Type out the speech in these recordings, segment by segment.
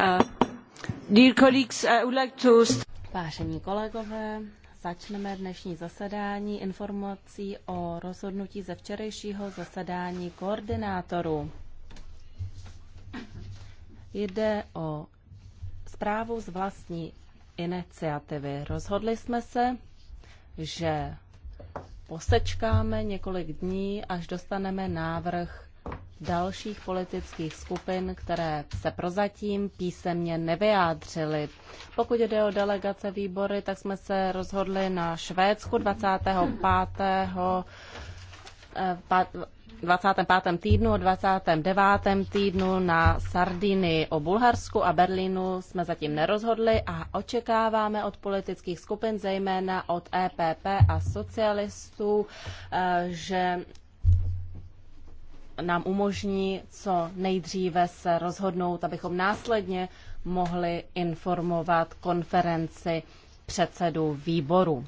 Uh, Vážení kolegové, začneme dnešní zasedání informací o rozhodnutí ze včerejšího zasedání koordinátorů. Jde o zprávu z vlastní iniciativy. Rozhodli jsme se, že posečkáme několik dní, až dostaneme návrh dalších politických skupin, které se prozatím písemně nevyjádřily. Pokud jde o delegace výbory, tak jsme se rozhodli na Švédsku 25. 25. Eh, týdnu, 29. týdnu na Sardiny o Bulharsku a Berlínu jsme zatím nerozhodli a očekáváme od politických skupin, zejména od EPP a socialistů, eh, že nám umožní co nejdříve se rozhodnout, abychom následně mohli informovat konferenci předsedů výboru.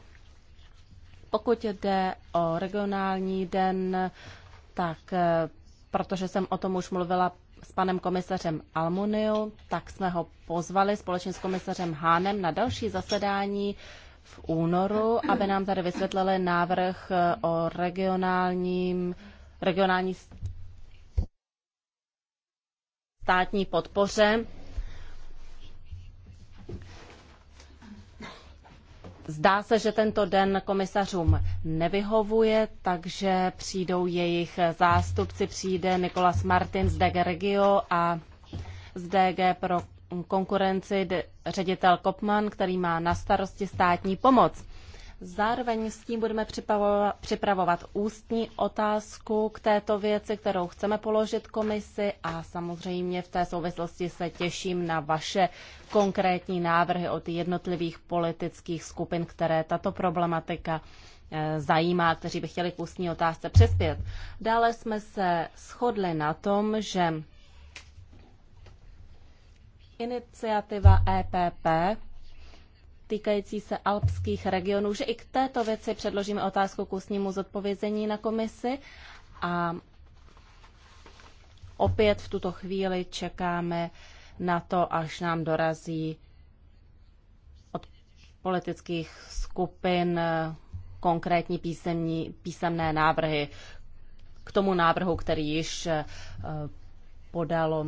Pokud jde o regionální den, tak eh, protože jsem o tom už mluvila s panem komisařem Almuniu, tak jsme ho pozvali společně s komisařem Hánem na další zasedání v únoru, aby nám tady vysvětlili návrh eh, o regionálním, regionální státní podpoře. Zdá se, že tento den komisařům nevyhovuje, takže přijdou jejich zástupci. Přijde Nikolas Martin z DG Regio a z DG pro konkurenci ředitel Kopman, který má na starosti státní pomoc. Zároveň s tím budeme připravovat ústní otázku k této věci, kterou chceme položit komisi a samozřejmě v té souvislosti se těším na vaše konkrétní návrhy od jednotlivých politických skupin, které tato problematika eh, zajímá, kteří by chtěli k ústní otázce přispět. Dále jsme se shodli na tom, že iniciativa EPP týkající se alpských regionů, že i k této věci předložíme otázku k ústnímu zodpovězení na komisi a opět v tuto chvíli čekáme na to, až nám dorazí od politických skupin konkrétní písemní, písemné návrhy k tomu návrhu, který již eh, podalo,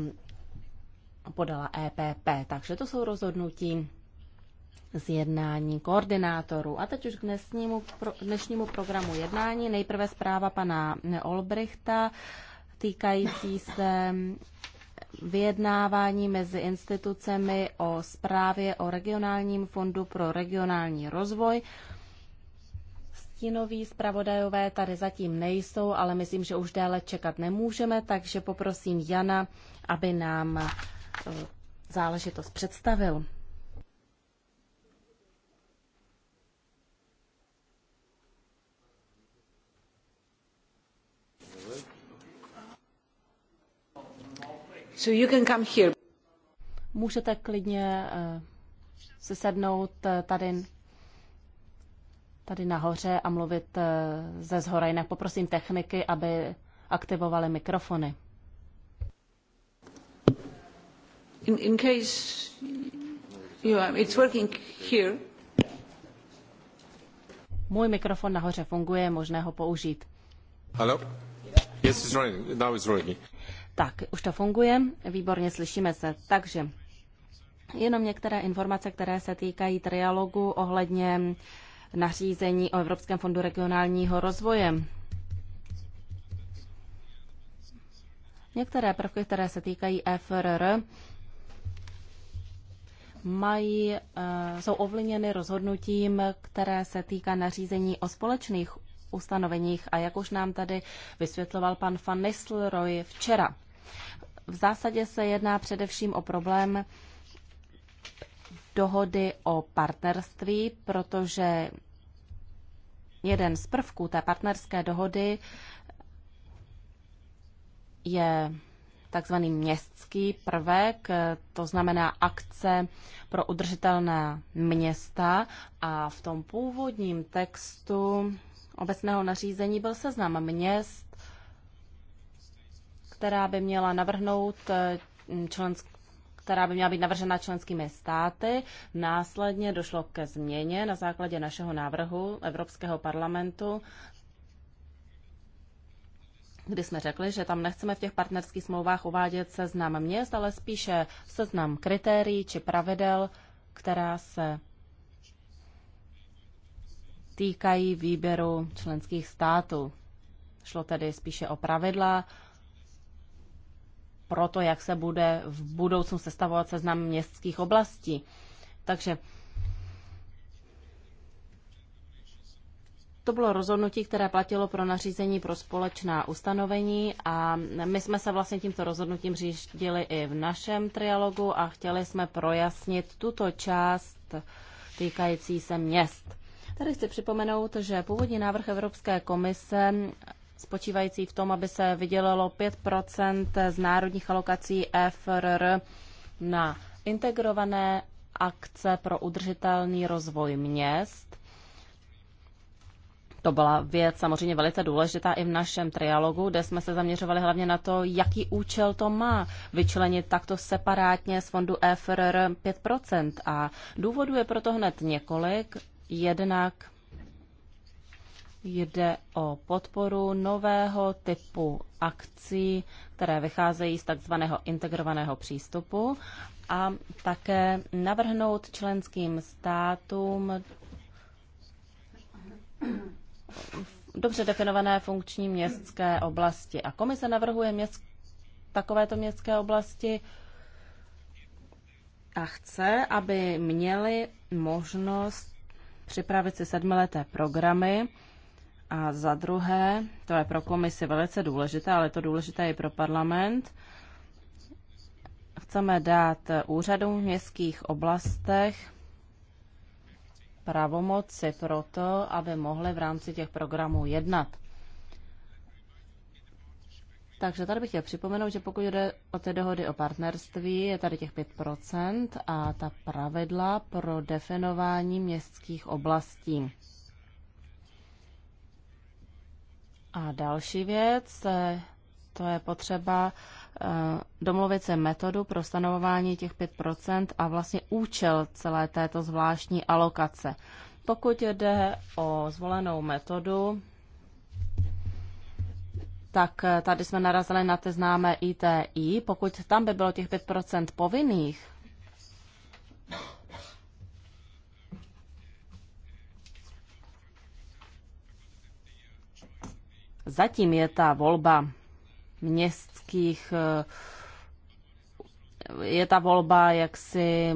podala EPP. Takže to jsou rozhodnutí z jednání koordinátorů. A teď už k dnesnímu, pro, dnešnímu programu jednání. Nejprve zpráva pana Olbrichta týkající se vyjednávání mezi institucemi o zprávě o regionálním fondu pro regionální rozvoj. Stínoví zpravodajové tady zatím nejsou, ale myslím, že už déle čekat nemůžeme, takže poprosím Jana, aby nám eh, záležitost představil. So you can come here. Můžete klidně eh, se sednout eh, tady, tady nahoře a mluvit eh, ze zhora. Jinak poprosím techniky, aby aktivovali mikrofony. In, in case you are, it's working here. Můj mikrofon nahoře funguje, možné ho použít. Hello? Yes, it's running. Now it's running. Tak, už to funguje, výborně slyšíme se. Takže jenom některé informace, které se týkají trialogu ohledně nařízení o Evropském fondu regionálního rozvoje. Některé prvky, které se týkají FRR, mají, eh, jsou ovlivněny rozhodnutím, které se týká nařízení o společných ustanoveních a jak už nám tady vysvětloval pan Van Nistelrooy včera. V zásadě se jedná především o problém dohody o partnerství, protože jeden z prvků té partnerské dohody je takzvaný městský prvek, to znamená akce pro udržitelná města a v tom původním textu obecného nařízení byl seznam měst, která by měla navrhnout eh, členský která by měla být navržena členskými státy. Následně došlo ke změně na základě našeho návrhu Evropského parlamentu, kdy jsme řekli, že tam nechceme v těch partnerských smlouvách uvádět seznam měst, ale spíše seznam kritérií či pravidel, která se týkají výběru členských států. Šlo tedy spíše o pravidla, pro to, jak se bude v budoucnu sestavovat seznam městských oblastí. Takže To bylo rozhodnutí, které platilo pro nařízení pro společná ustanovení a my jsme se vlastně tímto rozhodnutím řídili i v našem trialogu a chtěli jsme projasnit tuto část týkající se měst. Tady chci připomenout, že původní návrh Evropské komise spočívající v tom, aby se vydělalo 5 z národních alokací FRR na integrované akce pro udržitelný rozvoj měst. To byla věc samozřejmě velice důležitá i v našem trialogu, kde jsme se zaměřovali hlavně na to, jaký účel to má vyčlenit takto separátně z fondu FRR 5%. A důvodů je proto hned několik. Jednak Jde o podporu nového typu akcí, které vycházejí z takzvaného integrovaného přístupu a také navrhnout členským státům dobře definované funkční městské oblasti. A komise navrhuje měst, takovéto městské oblasti a chce, aby měli možnost připravit si sedmileté programy, a za druhé, to je pro komisi velice důležité, ale to důležité je pro parlament, chceme dát úřadům v městských oblastech pravomoci pro to, aby mohly v rámci těch programů jednat. Takže tady bych chtěl připomenout, že pokud jde o ty dohody o partnerství, je tady těch 5% a ta pravidla pro definování městských oblastí. A další věc, eh, to je potřeba eh, domluvit se metodu pro stanovování těch 5% a vlastně účel celé této zvláštní alokace. Pokud jde o zvolenou metodu, tak eh, tady jsme narazili na ty známé ITI. Pokud tam by bylo těch 5% povinných, Zatím je ta volba městských, eh, je ta volba jaksi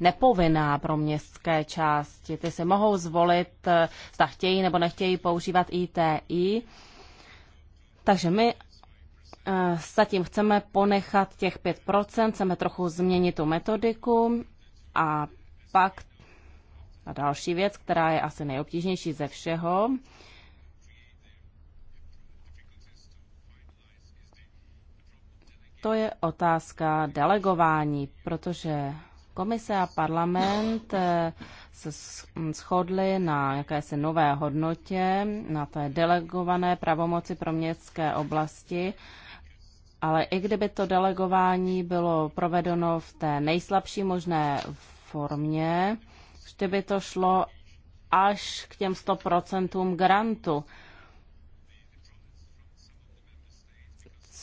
nepovinná pro městské části. Ty se mohou zvolit, eh, zda chtějí nebo nechtějí používat ITI. Takže my eh, zatím chceme ponechat těch 5%, chceme trochu změnit tu metodiku a pak a další věc, která je asi nejobtížnější ze všeho, to je otázka delegování, protože komise a parlament eh, se shodli na jakési nové hodnotě, na té delegované pravomoci pro městské oblasti, ale i kdyby to delegování bylo provedeno v té nejslabší možné formě, vždy by to šlo až k těm 100% grantu.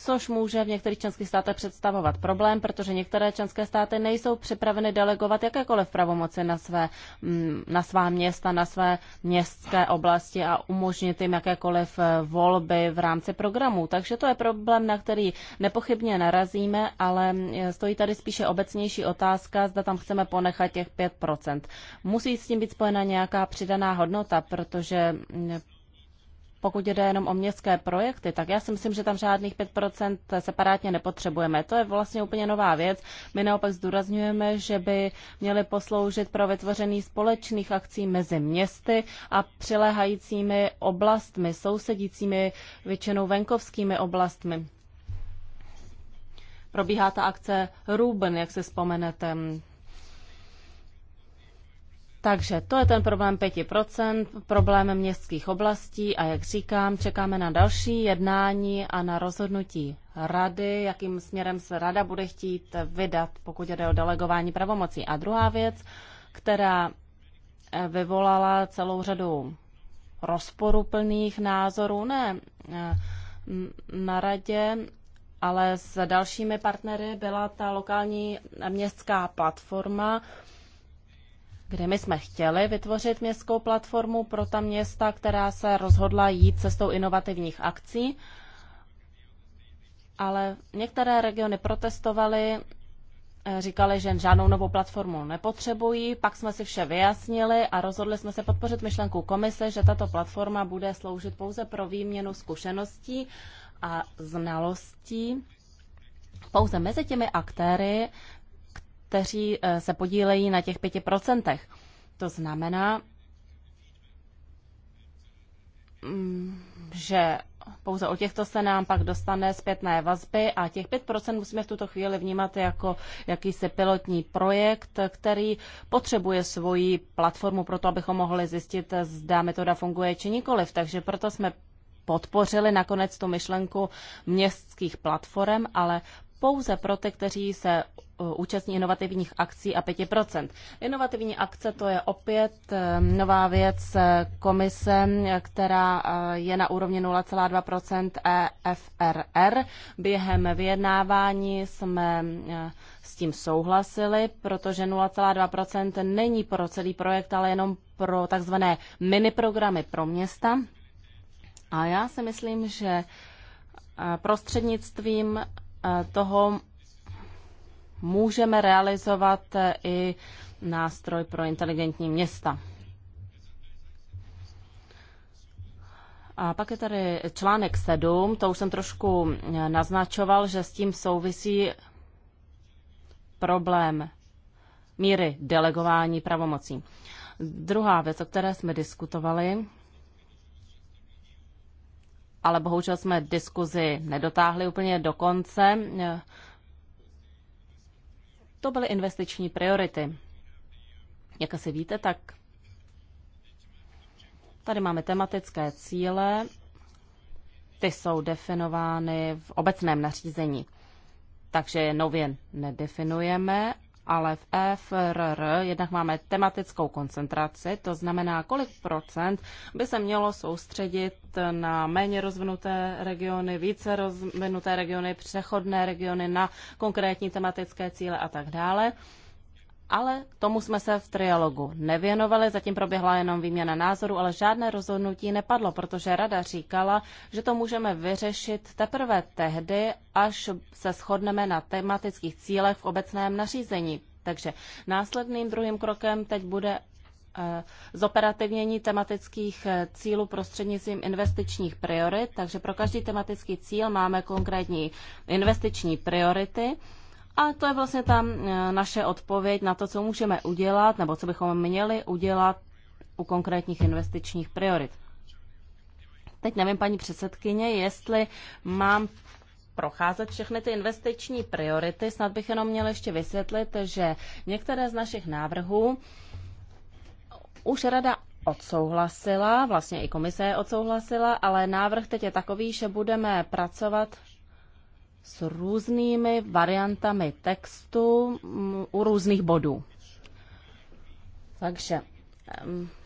což může v některých členských státech představovat problém, protože některé členské státy nejsou připraveny delegovat jakékoliv pravomoci na, své, mm, na svá města, na své městské oblasti a umožnit jim jakékoliv eh, volby v rámci programů. Takže to je problém, na který nepochybně narazíme, ale eh, stojí tady spíše obecnější otázka, zda tam chceme ponechat těch 5%. Musí s tím být spojena nějaká přidaná hodnota, protože mm, pokud jde jenom o městské projekty, tak já si myslím, že tam žádných 5% separátně nepotřebujeme. To je vlastně úplně nová věc. My naopak zdůrazňujeme, že by měly posloužit pro vytvoření společných akcí mezi městy a přilehajícími oblastmi, sousedícími většinou venkovskými oblastmi. Probíhá ta akce Ruben, jak se vzpomenete, takže to je ten problém 5%, problém městských oblastí a jak říkám, čekáme na další jednání a na rozhodnutí rady, jakým směrem se rada bude chtít vydat, pokud jde o delegování pravomocí. A druhá věc, která vyvolala celou řadu rozporuplných názorů, ne eh, na radě, ale s dalšími partnery byla ta lokální městská platforma, kde my jsme chtěli vytvořit městskou platformu pro ta města, která se rozhodla jít cestou inovativních akcí, ale některé regiony protestovaly, eh, říkali, že žádnou novou platformu nepotřebují, pak jsme si vše vyjasnili a rozhodli jsme se podpořit myšlenku komise, že tato platforma bude sloužit pouze pro výměnu zkušeností a znalostí pouze mezi těmi aktéry, kteří eh, se podílejí na těch 5%. To znamená, mm, že pouze o těchto se nám pak dostane zpětné vazby a těch 5% musíme v tuto chvíli vnímat jako jakýsi pilotní projekt, který potřebuje svoji platformu pro to, abychom mohli zjistit, zda metoda funguje či nikoliv. Takže proto jsme podpořili nakonec tu myšlenku městských platform, ale pouze pro ty, kteří se e, účastní inovativních akcí a 5%. Inovativní akce to je opět e, nová věc e, komise, která je na úrovni 0,2% EFRR. Během vyjednávání jsme s tím souhlasili, protože 0,2% není pro celý projekt, ale jenom pro takzvané miniprogramy pro města. A já si myslím, že prostřednictvím Eh, toho můžeme realizovat eh, i nástroj pro inteligentní města. A pak je tady článek 7, to už jsem trošku eh, naznačoval, že s tím souvisí problém míry delegování pravomocí. Druhá věc, o které jsme diskutovali, ale bohužel jsme diskuzi nedotáhli úplně do konce. To byly investiční priority. Jak asi víte, tak tady máme tematické cíle, ty jsou definovány v obecném nařízení. Takže je nově nedefinujeme, ale v EFRR jednak máme tematickou koncentraci, to znamená, kolik procent by se mělo soustředit na méně rozvinuté regiony, více rozvinuté regiony, přechodné regiony, na konkrétní tematické cíle a tak dále ale tomu jsme se v trialogu nevěnovali, zatím proběhla jenom výměna názoru, ale žádné rozhodnutí nepadlo, protože rada říkala, že to můžeme vyřešit teprve tehdy, až se shodneme na tematických cílech v obecném nařízení. Takže následným druhým krokem teď bude eh, zoperativnění tematických eh, cílů prostřednictvím investičních priorit. Takže pro každý tematický cíl máme konkrétní investiční priority a to je vlastně tam e, naše odpověď na to, co můžeme udělat, nebo co bychom měli udělat u konkrétních investičních priorit. Teď nevím, paní předsedkyně, jestli mám procházet všechny ty investiční priority. Snad bych jenom měl ještě vysvětlit, že některé z našich návrhů už rada odsouhlasila, vlastně i komise je odsouhlasila, ale návrh teď je takový, že budeme pracovat s různými variantami textu mm, u různých bodů. Takže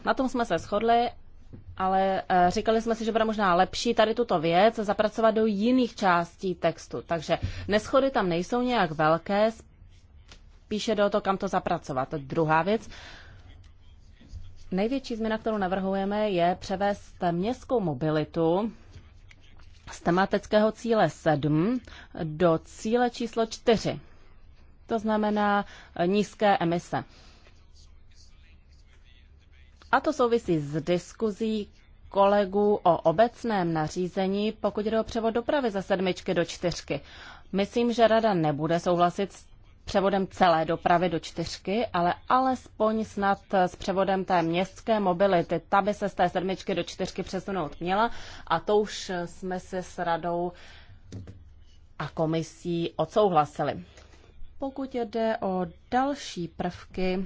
na tom jsme se shodli, ale e, říkali jsme si, že bude možná lepší tady tuto věc zapracovat do jiných částí textu. Takže neschody tam nejsou nějak velké, píše do toho, kam to zapracovat. Druhá věc, Největší změna, kterou navrhujeme, je převést městskou mobilitu z tematického cíle 7 do cíle číslo 4. To znamená nízké emise. A to souvisí s diskuzí kolegů o obecném nařízení, pokud jde o převod dopravy ze sedmičky do čtyřky. Myslím, že rada nebude souhlasit s převodem celé dopravy do čtyřky, ale alespoň snad s převodem té městské mobility. Ta by se z té sedmičky do čtyřky přesunout měla a to už jsme se s radou a komisí odsouhlasili. Pokud jde o další prvky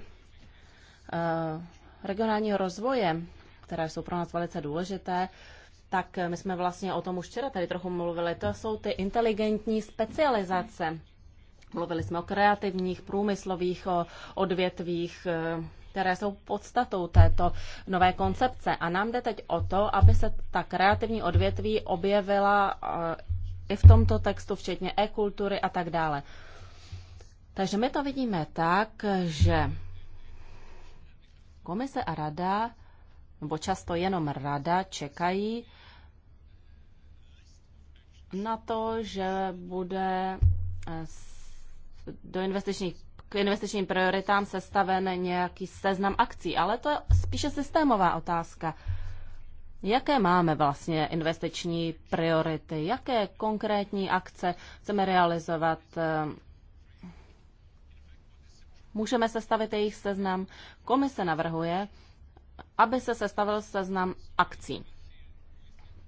eh, regionálního rozvoje, které jsou pro nás velice důležité, tak my jsme vlastně o tom už včera tady trochu mluvili. To jsou ty inteligentní specializace. Mluvili jsme o kreativních, průmyslových odvětvích, eh, které jsou podstatou této nové koncepce. A nám jde teď o to, aby se ta kreativní odvětví objevila eh, i v tomto textu, včetně e-kultury a tak dále. Takže my to vidíme tak, že komise a rada, nebo často jenom rada, čekají na to, že bude eh, do investičních k investičním prioritám sestaven nějaký seznam akcí, ale to je spíše systémová otázka. Jaké máme vlastně investiční priority? Jaké konkrétní akce chceme realizovat? Můžeme sestavit jejich seznam? Komise navrhuje, aby se sestavil seznam akcí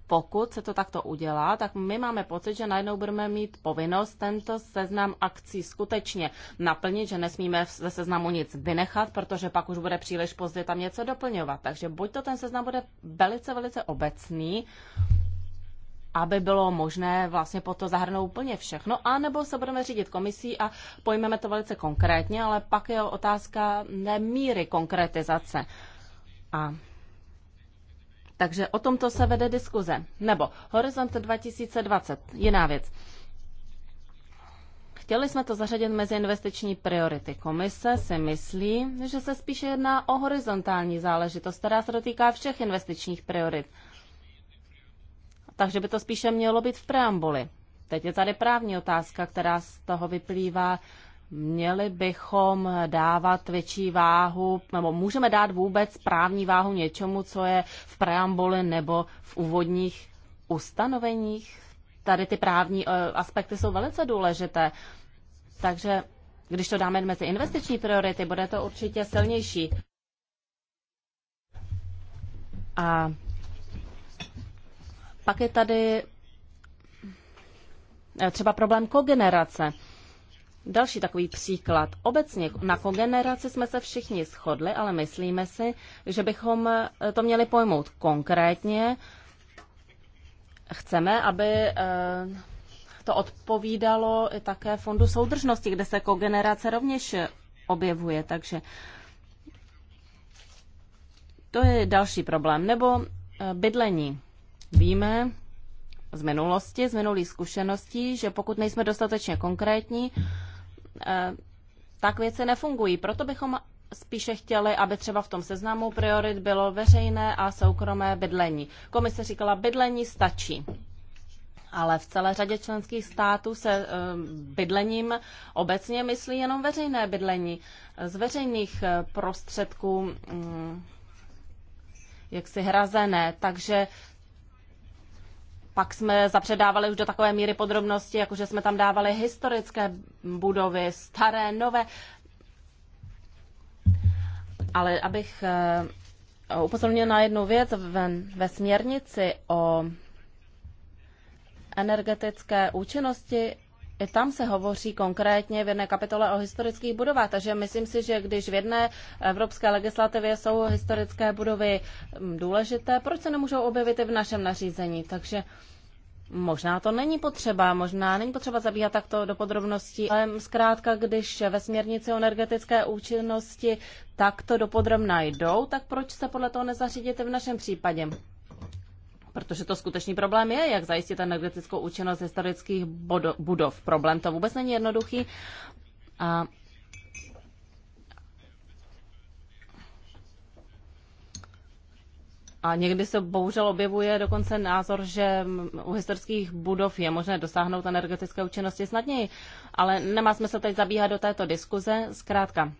pokud se to takto udělá, tak my máme pocit, že najednou budeme mít povinnost tento seznam akcí skutečně naplnit, že nesmíme ze seznamu nic vynechat, protože pak už bude příliš pozdě tam něco doplňovat. Takže buď to ten seznam bude velice, velice obecný, aby bylo možné vlastně po to zahrnout úplně všechno, anebo se budeme řídit komisí a pojmeme to velice konkrétně, ale pak je otázka nemíry konkretizace. A takže o tomto se vede diskuze. Nebo Horizont 2020, jiná věc. Chtěli jsme to zařadit mezi investiční priority. Komise si myslí, že se spíše jedná o horizontální záležitost, která se dotýká všech investičních priorit. Takže by to spíše mělo být v preambuli. Teď je tady právní otázka, která z toho vyplývá. Měli bychom dávat větší váhu, nebo můžeme dát vůbec právní váhu něčemu, co je v preambuli nebo v úvodních ustanoveních? Tady ty právní eh, aspekty jsou velice důležité. Takže když to dáme mezi investiční priority, bude to určitě silnější. A pak je tady eh, třeba problém kogenerace. generace Další takový příklad. Obecně na kogeneraci jsme se všichni shodli, ale myslíme si, že bychom eh, to měli pojmout konkrétně. Chceme, aby eh, to odpovídalo i také Fondu soudržnosti, kde se kogenerace rovněž objevuje. Takže to je další problém. Nebo eh, bydlení. Víme z minulosti, z minulých zkušeností, že pokud nejsme dostatečně konkrétní, Eh, tak věci nefungují. Proto bychom spíše chtěli, aby třeba v tom seznamu priorit bylo veřejné a soukromé bydlení. Komise říkala, bydlení stačí. Ale v celé řadě členských států se eh, bydlením obecně myslí jenom veřejné bydlení. Z veřejných eh, prostředků mm, jaksi hrazené, takže pak jsme zapředávali už do takové míry podrobnosti, jakože jsme tam dávali historické budovy, staré, nové. Ale abych eh, upozornil na jednu věc, ve, ve směrnici o energetické účinnosti i tam se hovoří konkrétně v jedné kapitole o historických budovách, takže myslím si, že když v jedné evropské legislativě jsou historické budovy mm, důležité, proč se nemůžou objevit i v našem nařízení? Takže Možná to není potřeba, možná není potřeba zabíhat takto do podrobností, ale zkrátka, když ve směrnici o energetické účinnosti takto do podrobna jdou, tak proč se podle toho nezařídit v našem případě? protože to skutečný problém je, jak zajistit energetickou účinnost historických budov. Problém to vůbec není jednoduchý. A A někdy se bohužel objevuje dokonce názor, že u historických budov je možné dosáhnout energetické účinnosti snadněji, ale nemá smysl teď zabíhat do této diskuze. Zkrátka,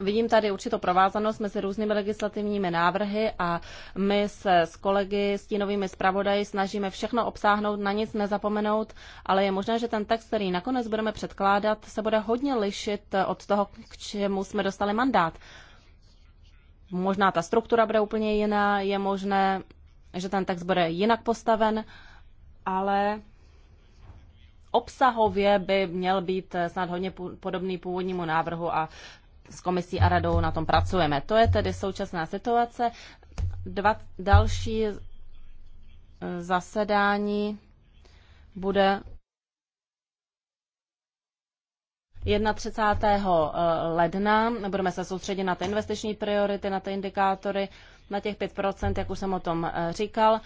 Vidím tady určitou provázanost mezi různými legislativními návrhy a my se s kolegy, s tínovými zpravodaji snažíme všechno obsáhnout, na nic nezapomenout, ale je možné, že ten text, který nakonec budeme předkládat, se bude hodně lišit od toho, k čemu jsme dostali mandát. Možná ta struktura bude úplně jiná, je možné, že ten text bude jinak postaven, ale obsahově by měl být snad hodně podobný původnímu návrhu a s komisí a radou na tom pracujeme. To je tedy současná situace. Dva další eh, zasedání bude 31. Eh, ledna. Budeme se soustředit na ty investiční priority, na ty indikátory, na těch 5%, jak už jsem o tom eh, říkal.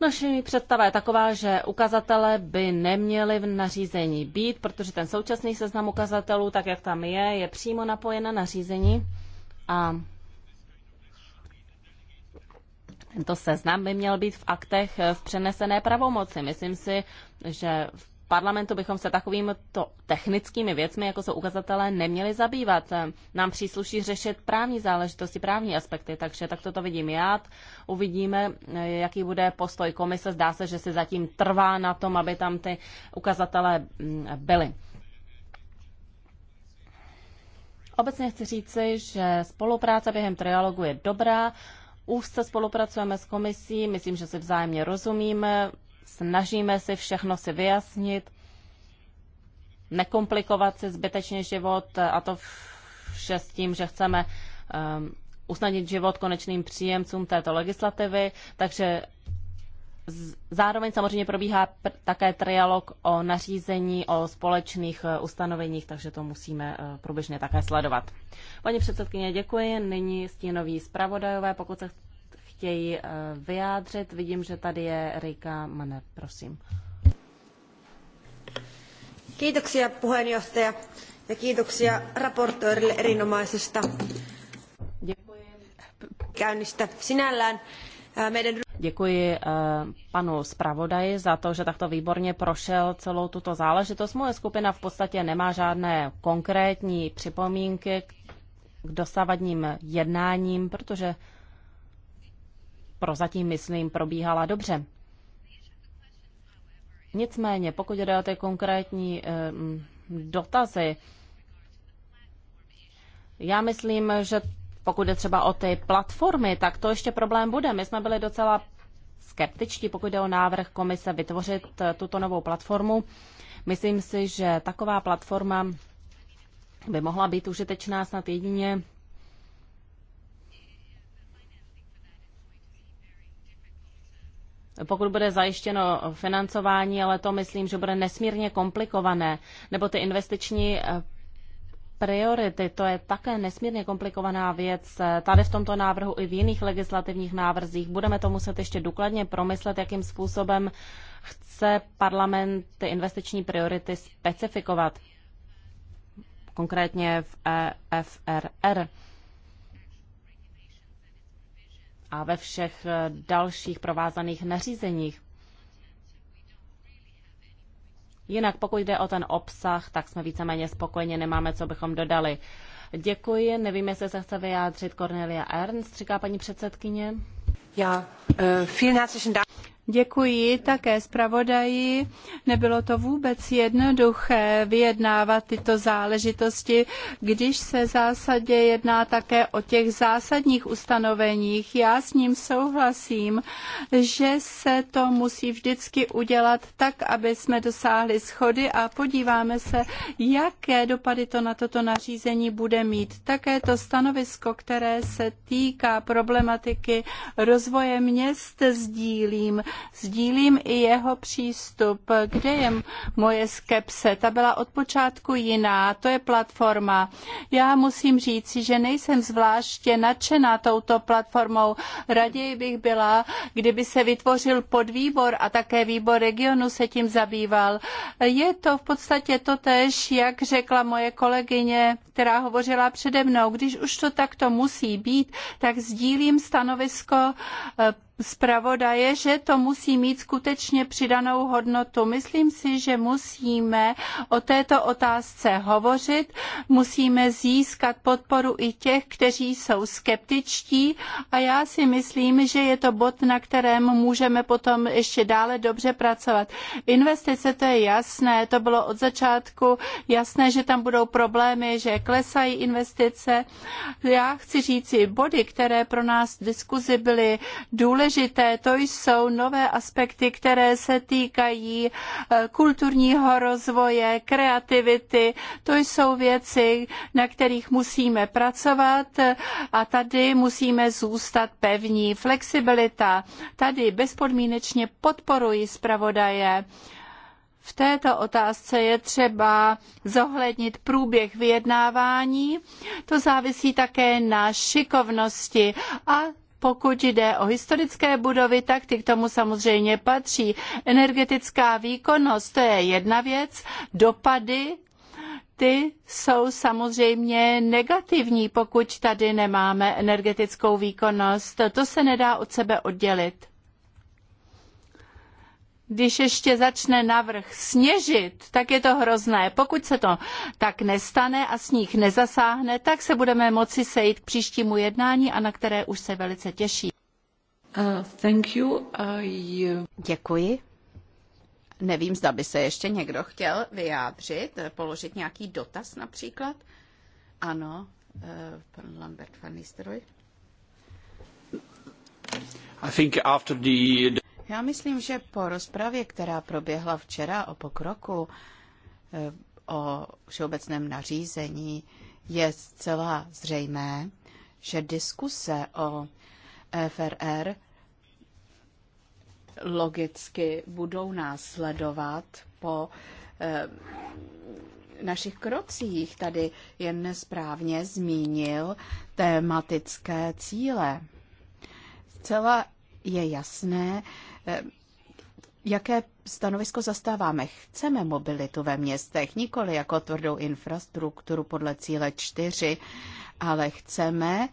Naši představa je taková, že ukazatele by neměly v nařízení být, protože ten současný seznam ukazatelů, tak jak tam je, je přímo napojen na nařízení a tento seznam by měl být v aktech v přenesené pravomoci. Myslím si, že v parlamentu bychom se to technickými věcmi, jako jsou ukazatelé, neměli zabývat. Nám přísluší řešit právní záležitosti, právní aspekty, takže tak to vidím já. Uvidíme, jaký bude postoj komise. Zdá se, že se zatím trvá na tom, aby tam ty ukazatelé mm, byly. Obecně chci říci, že spolupráce během trialogu je dobrá, úzce spolupracujeme s komisí, myslím, že si vzájemně rozumíme, snažíme si všechno si vyjasnit, nekomplikovat si zbytečně život a to vše s tím, že chceme um, usnadnit život konečným příjemcům této legislativy, takže Zároveň samozřejmě probíhá pr- také trialog o nařízení o společných eh, ustanoveních, takže to musíme eh, průběžně také sledovat. Paní předsedkyně, děkuji. Nyní stínoví zpravodajové, pokud se chtějí eh, vyjádřit. Vidím, že tady je Rika Maner, prosím. Kiitoksia puheenjohtaja ja kiitoksia raportöörille erinomaisesta käynnistä sinällään. Eh, meidän Děkuji eh, panu zpravodaji za to, že takto výborně prošel celou tuto záležitost. Moje skupina v podstatě nemá žádné konkrétní připomínky k dosavadním jednáním, protože prozatím, myslím, probíhala dobře. Nicméně, pokud jde o ty konkrétní eh, mm, dotazy, já myslím, že pokud jde třeba o ty platformy, tak to ještě problém bude. My jsme byli docela skeptičtí, pokud jde o návrh komise vytvořit eh, tuto novou platformu. Myslím si, že taková platforma by mohla být užitečná snad jedině pokud bude zajištěno financování, ale to myslím, že bude nesmírně komplikované, nebo ty investiční eh, priority, to je také nesmírně komplikovaná věc. Tady v tomto návrhu i v jiných legislativních návrzích budeme to muset ještě důkladně promyslet, jakým způsobem chce parlament ty investiční priority specifikovat, konkrétně v EFRR a ve všech eh, dalších provázaných nařízeních. Jinak pokud jde o ten obsah, tak jsme víceméně spokojeni, nemáme, co bychom dodali. Děkuji, nevím, jestli se chce vyjádřit Cornelia Ernst, říká paní předsedkyně. Já, uh, eh, vielen herzlichen Dank. Děkuji také zpravodaji. Nebylo to vůbec jednoduché vyjednávat tyto záležitosti, když se zásadě jedná také o těch zásadních ustanoveních. Já s ním souhlasím, že se to musí vždycky udělat tak, aby jsme dosáhli schody a podíváme se, jaké dopady to na toto nařízení bude mít. Také to stanovisko, které se týká problematiky rozvoje měst, sdílím sdílím i jeho přístup. Kde je moje skepse? Ta byla od počátku jiná, to je platforma. Já musím říci, že nejsem zvláště nadšená touto platformou. Raději bych byla, kdyby se vytvořil podvýbor a také výbor regionu se tím zabýval. Je to v podstatě to tež, jak řekla moje kolegyně, která hovořila přede mnou. Když už to takto musí být, tak sdílím stanovisko eh, zpravodaje, že to musí mít skutečně přidanou hodnotu. Myslím si, že musíme o této otázce hovořit, musíme získat podporu i těch, kteří jsou skeptičtí a já si myslím, že je to bod, na kterém můžeme potom ještě dále dobře pracovat. Investice, to je jasné, to bylo od začátku jasné, že tam budou problémy, že klesají investice. Já chci říci, body, které pro nás v diskuzi byly důležité, důležité. To jsou nové aspekty, které se týkají eh, kulturního rozvoje, kreativity. To jsou věci, na kterých musíme pracovat eh, a tady musíme zůstat pevní. Flexibilita. Tady bezpodmínečně podporuji zpravodaje. V této otázce je třeba zohlednit průběh vyjednávání. To závisí také na šikovnosti a pokud jde o historické budovy, tak ty k tomu samozřejmě patří. Energetická výkonnost, to je jedna věc, dopady ty jsou samozřejmě negativní, pokud tady nemáme energetickou výkonnost. To se nedá od sebe oddělit když ještě začne navrh sněžit, tak je to hrozné. Pokud se to tak nestane a sníh nezasáhne, tak se budeme moci sejít k příštímu jednání a na které už se velice těší. Uh, thank you. Uh, Děkuji. Nevím, zda by se ještě někdo chtěl vyjádřit, položit nějaký dotaz například. Ano, uh, pan Lambert van Nistelrooy. I think after the já myslím, že po rozpravě, která proběhla včera o pokroku, eh, o všeobecném nařízení, je zcela zřejmé, že diskuse o FRR logicky budou následovat po eh, našich krocích. Tady jen nesprávně zmínil tematické cíle. Zcela je jasné, Eh, jaké stanovisko zastáváme? Chceme mobilitu ve městech, nikoli jako tvrdou infrastrukturu podle cíle 4, ale chceme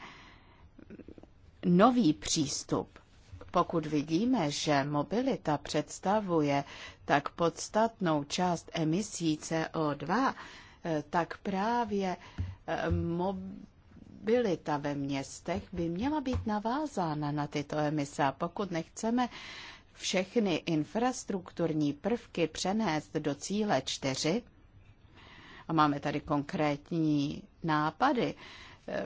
nový přístup. Pokud vidíme, že mobilita představuje tak podstatnou část emisí CO2, eh, tak právě mobilita eh, mobilita ve městech by měla být navázána na tyto emise. A pokud nechceme všechny infrastrukturní prvky přenést do cíle čtyři a máme tady konkrétní nápady eh,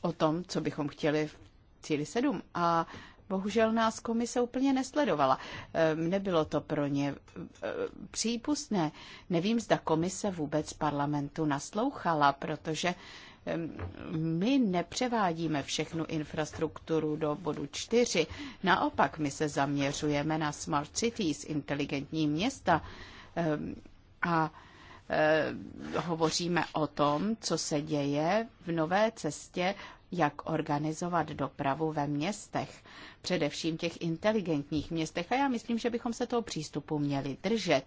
o tom, co bychom chtěli v cíli sedm. A bohužel nás komise úplně nesledovala. Ehm, nebylo to pro ně eh, přípustné. Nevím, zda komise vůbec parlamentu naslouchala, protože my nepřevádíme všechnu infrastrukturu do bodu 4. Naopak, my se zaměřujeme na smart cities, inteligentní města ehm, a ehm, hovoříme o tom, co se děje v nové cestě jak organizovat dopravu ve městech, především těch inteligentních městech. A já myslím, že bychom se toho přístupu měli držet.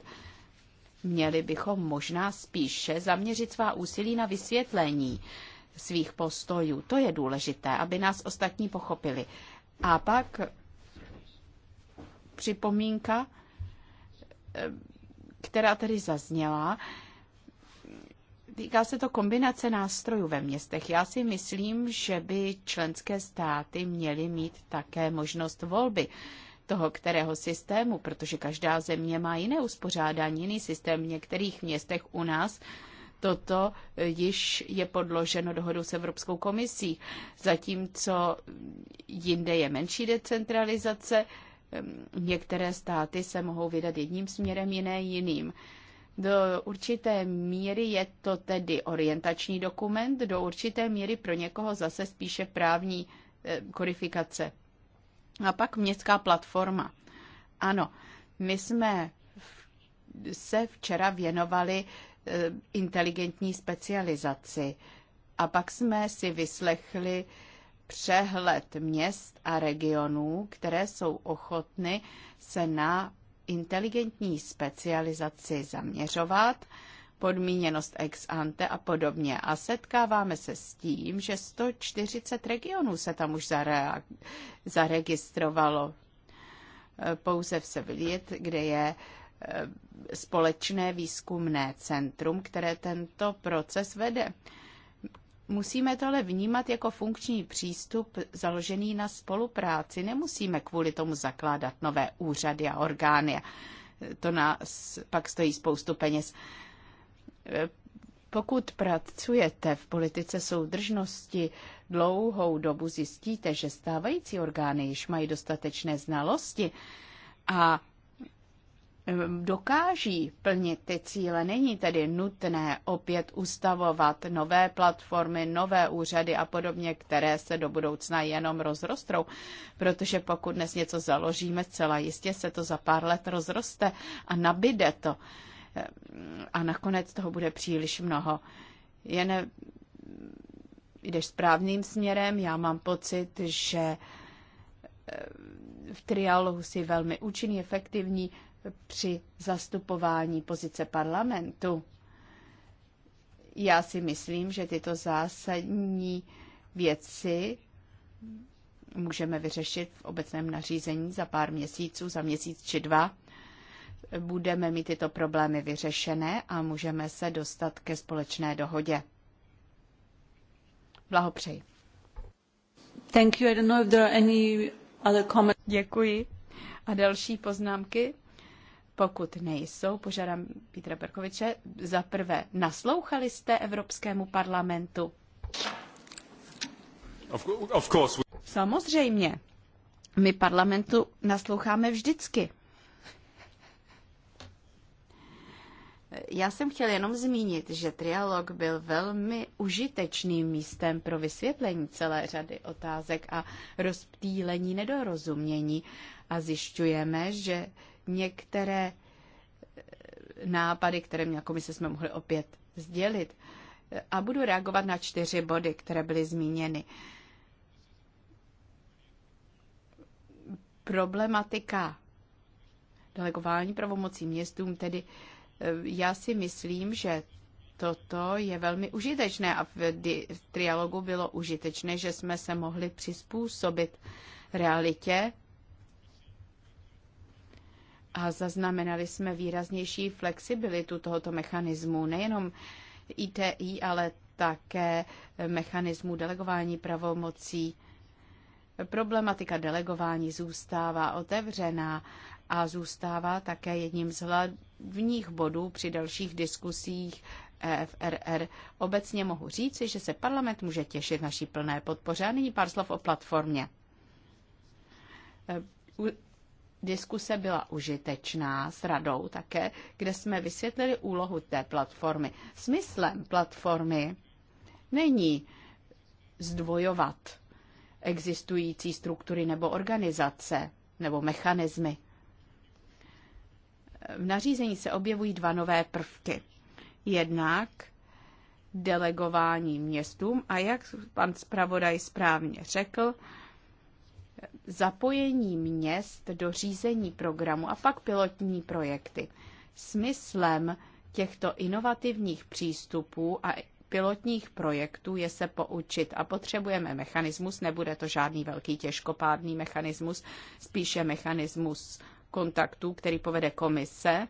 Měli bychom možná spíše zaměřit svá úsilí na vysvětlení svých postojů. To je důležité, aby nás ostatní pochopili. A pak připomínka, eh, která tady zazněla, Týká se to kombinace nástrojů ve městech. Já si myslím, že by členské státy měly mít také možnost volby toho kterého systému, protože každá země má jiné uspořádání, jiný systém. V některých městech u nás toto eh, již je podloženo dohodou s Evropskou komisí, zatímco jinde je menší decentralizace, některé státy se mohou vydat jedním směrem, jiné jiným. Do určité míry je to tedy orientační dokument, do určité míry pro někoho zase spíše právní eh, kodifikace. A pak městská platforma. Ano, my jsme se včera věnovali e, inteligentní specializaci a pak jsme si vyslechli přehled měst a regionů, které jsou ochotny se na inteligentní specializaci zaměřovat podmíněnost ex ante a podobně. A setkáváme se s tím, že 140 regionů se tam už zaregistrovalo. E, pouze v Sevilě, kde je e, společné výzkumné centrum, které tento proces vede. Musíme to ale vnímat jako funkční přístup založený na spolupráci. Nemusíme kvůli tomu zakládat nové úřady a orgány. E, to nás pak stojí spoustu peněz. Pokud pracujete v politice soudržnosti dlouhou dobu, zjistíte, že stávající orgány již mají dostatečné znalosti a dokáží plnit ty cíle. Není tedy nutné opět ustavovat nové platformy, nové úřady a podobně, které se do budoucna jenom rozrostrou, protože pokud dnes něco založíme, celá, jistě se to za pár let rozroste a nabide to a nakonec toho bude příliš mnoho. Jen eh, jdeš správným směrem, já mám pocit, že eh, v trialogu si velmi účinný, efektivní při zastupování pozice parlamentu. Já si myslím, že tyto zásadní věci můžeme vyřešit v obecném nařízení za pár měsíců, za měsíc či dva budeme mít tyto problémy vyřešené a můžeme se dostat ke společné dohodě. Blahopřeji. Thank you. I don't know if there are any other comments. Děkuji. A další poznámky? Pokud nejsou, požádám Petra Berkoviče. Za prvé, naslouchali jste Evropskému parlamentu? Of, of course. Samozřejmě. My parlamentu nasloucháme vždycky. Já jsem chtěl jenom zmínit, že trialog byl velmi užitečným místem pro vysvětlení celé řady otázek a rozptýlení nedorozumění a zjišťujeme, že některé eh, nápady, které mě komise, jsme mohli opět sdělit. A budu reagovat na čtyři body, které byly zmíněny. Problematika delegování pravomocí městům, tedy eh, já si myslím, že toto je velmi užitečné a v, di- v trialogu bylo užitečné, že jsme se mohli přizpůsobit realitě a zaznamenali jsme výraznější flexibilitu tohoto mechanismu, nejenom ITI, ale také mechanismu delegování pravomocí. Problematika delegování zůstává otevřená a zůstává také jedním z hlavních nich bodů při dalších diskusích EFRR. Obecně mohu říci, že se parlament může těšit naší plné podpoře. A nyní pár slov o platformě. E, diskuse byla užitečná s radou také, kde jsme vysvětlili úlohu té platformy. Smyslem platformy není zdvojovat existující struktury nebo organizace nebo mechanismy v nařízení se objevují dva nové prvky. Jednak delegování městům a jak pan zpravodaj správně řekl, zapojení měst do řízení programu a pak pilotní projekty. Smyslem těchto inovativních přístupů a pilotních projektů je se poučit a potřebujeme mechanismus, nebude to žádný velký těžkopádný mechanismus, spíše mechanismus kontaktů, který povede komise,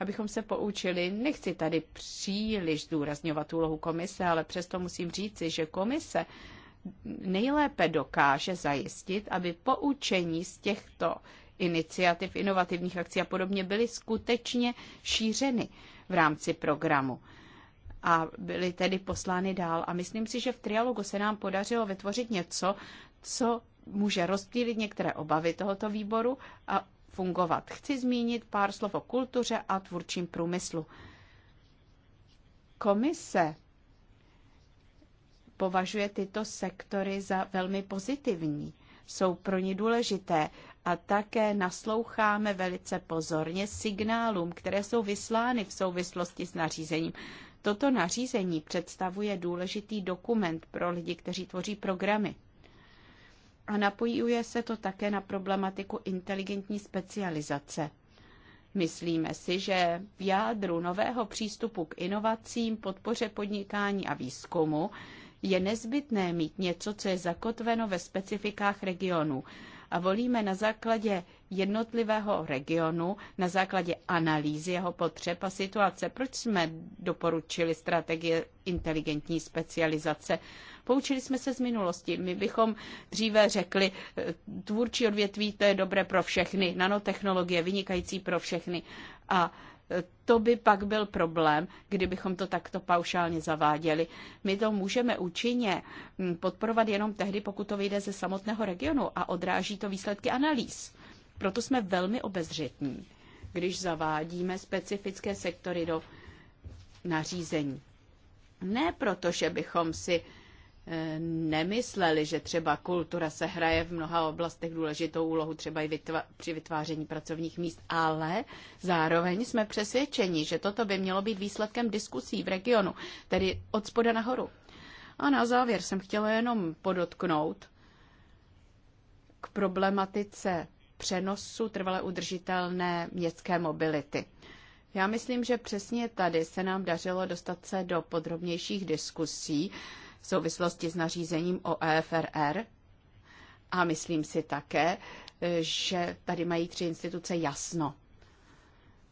abychom se poučili. Nechci tady příliš zdůrazňovat úlohu komise, ale přesto musím říci, že komise nejlépe dokáže zajistit, aby poučení z těchto iniciativ, inovativních akcí a podobně byly skutečně šířeny v rámci programu a byly tedy poslány dál. A myslím si, že v trialogu se nám podařilo vytvořit něco, co může rozptýlit některé obavy tohoto výboru a fungovat. Chci zmínit pár slov o kultuře a tvůrčím průmyslu. Komise považuje tyto sektory za velmi pozitivní. Jsou pro ně důležité a také nasloucháme velice pozorně signálům, které jsou vyslány v souvislosti s nařízením. Toto nařízení představuje důležitý dokument pro lidi, kteří tvoří programy a napojuje se to také na problematiku inteligentní specializace. Myslíme si, že v jádru nového přístupu k inovacím, podpoře podnikání a výzkumu je nezbytné mít něco, co je zakotveno ve specifikách regionu. A volíme na základě jednotlivého regionu na základě analýzy jeho potřeb a situace. Proč jsme doporučili strategie inteligentní specializace? Poučili jsme se z minulosti. My bychom dříve řekli, eh, tvůrčí odvětví to je dobré pro všechny, nanotechnologie vynikající pro všechny. A eh, to by pak byl problém, kdybychom to takto paušálně zaváděli. My to můžeme účinně hm, podporovat jenom tehdy, pokud to vyjde ze samotného regionu a odráží to výsledky analýz. Proto jsme velmi obezřetní, když zavádíme specifické sektory do nařízení. Ne proto, že bychom si e, nemysleli, že třeba kultura se hraje v mnoha oblastech důležitou úlohu, třeba i vytva- při vytváření pracovních míst, ale zároveň jsme přesvědčeni, že toto by mělo být výsledkem diskusí v regionu, tedy od spoda nahoru. A na závěr jsem chtěla jenom podotknout k problematice přenosu trvale udržitelné městské mobility. Já myslím, že přesně tady se nám dařilo dostat se do podrobnějších diskusí v souvislosti s nařízením o EFRR. A myslím si také, že tady mají tři instituce jasno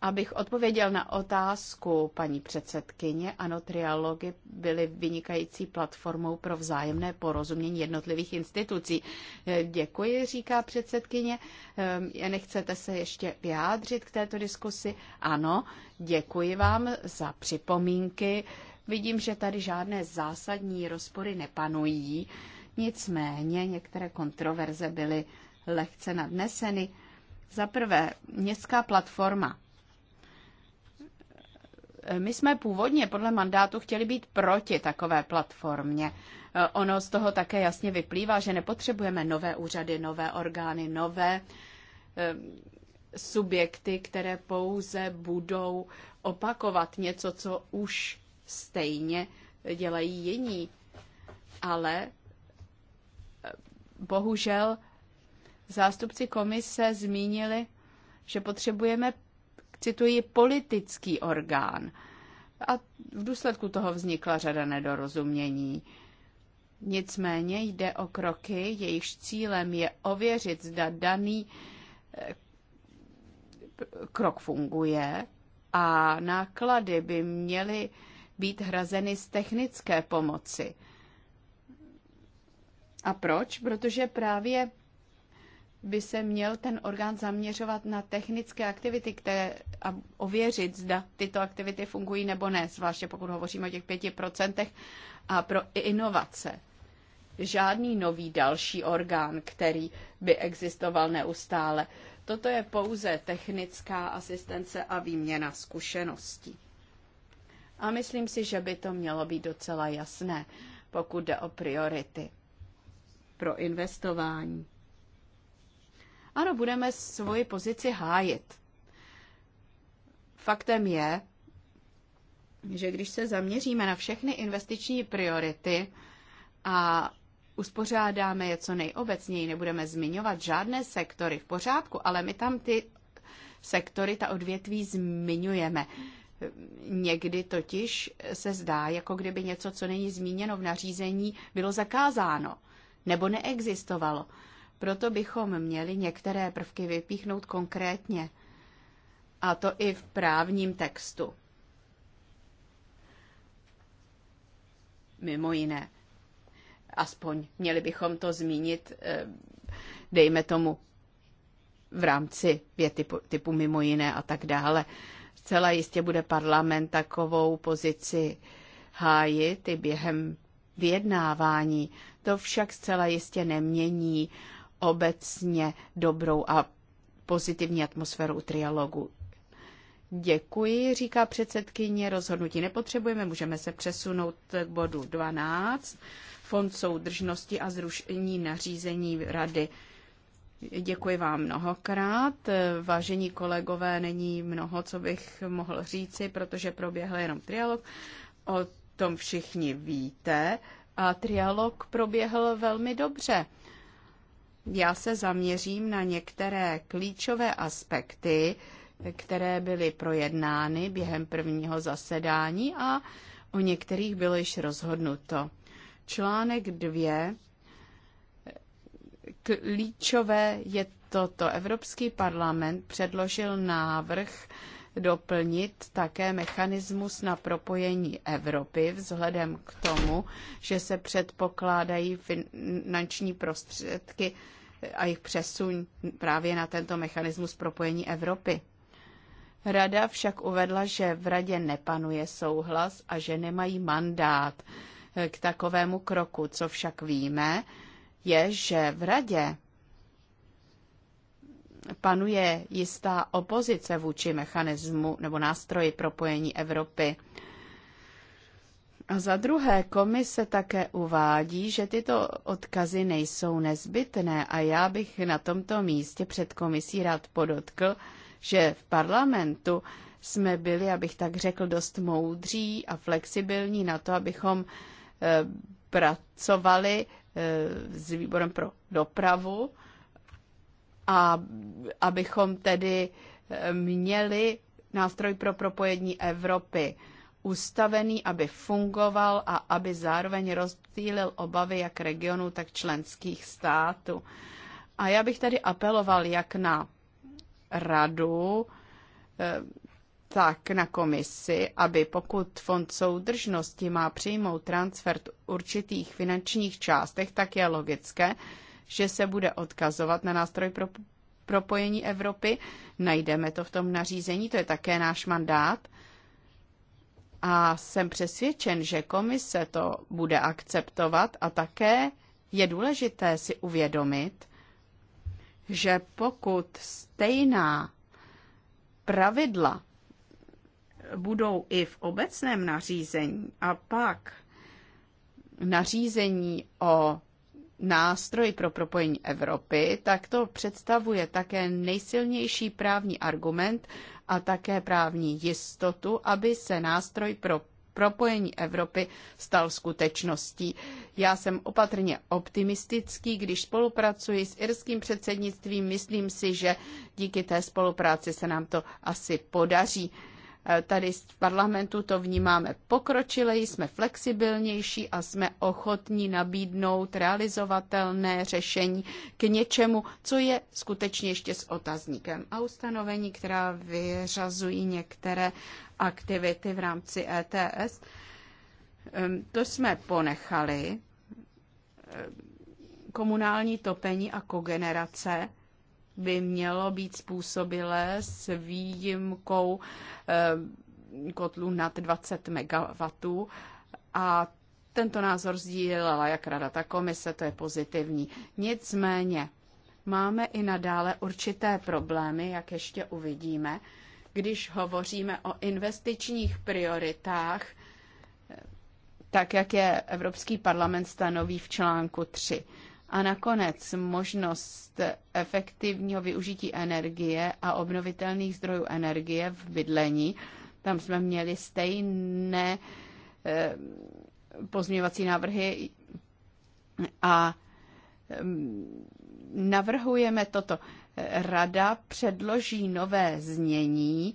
Abych odpověděl na otázku paní předsedkyně, ano, trialogy byly vynikající platformou pro vzájemné porozumění jednotlivých institucí. Eh, děkuji, říká předsedkyně. Eh, nechcete se ještě vyjádřit k této diskusi? Ano, děkuji vám za připomínky. Vidím, že tady žádné zásadní rozpory nepanují. Nicméně některé kontroverze byly lehce nadneseny. Za prvé, městská platforma my jsme původně podle mandátu chtěli být proti takové platformě. Eh, ono z toho také jasně vyplývá, že nepotřebujeme nové úřady, nové orgány, nové eh, subjekty, které pouze budou opakovat něco, co už stejně dělají jiní. Ale eh, bohužel zástupci komise zmínili, že potřebujeme cituji, politický orgán. A v důsledku toho vznikla řada nedorozumění. Nicméně jde o kroky, jejichž cílem je ověřit, zda daný eh, krok funguje a náklady by měly být hrazeny z technické pomoci. A proč? Protože právě by se měl ten orgán zaměřovat na technické aktivity které, a ověřit, zda tyto aktivity fungují nebo ne, zvláště pokud hovoříme o těch pěti procentech a pro inovace. Žádný nový další orgán, který by existoval neustále. Toto je pouze technická asistence a výměna zkušeností. A myslím si, že by to mělo být docela jasné, pokud jde o priority pro investování. Ano, budeme svoji pozici hájit. Faktem je, že když se zaměříme na všechny investiční priority a uspořádáme je co nejobecněji, nebudeme zmiňovat žádné sektory v pořádku, ale my tam ty sektory, ta odvětví zmiňujeme. Někdy totiž se zdá, jako kdyby něco, co není zmíněno v nařízení, bylo zakázáno nebo neexistovalo. Proto bychom měli některé prvky vypíchnout konkrétně, a to i v právním textu. Mimo jiné. Aspoň měli bychom to zmínit, eh, dejme tomu, v rámci věty typu, typu mimo jiné a tak dále. Zcela jistě bude parlament takovou pozici hájit i během vyjednávání. To však zcela jistě nemění obecně dobrou a pozitivní atmosféru u trialogu. Děkuji, říká předsedkyně, rozhodnutí nepotřebujeme, můžeme se přesunout k bodu 12, Fond soudržnosti a zrušení nařízení rady. Děkuji vám mnohokrát. Vážení kolegové, není mnoho, co bych mohl říci, protože proběhl jenom trialog. O tom všichni víte. A trialog proběhl velmi dobře. Já se zaměřím na některé klíčové aspekty, které byly projednány během prvního zasedání a o některých bylo již rozhodnuto. Článek 2. Klíčové je toto. Evropský parlament předložil návrh doplnit také mechanismus na propojení Evropy vzhledem k tomu, že se předpokládají finanční prostředky a jejich přesun právě na tento mechanismus propojení Evropy. Rada však uvedla, že v radě nepanuje souhlas a že nemají mandát k takovému kroku. Co však víme, je, že v radě panuje jistá opozice vůči mechanismu nebo nástroji propojení Evropy. A za druhé, komise také uvádí, že tyto odkazy nejsou nezbytné a já bych na tomto místě před komisí rád podotkl, že v parlamentu jsme byli, abych tak řekl, dost moudří a flexibilní na to, abychom eh, pracovali eh, s výborem pro dopravu a abychom tedy eh, měli nástroj pro propojení Evropy ustavený, aby fungoval a aby zároveň rozptýlil obavy jak regionů, tak členských států. A já bych tady apeloval jak na radu, eh, tak na komisi, aby pokud Fond soudržnosti má přijmout transfer určitých finančních částech, tak je logické, že se bude odkazovat na nástroj pro propojení Evropy. Najdeme to v tom nařízení, to je také náš mandát. A jsem přesvědčen, že komise to bude akceptovat a také je důležité si uvědomit, že pokud stejná pravidla budou i v obecném nařízení a pak nařízení o nástroj pro propojení Evropy, tak to představuje také nejsilnější právní argument a také právní jistotu, aby se nástroj pro propojení Evropy stal skutečností. Já jsem opatrně optimistický, když spolupracuji s irským předsednictvím. Myslím si, že díky té spolupráci se nám to asi podaří. Tady z parlamentu to vnímáme pokročileji, jsme flexibilnější a jsme ochotní nabídnout realizovatelné řešení k něčemu, co je skutečně ještě s otazníkem. A ustanovení, která vyřazují některé aktivity v rámci ETS, ehm, to jsme ponechali ehm, komunální topení a kogenerace by mělo být způsobilé s výjimkou eh, kotlů nad 20 MW a tento názor sdílela jak rada, tak komise, to je pozitivní. Nicméně máme i nadále určité problémy, jak ještě uvidíme, když hovoříme o investičních prioritách, eh, tak jak je Evropský parlament stanoví v článku 3. A nakonec možnost efektivního využití energie a obnovitelných zdrojů energie v bydlení. Tam jsme měli stejné eh, pozměňovací návrhy a ehm, navrhujeme toto. Rada předloží nové znění,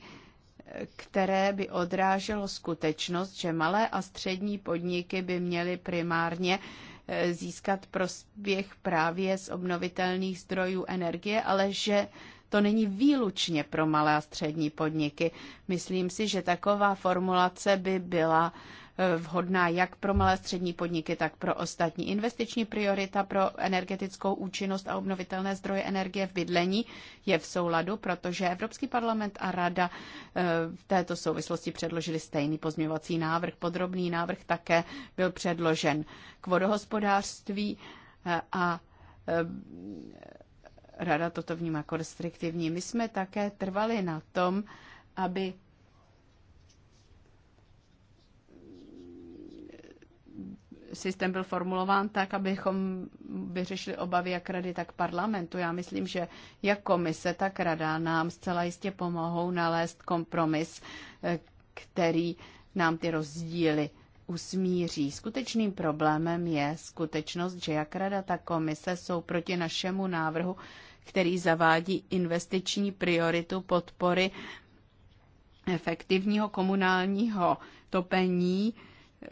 které by odráželo skutečnost, že malé a střední podniky by měly primárně Eh, získat prospěch právě z obnovitelných zdrojů energie, ale že to není výlučně pro malé a střední podniky. Myslím si, že taková formulace by byla vhodná jak pro malé střední podniky, tak pro ostatní. Investiční priorita pro energetickou účinnost a obnovitelné zdroje energie v bydlení je v souladu, protože Evropský parlament a Rada eh, v této souvislosti předložili stejný pozměňovací návrh. Podrobný návrh také byl předložen k vodohospodářství eh, a eh, Rada toto vnímá jako restriktivní. My jsme také trvali na tom, aby systém byl formulován tak, abychom vyřešili obavy jak rady, tak parlamentu. Já myslím, že jak komise, tak rada nám zcela jistě pomohou nalézt kompromis, eh, který nám ty rozdíly usmíří. Skutečným problémem je skutečnost, že jak rada, tak komise jsou proti našemu návrhu, který zavádí investiční prioritu podpory efektivního komunálního topení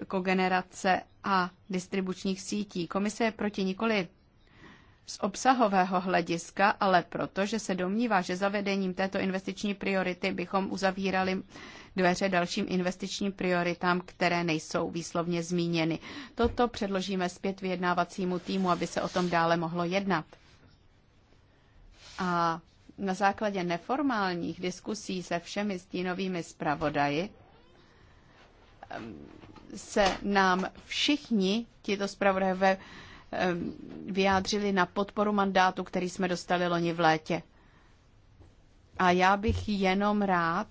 kogenerace a distribučních sítí. Komise je proti nikoli z obsahového hlediska, ale proto, že se domnívá, že zavedením této investiční priority bychom uzavírali dveře dalším investičním prioritám, které nejsou výslovně zmíněny. Toto předložíme zpět vyjednávacímu týmu, aby se o tom dále mohlo jednat. A na základě neformálních diskusí se všemi stínovými zpravodaji se nám všichni tito zpravodajové vyjádřili na podporu mandátu, který jsme dostali loni v létě. A já bych jenom rád,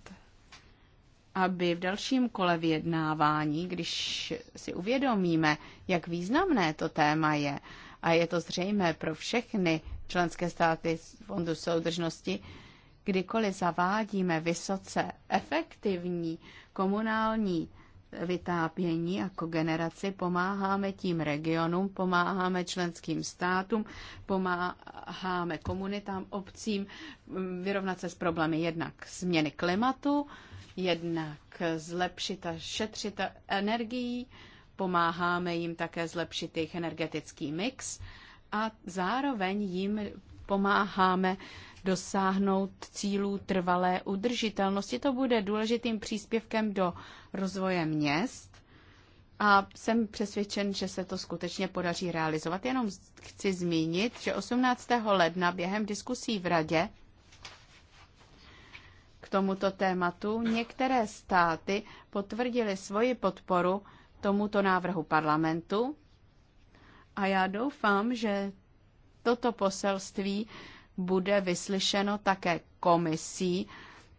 aby v dalším kole vyjednávání, když si uvědomíme, jak významné to téma je, a je to zřejmé pro všechny členské státy Fondu soudržnosti, kdykoliv zavádíme vysoce efektivní komunální vytápění jako generaci, pomáháme tím regionům, pomáháme členským státům, pomáháme komunitám, obcím mm, vyrovnat se s problémy jednak změny klimatu, jednak zlepšit a šetřit energií, pomáháme jim také zlepšit jejich energetický mix a zároveň jim pomáháme dosáhnout cílů trvalé udržitelnosti. To bude důležitým příspěvkem do rozvoje měst a jsem přesvědčen, že se to skutečně podaří realizovat. Jenom chci zmínit, že 18. ledna během diskusí v Radě k tomuto tématu některé státy potvrdily svoji podporu tomuto návrhu parlamentu a já doufám, že toto poselství bude vyslyšeno také komisí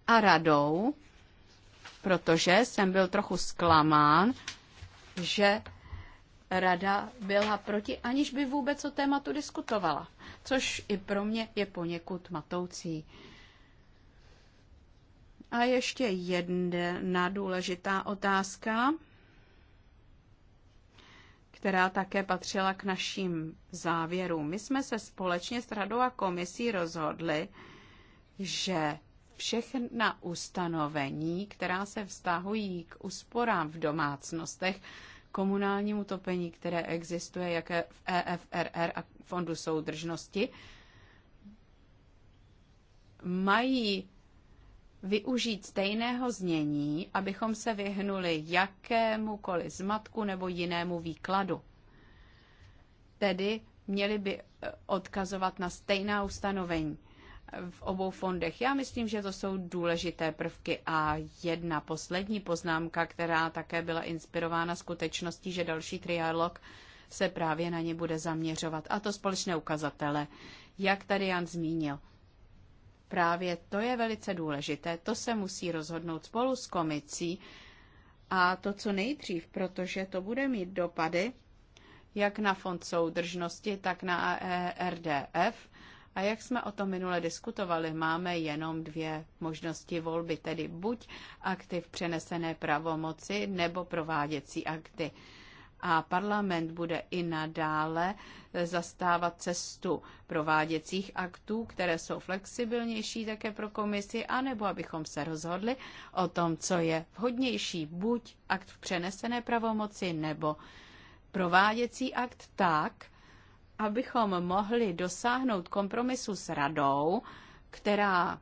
a radou, protože jsem byl trochu zklamán, že rada byla proti, aniž by vůbec o tématu diskutovala, což i pro mě je poněkud matoucí. A ještě jedna důležitá otázka která také patřila k našim závěrům. My jsme se společně s radou a komisí rozhodli, že všechna ustanovení, která se vztahují k úsporám v domácnostech, komunálnímu topení, které existuje jaké v EFRR a Fondu soudržnosti, mají využít stejného znění, abychom se vyhnuli jakémukoliv zmatku nebo jinému výkladu. Tedy měli by eh, odkazovat na stejná ustanovení eh, v obou fondech. Já myslím, že to jsou důležité prvky. A jedna poslední poznámka, která také byla inspirována skutečností, že další trialog se právě na ně bude zaměřovat. A to společné ukazatele, jak tady Jan zmínil. Právě to je velice důležité. To se musí rozhodnout spolu s komicí a to co nejdřív, protože to bude mít dopady jak na fond soudržnosti, tak na e RDF. A jak jsme o tom minule diskutovali, máme jenom dvě možnosti volby, tedy buď aktiv přenesené pravomoci nebo prováděcí akty a parlament bude i nadále eh, zastávat cestu prováděcích aktů, které jsou flexibilnější také pro komisi, anebo abychom se rozhodli o tom, co je vhodnější, buď akt v přenesené pravomoci, nebo prováděcí akt tak, abychom mohli dosáhnout kompromisu s radou, která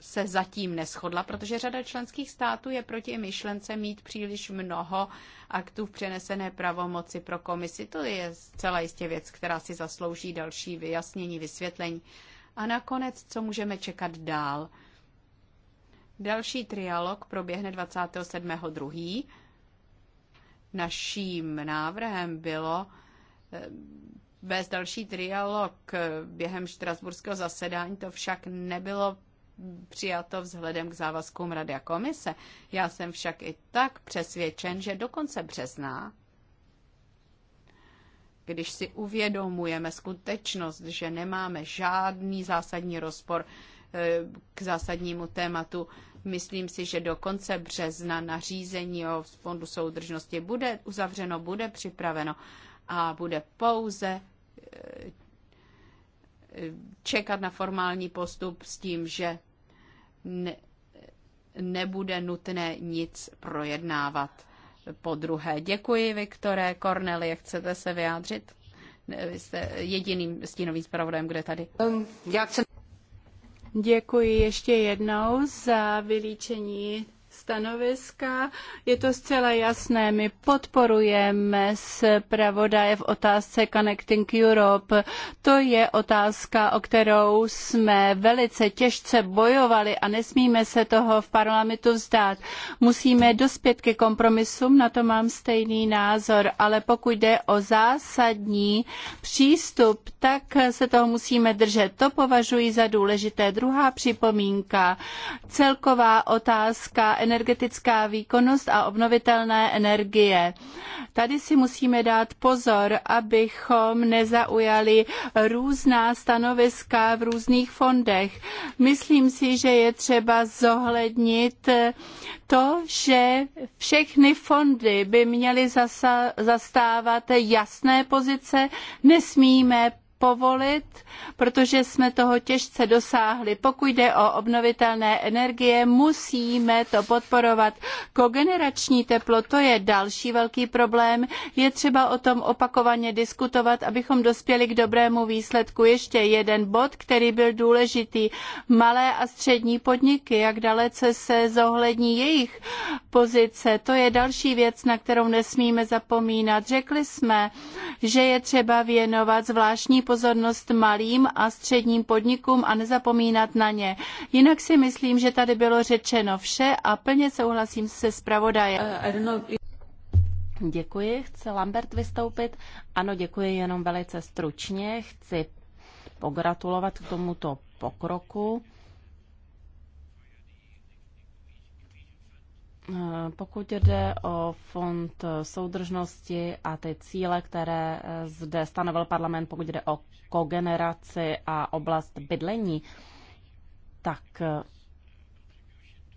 se zatím neschodla, protože řada členských států je proti myšlence mít příliš mnoho aktů v přenesené pravomoci pro komisi. To je zcela jistě věc, která si zaslouží další vyjasnění, vysvětlení. A nakonec, co můžeme čekat dál? Další trialog proběhne 27.2. Naším návrhem bylo eh, vést další trialog eh, během štrasburského zasedání. To však nebylo přijato vzhledem k závazkům Rady a komise. Já jsem však i tak přesvědčen, že do konce března, když si uvědomujeme skutečnost, že nemáme žádný zásadní rozpor eh, k zásadnímu tématu, myslím si, že do konce března nařízení o Fondu soudržnosti bude uzavřeno, bude připraveno a bude pouze eh, čekat na formální postup s tím, že ne, nebude nutné nic projednávat. Po druhé, děkuji, Viktore. Kornelie, chcete se vyjádřit? Vy jste jediným stínovým zpravodajem, kde tady. Um, já chcem... Děkuji ještě jednou za vylíčení stanoviska. Je to zcela jasné. My podporujeme zpravodaje v otázce Connecting Europe. To je otázka, o kterou jsme velice těžce bojovali a nesmíme se toho v parlamentu vzdát. Musíme dospět ke kompromisům, na to mám stejný názor, ale pokud jde o zásadní přístup, tak se toho musíme držet. To považuji za důležité. Druhá připomínka, celková otázka energetické energetická výkonnost a obnovitelné energie. Tady si musíme dát pozor, abychom nezaujali různá stanoviska v různých fondech. Myslím si, že je třeba zohlednit to, že všechny fondy by měly zastávat jasné pozice, nesmíme povolit, protože jsme toho těžce dosáhli. Pokud jde o obnovitelné energie, musíme to podporovat. Kogenerační teplo, to je další velký problém. Je třeba o tom opakovaně diskutovat, abychom dospěli k dobrému výsledku. Ještě jeden bod, který byl důležitý. Malé a střední podniky, jak dalece se zohlední jejich pozice, to je další věc, na kterou nesmíme zapomínat. Řekli jsme, že je třeba věnovat zvláštní pozornost malým a středním podnikům a nezapomínat na ně. Jinak si myslím, že tady bylo řečeno vše a plně souhlasím se zpravodajem. Eh, děkuji. Chce Lambert vystoupit? Ano, děkuji jenom velice stručně. Chci pogratulovat k tomuto pokroku. Eh, pokud jde o fond soudržnosti a ty cíle, které eh, zde stanovil parlament, pokud jde o kogeneraci a oblast bydlení, tak eh,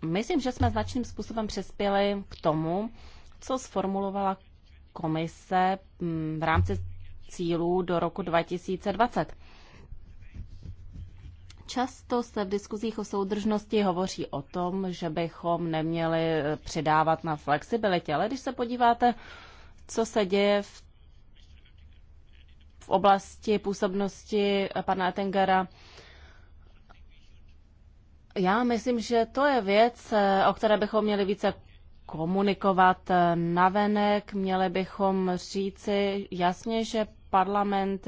myslím, že jsme značným způsobem přispěli k tomu, co sformulovala komise hm, v rámci cílů do roku 2020. Často se v diskuzích o soudržnosti hovoří o tom, že bychom neměli přidávat na flexibilitě, ale když se podíváte, co se děje v, v oblasti působnosti pana Etengera, já myslím, že to je věc, o které bychom měli více komunikovat navenek, měli bychom říci jasně, že parlament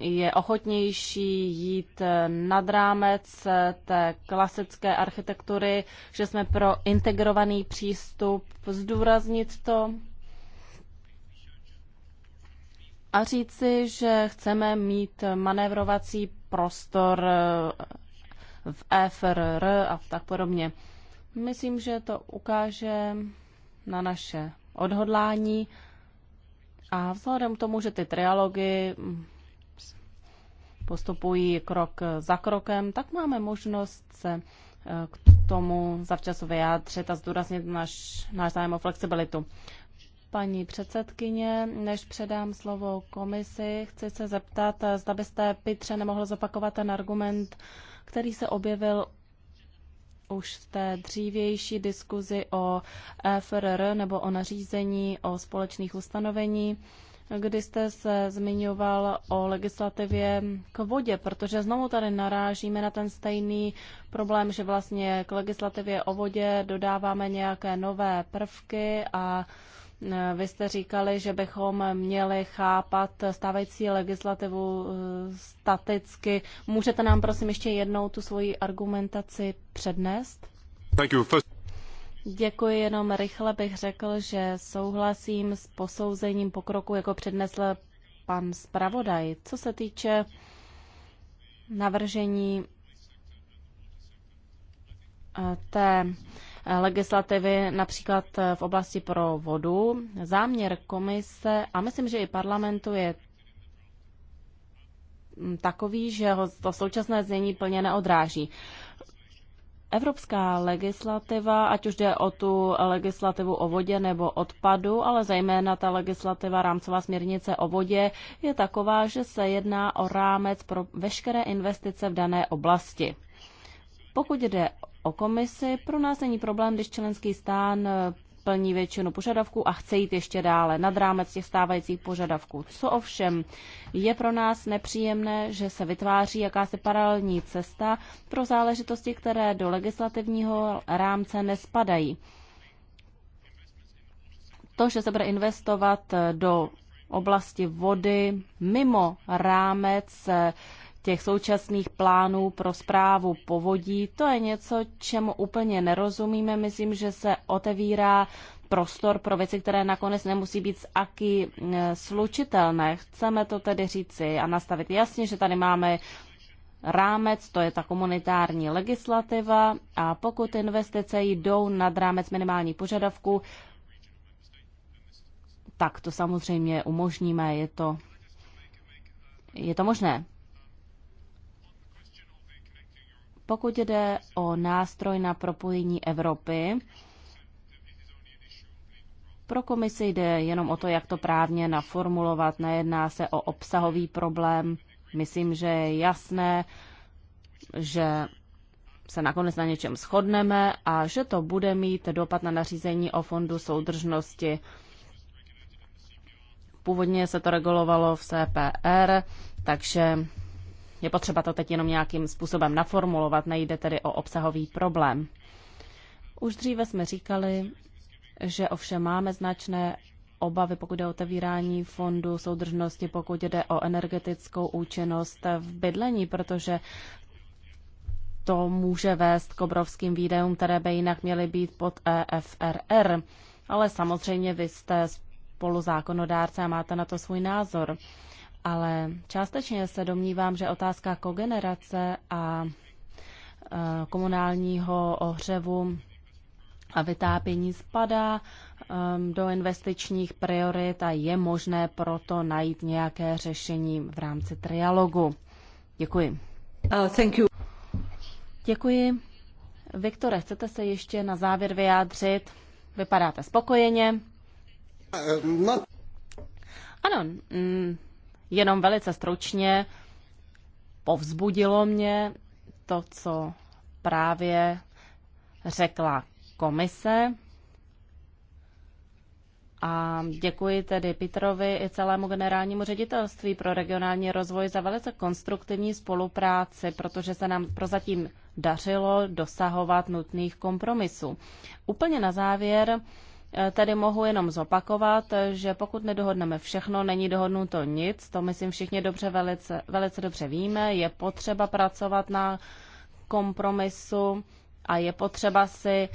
je ochotnější jít eh, nad rámec eh, té klasické architektury, že jsme pro integrovaný přístup, zdůraznit to a říci, že chceme mít manévrovací prostor eh, v EFRR a tak podobně. Myslím, že to ukáže na naše odhodlání a vzhledem k tomu, že ty trialogy hm, postupují krok za krokem, tak máme možnost se eh, k tomu zavčas vyjádřit a zdůraznit náš, náš zájem o flexibilitu. Paní předsedkyně, než předám slovo komisi, chci se zeptat, eh, zda byste, Pitře nemohl zopakovat ten argument, který se objevil už v té dřívější diskuzi o FRR nebo o nařízení o společných ustanovení kdy jste se zmiňoval o legislativě k vodě, protože znovu tady narážíme na ten stejný problém, že vlastně k legislativě o vodě dodáváme nějaké nové prvky a e, vy jste říkali, že bychom měli chápat stávající legislativu e, staticky. Můžete nám prosím ještě jednou tu svoji argumentaci přednést? Thank you. First... Děkuji, jenom rychle bych řekl, že souhlasím s posouzením pokroku, jako přednesl pan zpravodaj. Co se týče navržení eh, té eh, legislativy například eh, v oblasti pro vodu. Záměr komise a myslím, že i parlamentu je mm, takový, že ho to současné znění plně neodráží. Evropská legislativa, ať už jde o tu legislativu o vodě nebo odpadu, ale zejména ta legislativa rámcová směrnice o vodě je taková, že se jedná o rámec pro veškeré investice v dané oblasti. Pokud jde o komisi, pro nás není problém, když členský stán splní většinu požadavků a chce jít ještě dále nad rámec těch stávajících požadavků. Co ovšem je pro nás nepříjemné, že se vytváří jakási paralelní cesta pro záležitosti, které do legislativního rámce nespadají. To, že se bude investovat do oblasti vody mimo rámec těch současných plánů pro zprávu povodí, to je něco, čemu úplně nerozumíme. Myslím, že se otevírá prostor pro věci, které nakonec nemusí být s e, slučitelné. Chceme to tedy říci a nastavit jasně, že tady máme rámec, to je ta komunitární legislativa a pokud investice jdou nad rámec minimální požadavku, tak to samozřejmě umožníme, je to, je to možné. Pokud jde o nástroj na propojení Evropy, pro komisi jde jenom o to, jak to právně naformulovat. Nejedná se o obsahový problém. Myslím, že je jasné, že se nakonec na něčem shodneme a že to bude mít dopad na nařízení o fondu soudržnosti. Původně se to regulovalo v CPR, takže je potřeba to teď jenom nějakým způsobem naformulovat, nejde tedy o obsahový problém. Už dříve jsme říkali, že ovšem máme značné obavy, pokud jde o otevírání fondu soudržnosti, pokud jde o energetickou účinnost v bydlení, protože to může vést k obrovským výdajům, které by jinak měly být pod EFRR. Ale samozřejmě vy jste spoluzákonodárce a máte na to svůj názor ale částečně se domnívám, že otázka kogenerace a e, komunálního ohřevu a vytápění spadá do investičních priorit a je možné proto najít nějaké řešení v rámci trialogu. Děkuji. Uh, thank you. Děkuji. Viktore, chcete se ještě na závěr vyjádřit? Vypadáte spokojeně. Uh, not... Ano, mm, Jenom velice stručně povzbudilo mě to, co právě řekla komise. A děkuji tedy Petrovi i celému generálnímu ředitelství pro regionální rozvoj za velice konstruktivní spolupráci, protože se nám prozatím dařilo dosahovat nutných kompromisů. Úplně na závěr Eh, tady mohu jenom zopakovat, eh, že pokud nedohodneme všechno, není dohodnuto nic, to myslím všichni dobře, velice, velice dobře víme, je potřeba pracovat na kompromisu a je potřeba si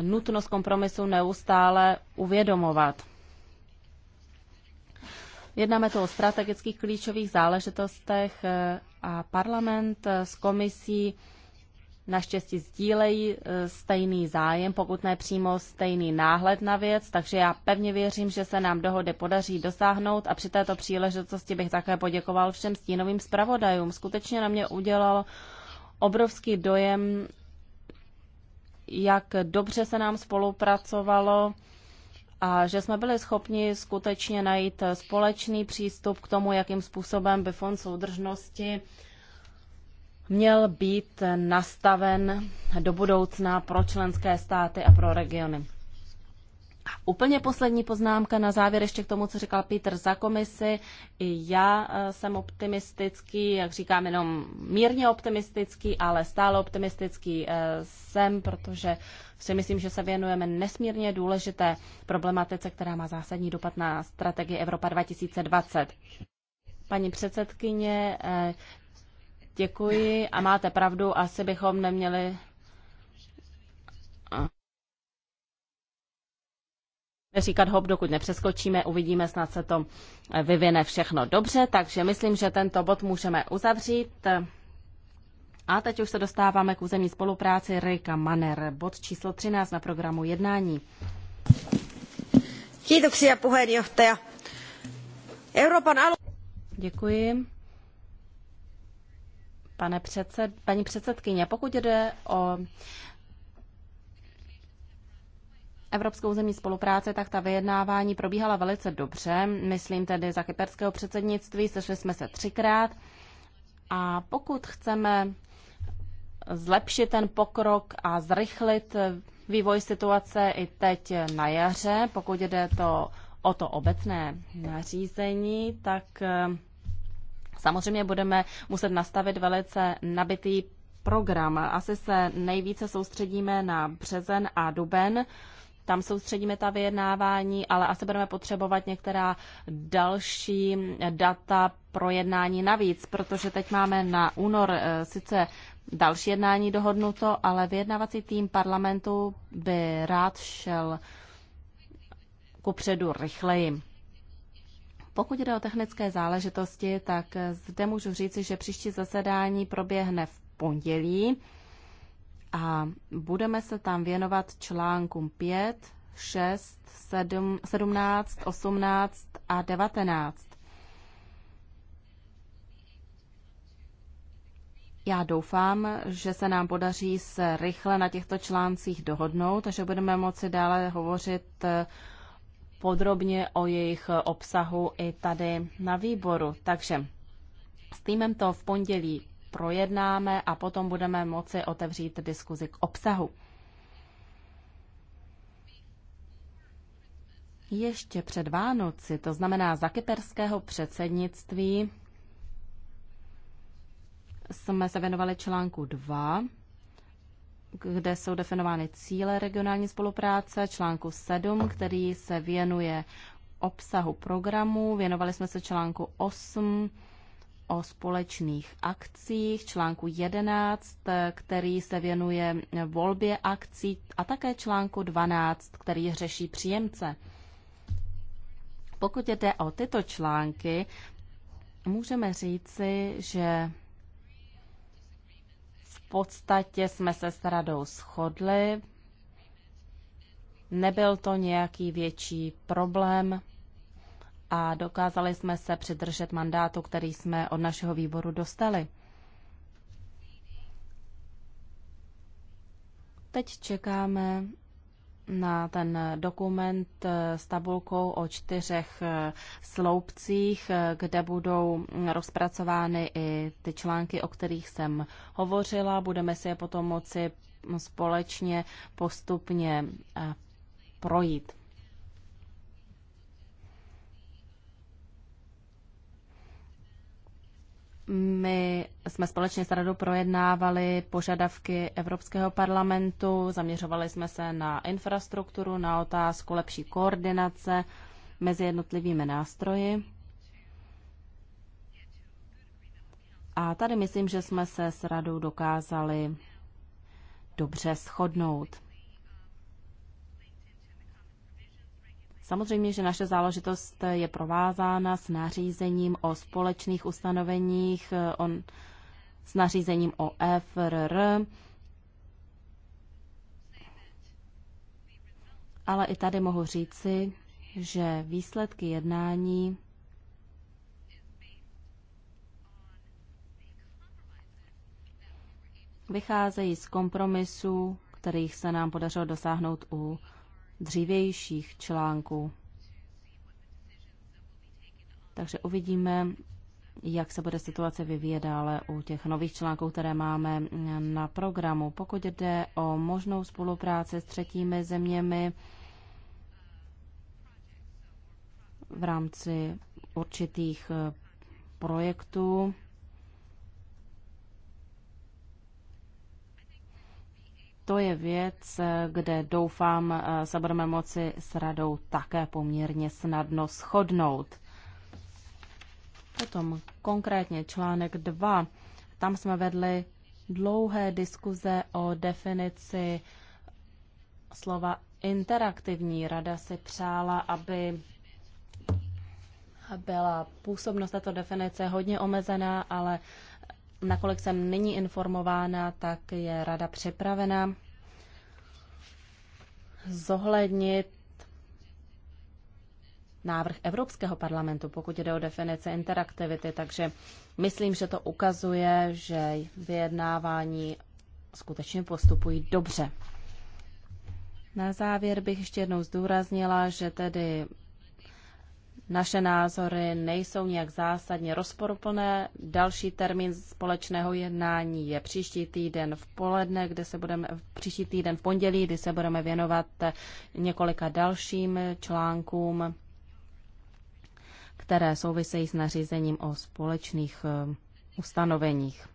nutnost kompromisu neustále uvědomovat. Jednáme tu o strategických klíčových záležitostech eh, a parlament s komisí naštěstí sdílejí e, stejný zájem, pokud ne přímo stejný náhled na věc, takže já pevně věřím, že se nám dohody podaří dosáhnout a při této příležitosti bych také poděkoval všem stínovým zpravodajům. Skutečně na mě udělal obrovský dojem, jak dobře se nám spolupracovalo a že jsme byli schopni skutečně najít společný přístup k tomu, jakým způsobem by fond soudržnosti měl být nastaven do budoucna pro členské státy a pro regiony. A úplně poslední poznámka na závěr ještě k tomu, co říkal Peter za komisi. I já eh, jsem optimistický, jak říkám, jenom mírně optimistický, ale stále optimistický eh, jsem, protože si myslím, že se věnujeme nesmírně důležité problematice, která má zásadní dopad na strategii Evropa 2020. Paní předsedkyně, eh, Děkuji a máte pravdu, asi bychom neměli říkat hop, dokud nepřeskočíme, uvidíme, snad se to vyvine všechno dobře, takže myslím, že tento bod můžeme uzavřít. A teď už se dostáváme k územní spolupráci Rika Maner, bod číslo 13 na programu jednání. Kiitoksia puheenjohtaja. Euroopan alu... Děkuji pane předsed, paní předsedkyně. Pokud jde o Evropskou zemí spolupráce, tak ta vyjednávání probíhala velice dobře. Myslím tedy za kyperského předsednictví, sešli jsme se třikrát. A pokud chceme zlepšit ten pokrok a zrychlit vývoj situace i teď na jaře, pokud jde to o to obecné nařízení, tak Samozřejmě budeme muset nastavit velice nabitý program. Asi se nejvíce soustředíme na březen a duben. Tam soustředíme ta vyjednávání, ale asi budeme potřebovat některá další data pro jednání navíc, protože teď máme na únor eh, sice další jednání dohodnuto, ale vyjednávací tým parlamentu by rád šel kupředu rychleji. Pokud jde o technické záležitosti, tak zde můžu říci, že příští zasedání proběhne v pondělí a budeme se tam věnovat článkům 5, 6, 7, 17, 18 a 19. Já doufám, že se nám podaří se rychle na těchto článcích dohodnout, takže budeme moci dále hovořit podrobně o jejich eh, obsahu i tady na výboru. Takže s týmem to v pondělí projednáme a potom budeme moci otevřít diskuzi k obsahu. Ještě před Vánoci, to znamená za kyperského předsednictví, jsme se věnovali článku 2 kde jsou definovány cíle regionální spolupráce, článku 7, který se věnuje obsahu programu, věnovali jsme se článku 8 o společných akcích, článku 11, který se věnuje volbě akcí a také článku 12, který řeší příjemce. Pokud jde o tyto články, můžeme říci, že podstatě jsme se s radou shodli. Nebyl to nějaký větší problém a dokázali jsme se přidržet mandátu, který jsme od našeho výboru dostali. Teď čekáme na ten dokument eh, s tabulkou o čtyřech eh, sloupcích, eh, kde budou rozpracovány i ty články, o kterých jsem hovořila. Budeme si je potom moci společně postupně projít. My jsme společně s radou projednávali požadavky Evropského parlamentu, zaměřovali jsme se na infrastrukturu, na otázku lepší koordinace mezi jednotlivými nástroji. A tady myslím, že jsme se s radou dokázali dobře shodnout. Samozřejmě, že naše záležitost je provázána s nařízením o společných ustanoveních, on, s nařízením o FRR, ale i tady mohu říci, že výsledky jednání vycházejí z kompromisu, kterých se nám podařilo dosáhnout u dřívějších článků. Takže uvidíme, jak se bude situace vyvíjet dále u těch nových článků, které máme na programu. Pokud jde o možnou spolupráci s třetími zeměmi v rámci určitých projektů, to je věc, kde doufám eh, se budeme moci s radou také poměrně snadno shodnout. Potom konkrétně článek 2. Tam jsme vedli dlouhé diskuze o definici slova interaktivní. Rada si přála, aby byla působnost této definice hodně omezená, ale nakolik jsem nyní informována, tak je rada připravena zohlednit návrh Evropského parlamentu, pokud jde o definici interaktivity. Takže myslím, že to ukazuje, že vyjednávání skutečně postupují dobře. Na závěr bych ještě jednou zdůraznila, že tedy naše názory nejsou nějak zásadně rozporuplné. Další termín společného jednání je příští týden v poledne, kde se budeme, příští týden v pondělí, kdy se budeme věnovat několika dalším článkům, které souvisejí s nařízením o společných eh, ustanoveních.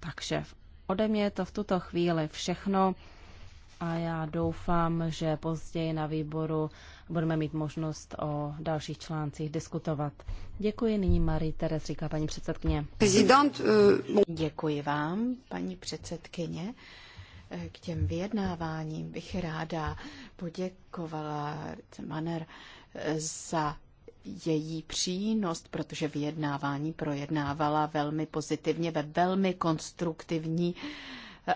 Takže ode mě je to v tuto chvíli všechno a já doufám, že později na výboru budeme mít možnost o dalších článcích diskutovat. Děkuji nyní Marie Teres, říká paní předsedkyně. Eh, Děkuji vám, paní předsedkyně. Eh, k těm vyjednáváním bych ráda poděkovala Maner eh, za její přínos, protože vyjednávání projednávala velmi pozitivně ve velmi konstruktivní uh,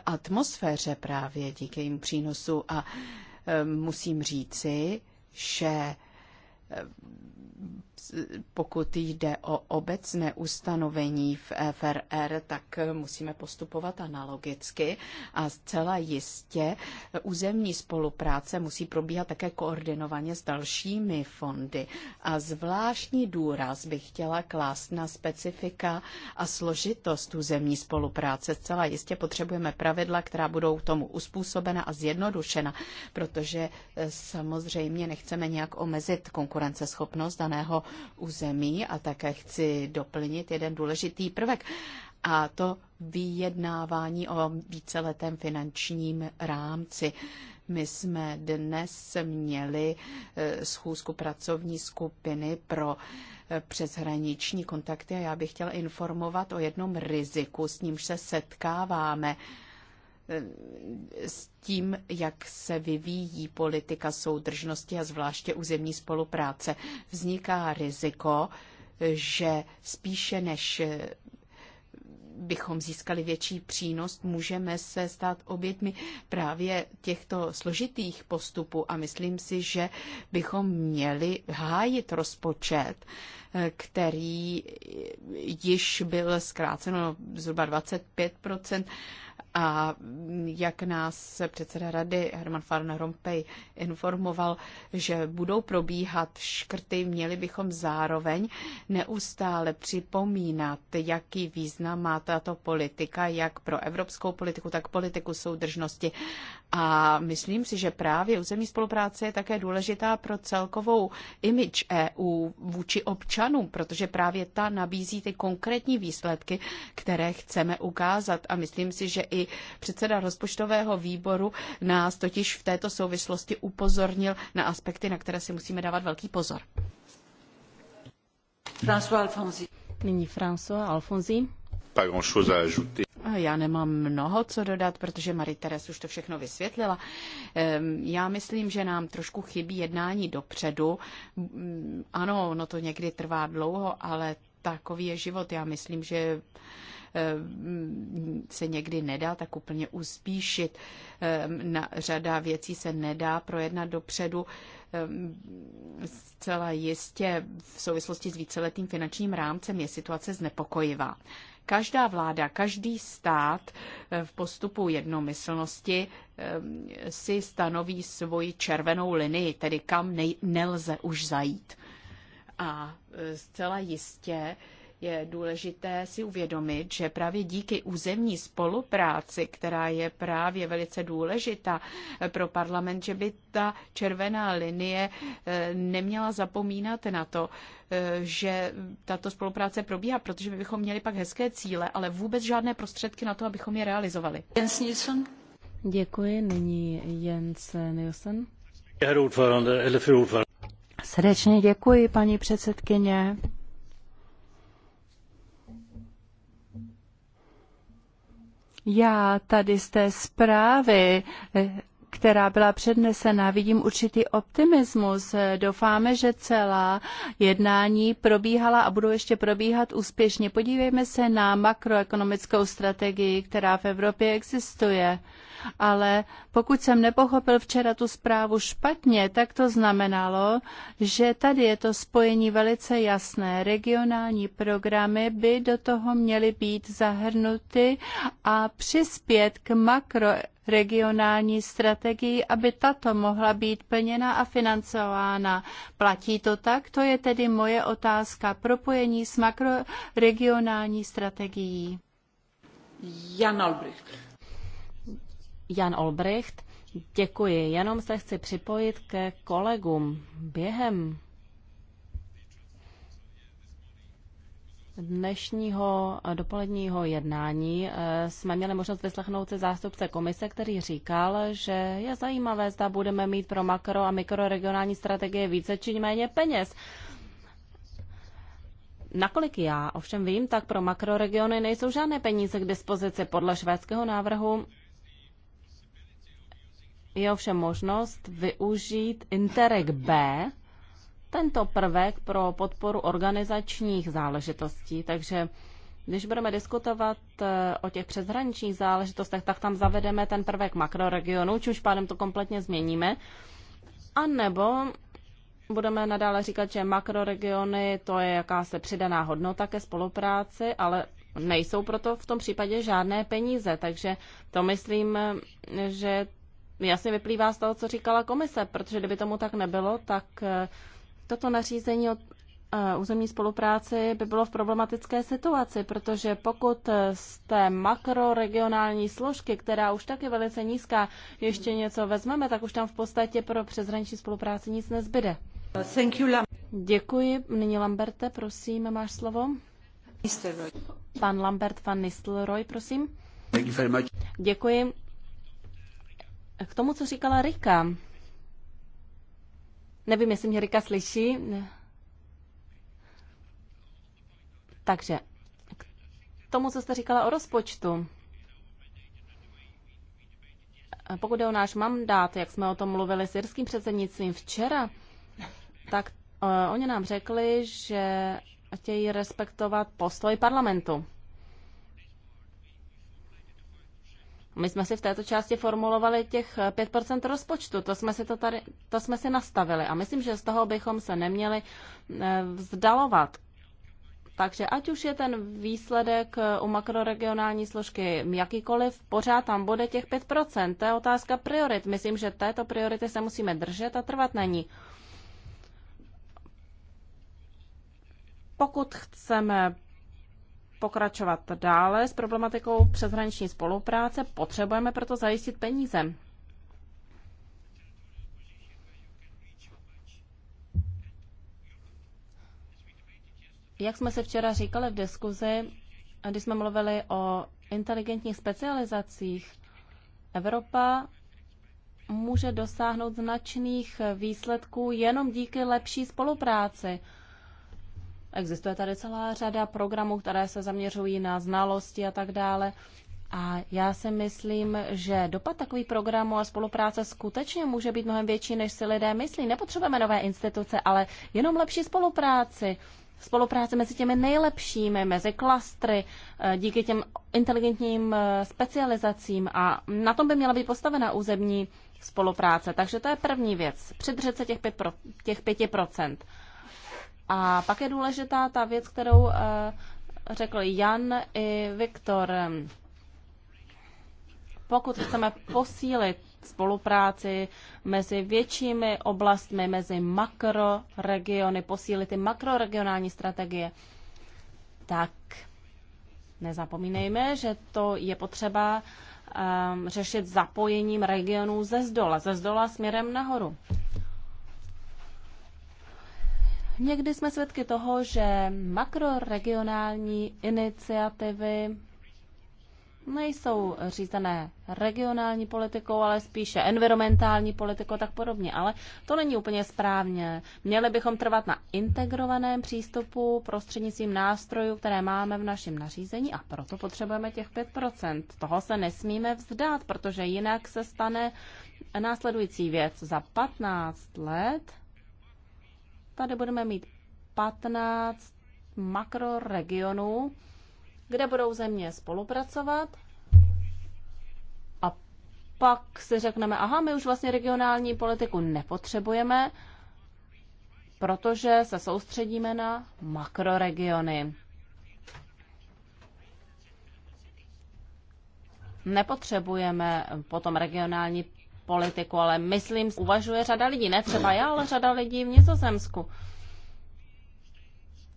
atmosféře právě díky jim přínosu a e, musím říci, že e, pokud jde o obecné ustanovení v FRR, tak musíme postupovat analogicky a zcela jistě územní spolupráce musí probíhat také koordinovaně s dalšími fondy. A zvláštní důraz bych chtěla klást na specifika a složitost územní spolupráce. Zcela jistě potřebujeme pravidla, která budou tomu uspůsobena a zjednodušena, protože eh, samozřejmě nechceme nějak omezit konkurenceschopnost daného území a také chci doplnit jeden důležitý prvek a to vyjednávání o víceletém finančním rámci. My jsme dnes měli e, schůzku pracovní skupiny pro e, přeshraniční kontakty a já bych chtěla informovat o jednom riziku, s nímž se setkáváme s tím, jak se vyvíjí politika soudržnosti a zvláště územní spolupráce. Vzniká riziko, že spíše než bychom získali větší přínos, můžeme se stát obětmi právě těchto složitých postupů a myslím si, že bychom měli hájit rozpočet, který již byl zkráceno zhruba 25 a jak nás předseda rady Herman Van Rompuy informoval, že budou probíhat škrty, měli bychom zároveň neustále připomínat, jaký význam má tato politika, jak pro evropskou politiku, tak politiku soudržnosti. A myslím si, že právě územní spolupráce je také důležitá pro celkovou image EU vůči občanům, protože právě ta nabízí ty konkrétní výsledky, které chceme ukázat. A myslím si, že i Předseda rozpočtového výboru nás totiž v této souvislosti upozornil na aspekty, na které si musíme dávat velký pozor. François Alfonsi. Nyní François Alfonsi. Pas grand chose à ajouter. Já nemám mnoho co dodat, protože Marie Teres už to všechno vysvětlila. Ehm, já myslím, že nám trošku chybí jednání dopředu. Hm, ano, ono to někdy trvá dlouho, ale takový je život. Já myslím, že Eh, se někdy nedá tak úplně uspíšit. Na řada věcí se nedá projednat dopředu. Zcela jistě v souvislosti s víceletým finančním rámcem je situace znepokojivá. Každá vláda, každý stát eh, v postupu jednomyslnosti si stanoví svoji červenou linii, tedy kam nej- nelze už zajít. A eh, zcela jistě je důležité si uvědomit, že právě díky územní spolupráci, která je právě velice důležitá pro parlament, že by ta červená linie eh, neměla zapomínat na to, eh, že tato spolupráce probíhá, protože my bychom měli pak hezké cíle, ale vůbec žádné prostředky na to, abychom je realizovali. Jens Nilsson. Děkuji, nyní Jens Nilsson. Srdečně děkuji, paní předsedkyně. Já tady z té zprávy eh, která byla přednesena, vidím určitý optimismus. Doufáme, že celá jednání probíhala a budou ještě probíhat úspěšně. Podívejme se na makroekonomickou strategii, která v Evropě existuje ale pokud jsem nepochopil včera tu zprávu špatně, tak to znamenalo, že tady je to spojení velice jasné. Regionální programy by do toho měly být zahrnuty a přispět k makro regionální strategii, aby tato mohla být plněna a financována. Platí to tak? To je tedy moje otázka. Propojení s makroregionální strategií. Jan Albrecht. Jan Olbricht. Děkuji. Jenom se chci připojit ke kolegům. Během dnešního dopoledního jednání jsme měli možnost vyslechnout se zástupce komise, který říkal, že je zajímavé, zda budeme mít pro makro a mikroregionální strategie více či méně peněz. Nakolik já ovšem vím, tak pro makroregiony nejsou žádné peníze k dispozici podle švédského návrhu je ovšem možnost využít Interreg B, tento prvek pro podporu organizačních záležitostí. Takže když budeme diskutovat eh, o těch přeshraničních záležitostech, tak tam zavedeme ten prvek makroregionu, čímž pádem to kompletně změníme. A nebo budeme nadále říkat, že makroregiony to je jakási přidaná hodnota ke spolupráci, ale nejsou proto v tom případě žádné peníze. Takže to myslím, že jasně vyplývá z toho, co říkala komise, protože kdyby tomu tak nebylo, tak eh, toto nařízení o eh, územní spolupráci by bylo v problematické situaci, protože pokud eh, z té makroregionální složky, která už tak je velice nízká, ještě něco vezmeme, tak už tam v podstatě pro přeshraniční spolupráci nic nezbyde. Thank you, Lam- Děkuji. Nyní Lamberte, prosím, máš slovo. Pan Lambert van Nistelrooy, prosím. Thank you very much. Děkuji. K tomu, co říkala Rika. Nevím, jestli mě Rika slyší. Takže k tomu, co jste říkala o rozpočtu. Pokud je o náš mandát, jak jsme o tom mluvili s jirským předsednictvím včera, tak uh, oni nám řekli, že chtějí respektovat postoj parlamentu. My jsme si v této části formulovali těch 5% eh, rozpočtu, to jsme, si to, tady, to jsme si nastavili a myslím, že z toho bychom se neměli eh, vzdalovat. Takže ať už je ten výsledek eh, u makroregionální složky jakýkoliv, pořád tam bude těch 5%. To je otázka priorit. Myslím, že této priority se musíme držet a trvat na ní. Pokud chceme pokračovat dále s problematikou přeshraniční spolupráce, potřebujeme proto zajistit peníze. Jak jsme se včera říkali v diskuzi, když jsme mluvili o inteligentních specializacích, Evropa může dosáhnout značných výsledků jenom díky lepší spolupráci. Existuje tady celá řada programů, které se zaměřují na znalosti a tak dále. A já si myslím, že dopad takový programu a spolupráce skutečně může být mnohem větší, než si lidé myslí. Nepotřebujeme nové instituce, ale jenom lepší spolupráci. Spolupráce mezi těmi nejlepšími, mezi klastry, eh, díky těm inteligentním eh, specializacím a na tom by měla být postavena územní spolupráce. Takže to je první věc. Předřece těch, pět pro, těch 5%. A pak je důležitá ta věc, kterou eh, řekl Jan i Viktor. Pokud chceme posílit spolupráci mezi většími oblastmi, mezi makroregiony, posílit ty makroregionální strategie, tak nezapomínejme, že to je potřeba um, řešit zapojením regionů ze zdola, ze zdola směrem nahoru. Někdy jsme svědky toho, že makroregionální iniciativy nejsou řízené regionální politikou, ale spíše environmentální politikou tak podobně. Ale to není úplně správně. Měli bychom trvat na integrovaném přístupu prostřednictvím nástrojů, které máme v našem nařízení a proto potřebujeme těch 5%. Toho se nesmíme vzdát, protože jinak se stane následující věc. Za 15 let Tady budeme mít 15 makroregionů, kde budou země spolupracovat a pak si řekneme, aha, my už vlastně regionální politiku nepotřebujeme, protože se soustředíme na makroregiony. Nepotřebujeme potom regionální politiku, ale myslím, uvažuje řada lidí, ne třeba já, ale řada lidí v Nizozemsku.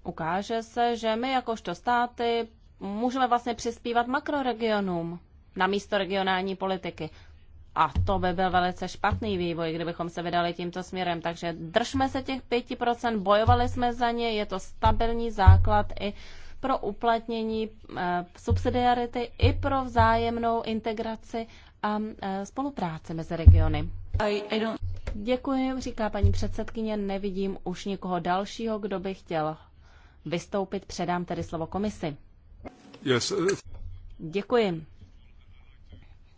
Ukáže se, že my jakožto státy můžeme vlastně přispívat makroregionům na místo regionální politiky. A to by byl velice špatný vývoj, kdybychom se vydali tímto směrem. Takže držme se těch 5%, bojovali jsme za ně, je to stabilní základ i pro uplatnění e, subsidiarity, i pro vzájemnou integraci a e, spolupráce mezi regiony. I, I don't... Děkuji, říká paní předsedkyně. Nevidím už nikoho dalšího, kdo by chtěl vystoupit. Předám tedy slovo komisi. Yes. Uh, Děkuji.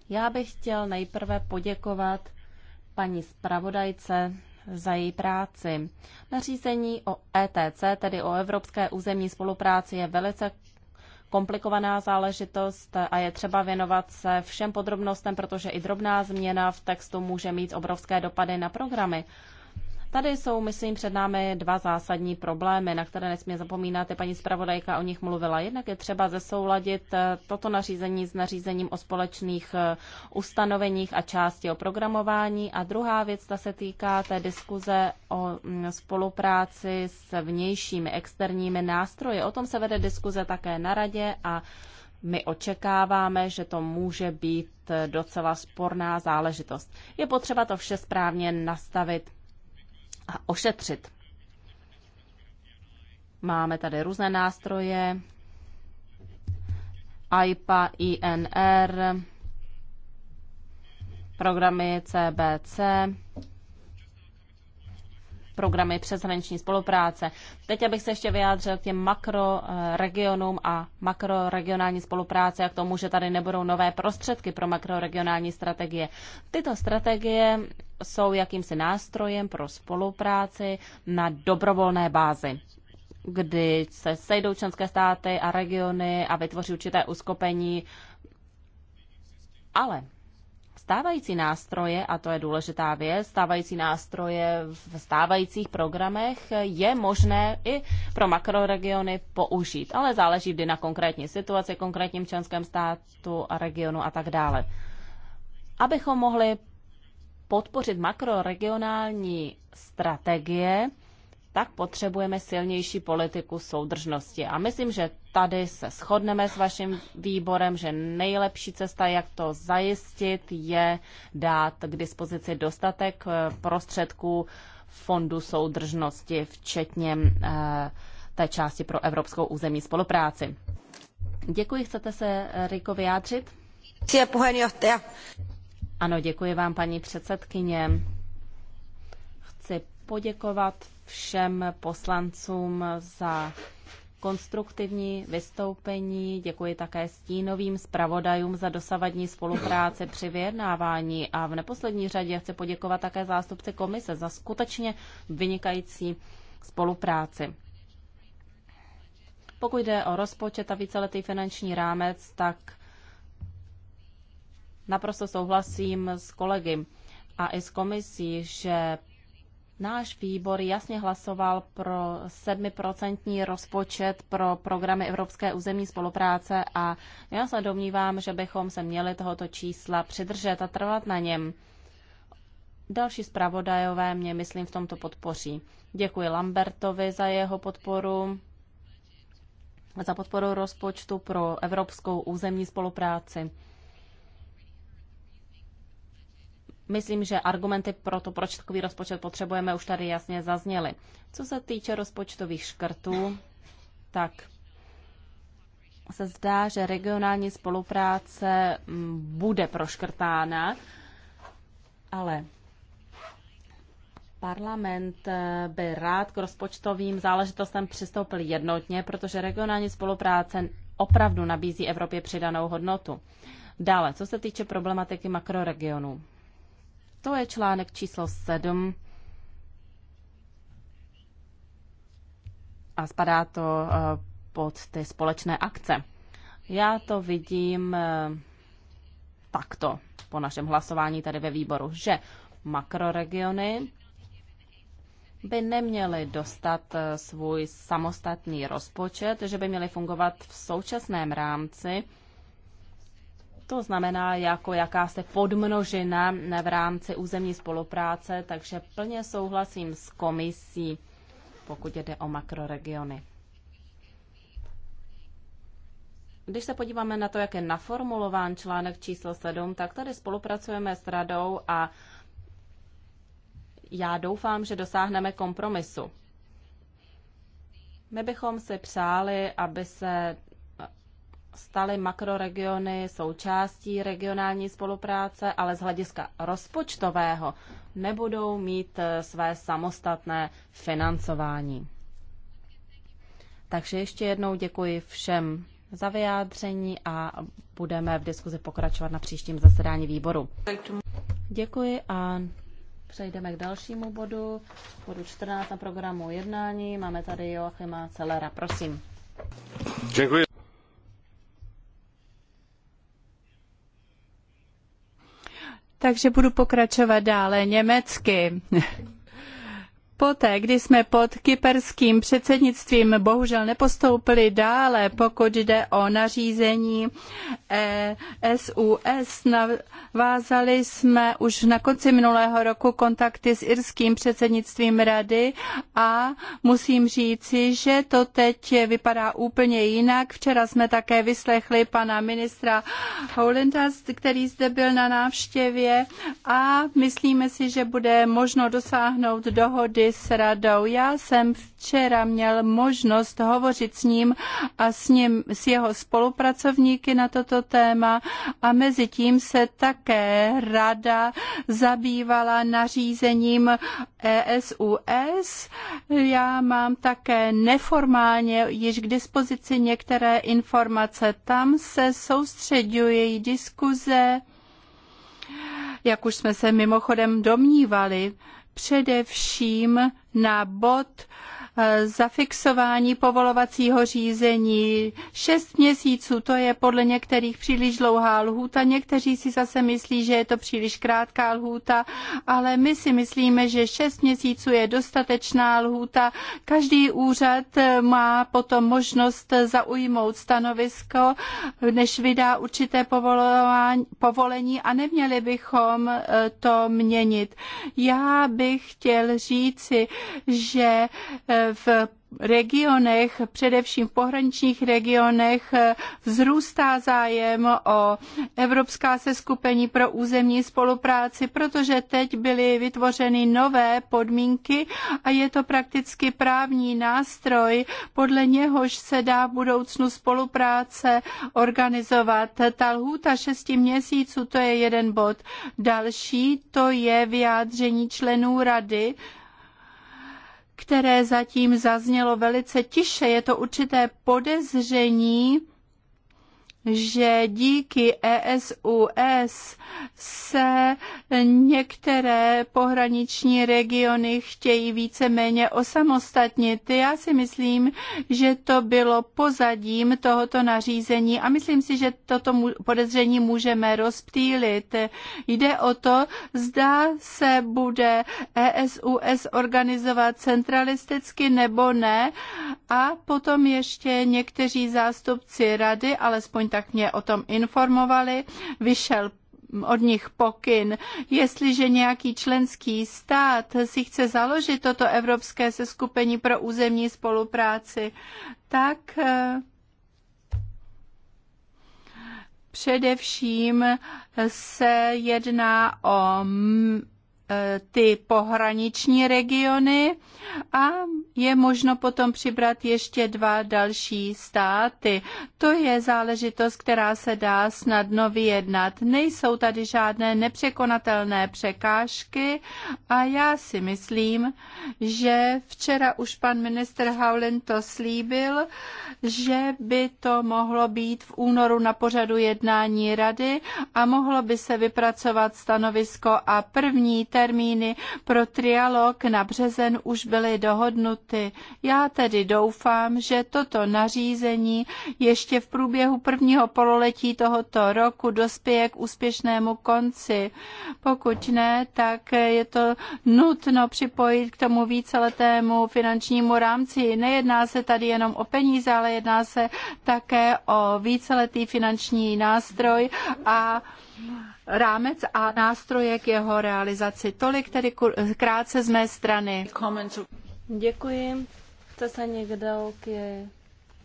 Já bych chtěl nejprve poděkovat paní zpravodajce za její práci. Nařízení o ETC, tedy o Evropské územní spolupráci, je velice komplikovaná záležitost a je třeba věnovat se všem podrobnostem, protože i drobná změna v textu může mít obrovské dopady na programy. Tady jsou, myslím, před námi dva zásadní problémy, na které nesmí zapomínat. Paní zpravodajka o nich mluvila. Jednak je třeba zesouladit eh, toto nařízení s nařízením o společných eh, ustanoveních a části o programování. A druhá věc, ta se týká té diskuze o mm, spolupráci s vnějšími externími nástroji. O tom se vede diskuze také na radě a my očekáváme, že to může být eh, docela sporná záležitost. Je potřeba to vše správně nastavit ošetřit. Máme tady různé nástroje, IPA, INR, programy CBC, programy přeshraniční spolupráce. Teď abych se ještě vyjádřil k těm makroregionům eh, a makroregionální spolupráce a k tomu, že tady nebudou nové prostředky pro makroregionální strategie. Tyto strategie jsou jakýmsi nástrojem pro spolupráci na dobrovolné bázi kdy se sejdou členské státy a regiony a vytvoří určité uskopení. Ale stávající nástroje, a to je důležitá věc, stávající nástroje v stávajících programech je možné i pro makroregiony použít, ale záleží vždy na konkrétní situaci, konkrétním členském státu a regionu a tak dále. Abychom mohli podpořit makroregionální strategie, tak potřebujeme silnější politiku soudržnosti. A myslím, že tady se shodneme s vaším výborem, že nejlepší cesta, jak to zajistit, je dát k dispozici dostatek eh, prostředků fondu soudržnosti, včetně eh, té části pro evropskou územní spolupráci. Děkuji, chcete se, eh, Riko, vyjádřit? Ano, děkuji vám, paní předsedkyně. Chci poděkovat všem poslancům za konstruktivní vystoupení. Děkuji také stínovým zpravodajům za dosavadní spolupráci při vyjednávání a v neposlední řadě chci poděkovat také zástupci komise za skutečně vynikající spolupráci. Pokud jde o rozpočet a víceletý finanční rámec, tak naprosto souhlasím s kolegy a i s komisí, že Náš výbor jasně hlasoval pro 7% rozpočet pro programy Evropské územní spolupráce a já se domnívám, že bychom se měli tohoto čísla přidržet a trvat na něm. Další zpravodajové mě, myslím, v tomto podpoří. Děkuji Lambertovi za jeho podporu, za podporu rozpočtu pro Evropskou územní spolupráci. Myslím, že argumenty pro to, proč takový rozpočet potřebujeme, už tady jasně zazněly. Co se týče rozpočtových škrtů, tak se zdá, že regionální spolupráce mm, bude proškrtána, ale Parlament eh, by rád k rozpočtovým záležitostem přistoupil jednotně, protože regionální spolupráce opravdu nabízí Evropě přidanou hodnotu. Dále, co se týče problematiky makroregionů. To je článek číslo 7 a spadá to eh, pod ty společné akce. Já to vidím eh, takto po našem hlasování tady ve výboru, že makroregiony by neměly dostat eh, svůj samostatný rozpočet, že by měly fungovat v současném rámci to znamená jako jakási podmnožina v rámci územní spolupráce, takže plně souhlasím s komisí, pokud jde o makroregiony. Když se podíváme na to, jak je naformulován článek číslo 7, tak tady spolupracujeme s radou a já doufám, že dosáhneme kompromisu. My bychom si přáli, aby se staly makroregiony součástí regionální spolupráce, ale z hlediska rozpočtového nebudou mít eh, své samostatné financování. Takže ještě jednou děkuji všem za vyjádření a budeme v diskuzi pokračovat na příštím zasedání výboru. Děkuji a přejdeme k dalšímu bodu, bodu 14 na programu jednání. Máme tady Joachima Celera, prosím. Děkuji. takže budu pokračovat dále německy. Poté, kdy jsme pod kyperským předsednictvím bohužel nepostoupili dále, pokud jde o nařízení SUS, e navázali jsme už na konci minulého roku kontakty s irským předsednictvím rady a musím říci, že to teď vypadá úplně jinak. Včera jsme také vyslechli pana ministra Howlanda, který zde byl na návštěvě a myslíme si, že bude možno dosáhnout dohody s radou. Já jsem včera měl možnost hovořit s ním a s, ním, s jeho spolupracovníky na toto téma a mezi tím se také rada zabývala nařízením ESUS. Já mám také neformálně již k dispozici některé informace. Tam se soustředují diskuze jak už jsme se mimochodem domnívali, především na bod Eh, zafixování povolovacího řízení. Šest měsíců, to je podle některých příliš dlouhá lhůta, někteří si zase myslí, že je to příliš krátká lhůta, ale my si myslíme, že šest měsíců je dostatečná lhůta. Každý úřad eh, má potom možnost zaujmout stanovisko, než vydá určité povolení a neměli bychom eh, to měnit. Já bych chtěl říci, že v regionech, především v pohraničních regionech, vzrůstá zájem o evropská seskupení pro územní spolupráci, protože teď byly vytvořeny nové podmínky a je to prakticky právní nástroj, podle něhož se dá v budoucnu spolupráce organizovat. Ta lhůta šesti měsíců, to je jeden bod. Další, to je vyjádření členů rady, které zatím zaznělo velice tiše. Je to určité podezření, že díky ESUS se některé pohraniční regiony chtějí více-méně osamostatnit. Já si myslím, že to bylo pozadím tohoto nařízení a myslím si, že toto podezření můžeme rozptýlit. Jde o to, zda se bude ESUS organizovat centralisticky nebo ne a potom ještě někteří zástupci rady, alespoň tak tak mě o tom informovali. Vyšel od nich pokyn. Jestliže nějaký členský stát si chce založit toto evropské seskupení pro územní spolupráci, tak eh, především se jedná o ty pohraniční regiony a je možno potom přibrat ještě dva další státy. To je záležitost, která se dá snadno vyjednat. Nejsou tady žádné nepřekonatelné překážky a já si myslím, že včera už pan minister Haulen to slíbil, že by to mohlo být v únoru na pořadu jednání rady a mohlo by se vypracovat stanovisko a první termíny pro trialog na březen už byly dohodnuty. Já tedy doufám, že toto nařízení ještě v průběhu prvního pololetí tohoto roku dospěje k úspěšnému konci. Pokud ne, tak je to nutno připojit k tomu víceletému finančnímu rámci. Nejedná se tady jenom o peníze, ale jedná se také o víceletý finanční nástroj a rámec a nástroje k jeho realizaci. Tolik tedy krátce z mé strany. Děkuji. Chce se někdo k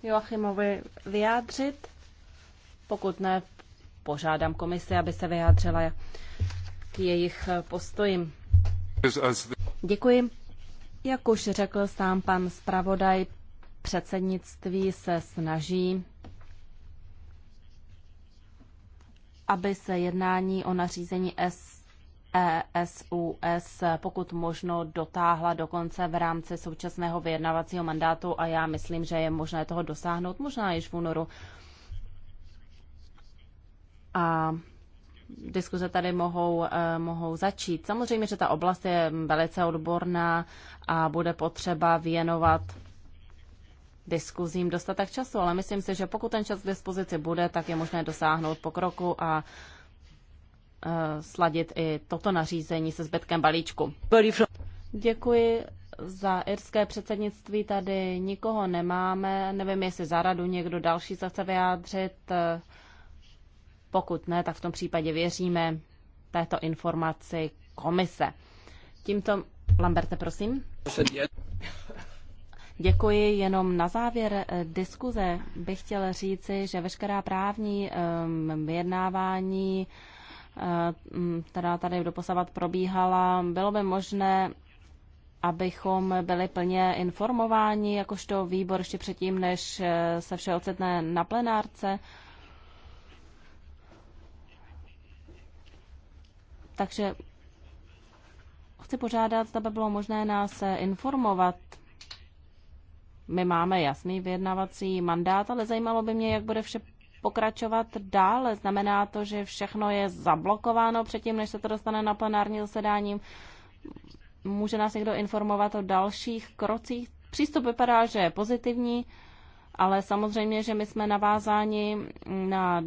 Joachimovi vyjádřit? Pokud ne, požádám komisi, aby se vyjádřila k jejich postojím. Děkuji. Jak už řekl sám pan zpravodaj, předsednictví se snaží aby se jednání o nařízení S ESUS pokud možno dotáhla dokonce v rámci současného vyjednavacího mandátu a já myslím, že je možné toho dosáhnout možná již v únoru. A diskuze tady mohou, e, mohou začít. Samozřejmě, že ta oblast je velice odborná a bude potřeba věnovat diskuzím dostatek času, ale myslím si, že pokud ten čas k dispozici bude, tak je možné dosáhnout pokroku a e, sladit i toto nařízení se zbytkem balíčku. Děkuji za irské předsednictví. Tady nikoho nemáme. Nevím, jestli za radu někdo další se chce vyjádřit. E, pokud ne, tak v tom případě věříme této informaci komise. Tímto, Lamberte, prosím. Děkuji. Jenom na závěr eh, diskuze bych chtěla říci, že veškerá právní ehm, vyjednávání, eh, která tady doposavat probíhala, bylo by možné abychom byli plně informováni, jakožto výbor ještě předtím, než eh, se vše ocitne na plenárce. Takže chci požádat, aby bylo možné nás informovat my máme jasný vyjednavací mandát, ale zajímalo by mě, jak bude vše pokračovat dále. Znamená to, že všechno je zablokováno předtím, než se to dostane na plenární zasedání. Může nás někdo informovat o dalších krocích? Přístup vypadá, že je pozitivní, ale samozřejmě, že my jsme navázáni na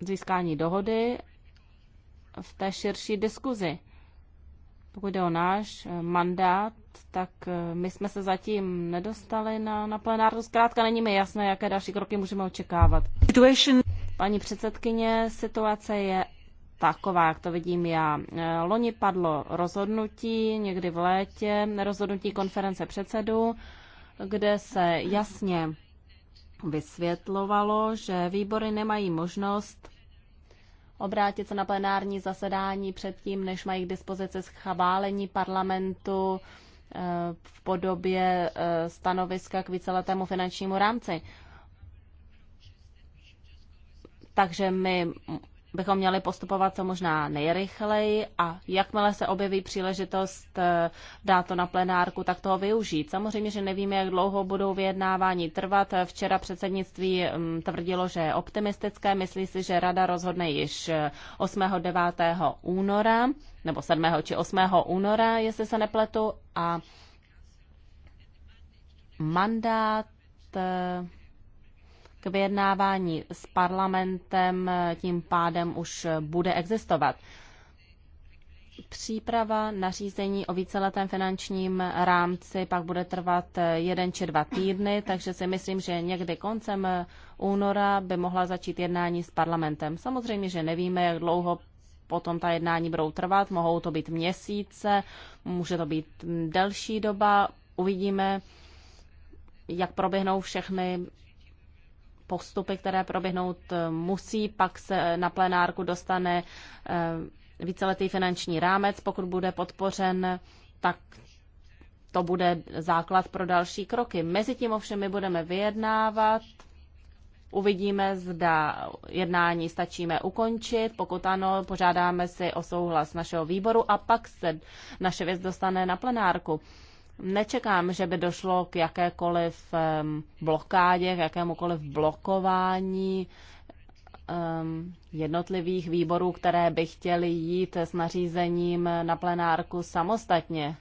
získání dohody v té širší diskuzi. Pokud jde o náš mandát, tak eh, my jsme se zatím nedostali na, na plenárnu. Zkrátka není mi jasné, jaké další kroky můžeme očekávat. Paní předsedkyně, situace je taková, jak to vidím já. Eh, loni padlo rozhodnutí, někdy v létě, rozhodnutí konference předsedů, kde se jasně vysvětlovalo, že výbory nemají možnost obrátit se na plenární zasedání předtím, než mají k dispozici schválení parlamentu v podobě eh, stanoviska k víceletému finančnímu rámci. Takže my bychom měli postupovat co možná nejrychleji a jakmile se objeví příležitost eh, dát to na plenárku, tak toho využít. Samozřejmě, že nevíme, jak dlouho budou vyjednávání trvat. Včera předsednictví mm, tvrdilo, že je optimistické. Myslí si, že rada rozhodne již 8. Eh, 9. února, nebo 7. či 8. února, jestli se nepletu, a mandát eh, k vyjednávání s parlamentem tím pádem už bude existovat. Příprava nařízení o víceletém finančním rámci pak bude trvat jeden či dva týdny, takže si myslím, že někdy koncem února by mohla začít jednání s parlamentem. Samozřejmě, že nevíme, jak dlouho potom ta jednání budou trvat, mohou to být měsíce, může to být delší doba, uvidíme, jak proběhnou všechny postupy, které proběhnout eh, musí, pak se eh, na plenárku dostane eh, víceletý finanční rámec, pokud bude podpořen, tak to bude základ pro další kroky. Mezitím ovšem my budeme vyjednávat, uvidíme, zda jednání stačíme ukončit, pokud ano, požádáme si o souhlas našeho výboru a pak se naše věc dostane na plenárku. Nečekám, že by došlo k jakékoliv blokádě, k jakémukoliv blokování jednotlivých výborů, které by chtěly jít s nařízením na plenárku samostatně.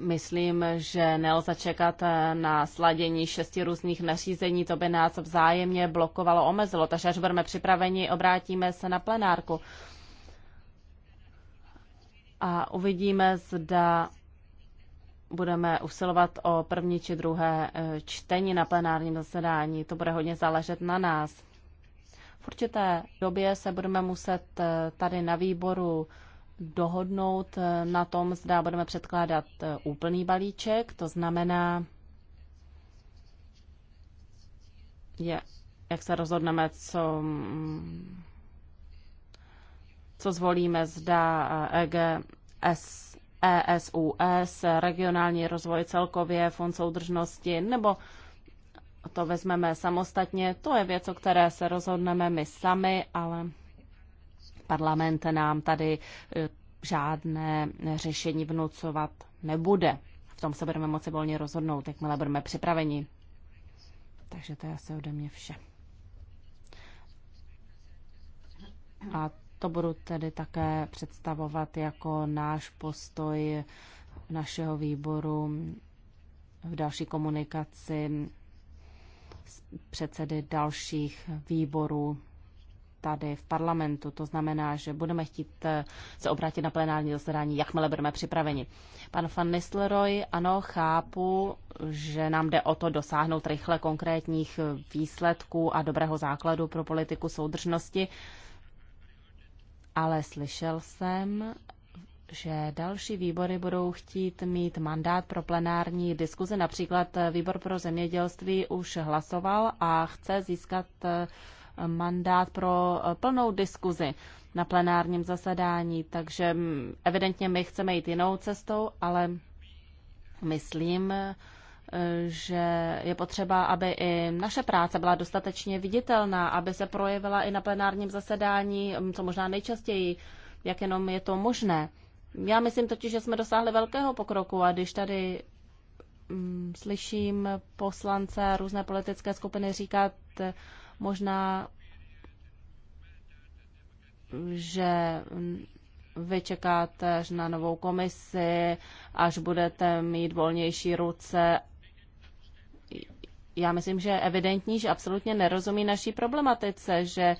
Myslím, že nelze čekat na sladění šesti různých nařízení, to by nás vzájemně blokovalo, omezilo. Takže až budeme připraveni, obrátíme se na plenárku a uvidíme, zda budeme usilovat o první či druhé e, čtení na plenárním zasedání. To bude hodně záležet na nás. V určité době se budeme muset e, tady na výboru dohodnout e, na tom, zda budeme předkládat úplný balíček, to znamená, je, jak se rozhodneme, co mm, co zvolíme, zda EGS, eh, e ESUS, regionální rozvoj celkově, fond soudržnosti, nebo to vezmeme samostatně. To je věc, o které se rozhodneme my sami, ale parlament nám tady eh, žádné řešení vnucovat nebude. V tom se budeme moci volně rozhodnout, jakmile budeme připraveni. Takže to je asi ode mě vše. A to budu tedy také představovat jako náš postoj našeho výboru v další komunikaci předsedy dalších výborů tady v parlamentu. To znamená, že budeme chtít eh, se obrátit na plenární zasedání, jakmile budeme připraveni. Pan van Nistelrooy, ano, chápu, že nám jde o to dosáhnout rychle konkrétních výsledků a dobrého základu pro politiku soudržnosti ale slyšel jsem, že další výbory budou chtít mít mandát pro plenární diskuze. Například výbor pro zemědělství už hlasoval a chce získat eh, mandát pro eh, plnou diskuzi na plenárním zasedání. Takže mm, evidentně my chceme jít jinou cestou, ale myslím, že je potřeba, aby i naše práce byla dostatečně viditelná, aby se projevila i na plenárním zasedání, mm, co možná nejčastěji, jak jenom je to možné. Já myslím totiž, že jsme dosáhli velkého pokroku a když tady mm, slyším poslance různé politické skupiny říkat možná, že vy čekáte až na novou komisi, až budete mít volnější ruce já myslím, že je evidentní, že absolutně nerozumí naší problematice, že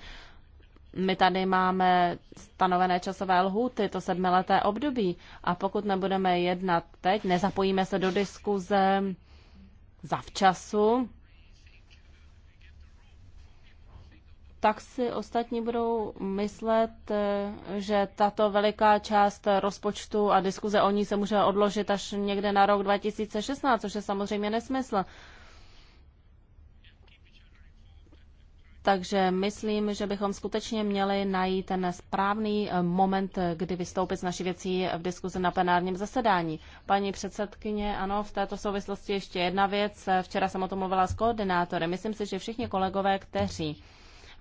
my tady máme stanovené časové lhůty, to sedmileté období a pokud nebudeme jednat teď, nezapojíme se do diskuze zavčasu, tak si ostatní budou myslet, že tato veliká část rozpočtu a diskuze o ní se může odložit až někde na rok 2016, což je samozřejmě nesmysl. takže myslím, že bychom skutečně měli najít ten správný eh, moment, eh, kdy vystoupit s naší věcí v diskuzi na plenárním zasedání. Paní předsedkyně, ano, v této souvislosti ještě jedna věc. Eh, včera jsem o tom mluvila s koordinátorem. Myslím si, že všichni kolegové, kteří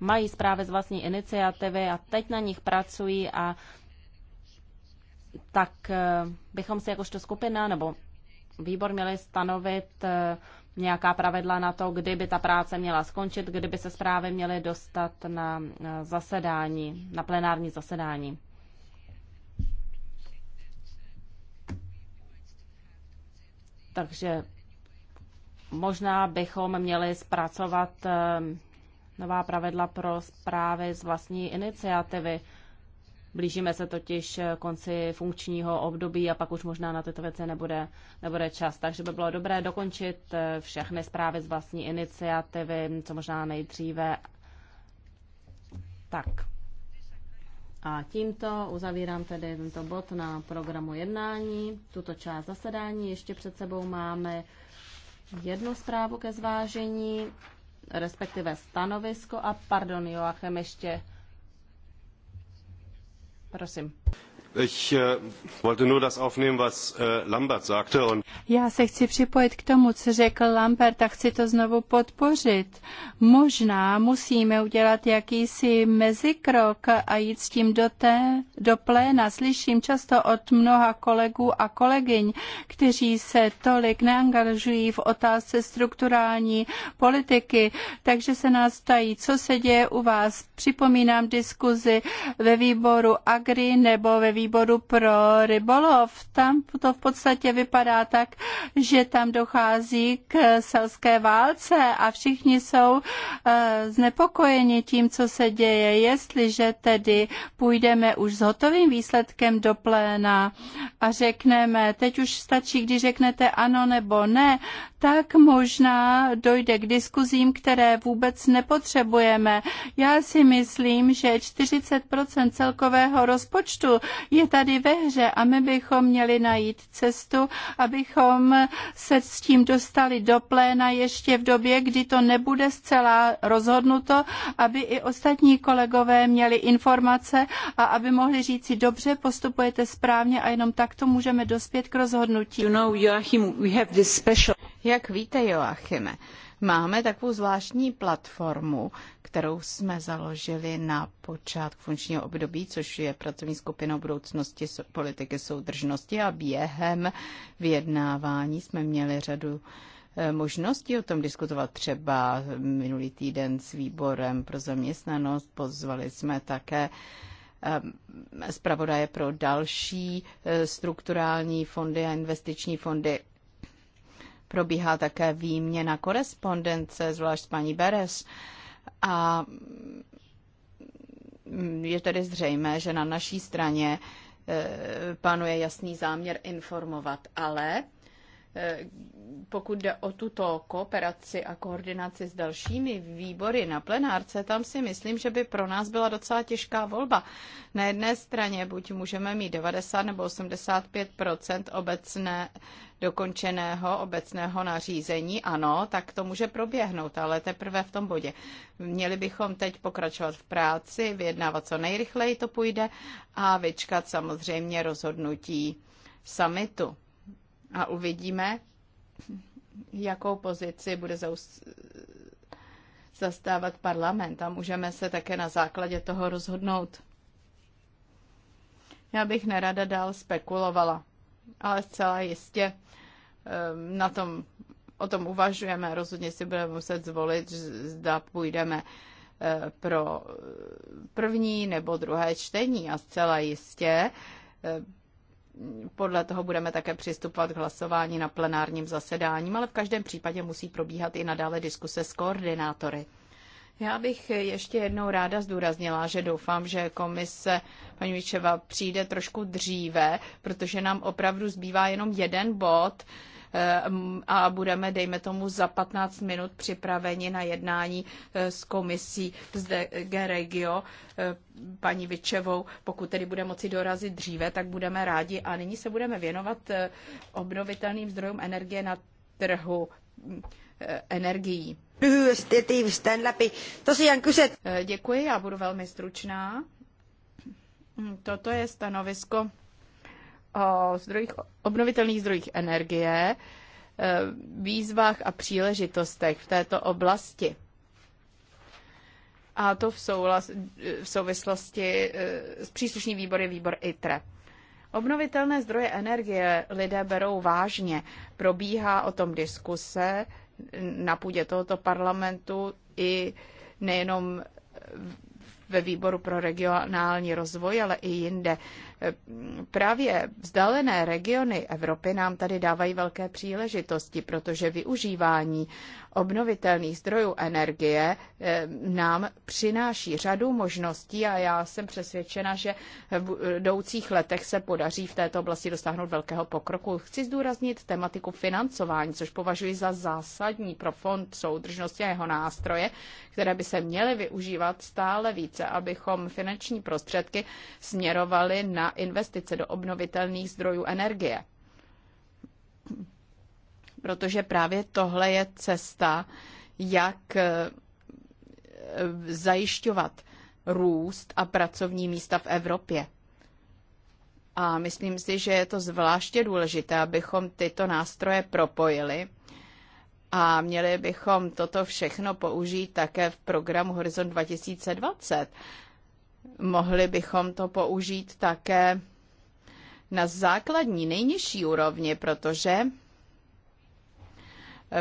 mají zprávy z vlastní iniciativy a teď na nich pracují a tak bychom si jakožto skupina nebo výbor měli stanovit nějaká pravidla na to, kdy by ta práce měla skončit, kdy by se zprávy měly dostat na eh, zasedání, na plenární zasedání. Takže možná bychom měli zpracovat eh, nová pravidla pro zprávy z vlastní iniciativy. Blížíme se totiž eh, konci funkčního období a pak už možná na tyto věci nebude, nebude čas. Takže by bylo dobré dokončit eh, všechny zprávy z vlastní iniciativy, co možná nejdříve. Tak. A tímto uzavírám tedy tento bod na programu jednání. Tuto část zasedání ještě před sebou máme jednu zprávu ke zvážení, respektive stanovisko a pardon, Joachem, ještě Prosím. Äh, äh, Já se chci připojit k tomu, co řekl Lambert a chci to znovu podpořit. Možná musíme udělat jakýsi mezikrok a jít s tím do, té, do pléna. Slyším často od mnoha kolegů a kolegyň, kteří se tolik neangažují v otázce strukturální politiky, takže se nás ptají, co se děje u vás. Připomínám diskuzi ve výboru Agri nebo ve výboru výboru pro rybolov. Tam to v podstatě vypadá tak, že tam dochází k selské válce a všichni jsou eh, znepokojeni tím, co se děje. Jestliže tedy půjdeme už s hotovým výsledkem do pléna a řekneme, teď už stačí, když řeknete ano nebo ne, tak možná dojde k diskuzím, které vůbec nepotřebujeme. Já si myslím, že 40% celkového rozpočtu je tady ve hře a my bychom měli najít cestu, abychom se s tím dostali do pléna ještě v době, kdy to nebude zcela rozhodnuto, aby i ostatní kolegové měli informace a aby mohli říci, dobře, postupujete správně a jenom takto můžeme dospět k rozhodnutí. You know, Joachim, we have this special... Jak víte, Joachime, Máme takovou zvláštní platformu, kterou jsme založili na počátku funkčního období, což je pracovní skupina budoucnosti politiky soudržnosti a během vyjednávání jsme měli řadu eh, možností o tom diskutovat třeba hm, minulý týden s výborem pro zaměstnanost. Pozvali jsme také hm, zpravodaje pro další eh, strukturální fondy a investiční fondy Probíhá také výměna korespondence, zvlášť s paní Beres. A je tedy zřejmé, že na naší straně eh, panuje jasný záměr informovat, ale eh, pokud jde o tuto kooperaci a koordinaci s dalšími výbory na plenárce, tam si myslím, že by pro nás byla docela těžká volba. Na jedné straně buď můžeme mít 90 nebo 85 obecné dokončeného obecného nařízení, ano, tak to může proběhnout, ale teprve v tom bodě. Měli bychom teď pokračovat v práci, vyjednávat co nejrychleji to půjde a vyčkat samozřejmě rozhodnutí samitu. A uvidíme, jakou pozici bude zastávat parlament a můžeme se také na základě toho rozhodnout. Já bych nerada dál spekulovala ale zcela jistě ehm, na tom, o tom uvažujeme. Rozhodně si budeme muset zvolit, zda půjdeme eh, pro eh, první nebo druhé čtení a zcela jistě eh, podle toho budeme také přistupovat k hlasování na plenárním zasedání, ale v každém případě musí probíhat i nadále diskuse s koordinátory. Já bych ještě jednou ráda zdůraznila, že doufám, že komise paní Vičeva přijde trošku dříve, protože nám opravdu zbývá jenom jeden bod ehm, a budeme, dejme tomu, za 15 minut připraveni na jednání e, s komisí z DG Regio e, paní Vyčevou. Pokud tedy bude moci dorazit dříve, tak budeme rádi. A nyní se budeme věnovat e, obnovitelným zdrojům energie na trhu Eh, energií. Eh, děkuji, já budu velmi stručná. Toto je stanovisko o zdrojích, obnovitelných zdrojích energie, eh, výzvách a příležitostech v této oblasti. A to v, souhlas, v souvislosti s příslušným výbor je výbor ITRE. Obnovitelné zdroje energie lidé berou vážně. Probíhá o tom diskuse, na půdě tohoto parlamentu i nejenom ve výboru pro regionální rozvoj, ale i jinde. Právě vzdálené regiony Evropy nám tady dávají velké příležitosti, protože využívání obnovitelných zdrojů energie eh, nám přináší řadu možností a já jsem přesvědčena, že v budoucích letech se podaří v této oblasti dosáhnout velkého pokroku. Chci zdůraznit tematiku financování, což považuji za zásadní pro fond soudržnosti a jeho nástroje, které by se měly využívat stále více, abychom finanční prostředky směrovali na na investice do obnovitelných zdrojů energie. Protože právě tohle je cesta, jak eh, zajišťovat růst a pracovní místa v Evropě. A myslím si, že je to zvláště důležité, abychom tyto nástroje propojili a měli bychom toto všechno použít také v programu Horizon 2020, Mohli bychom to použít také na základní nejnižší úrovni, protože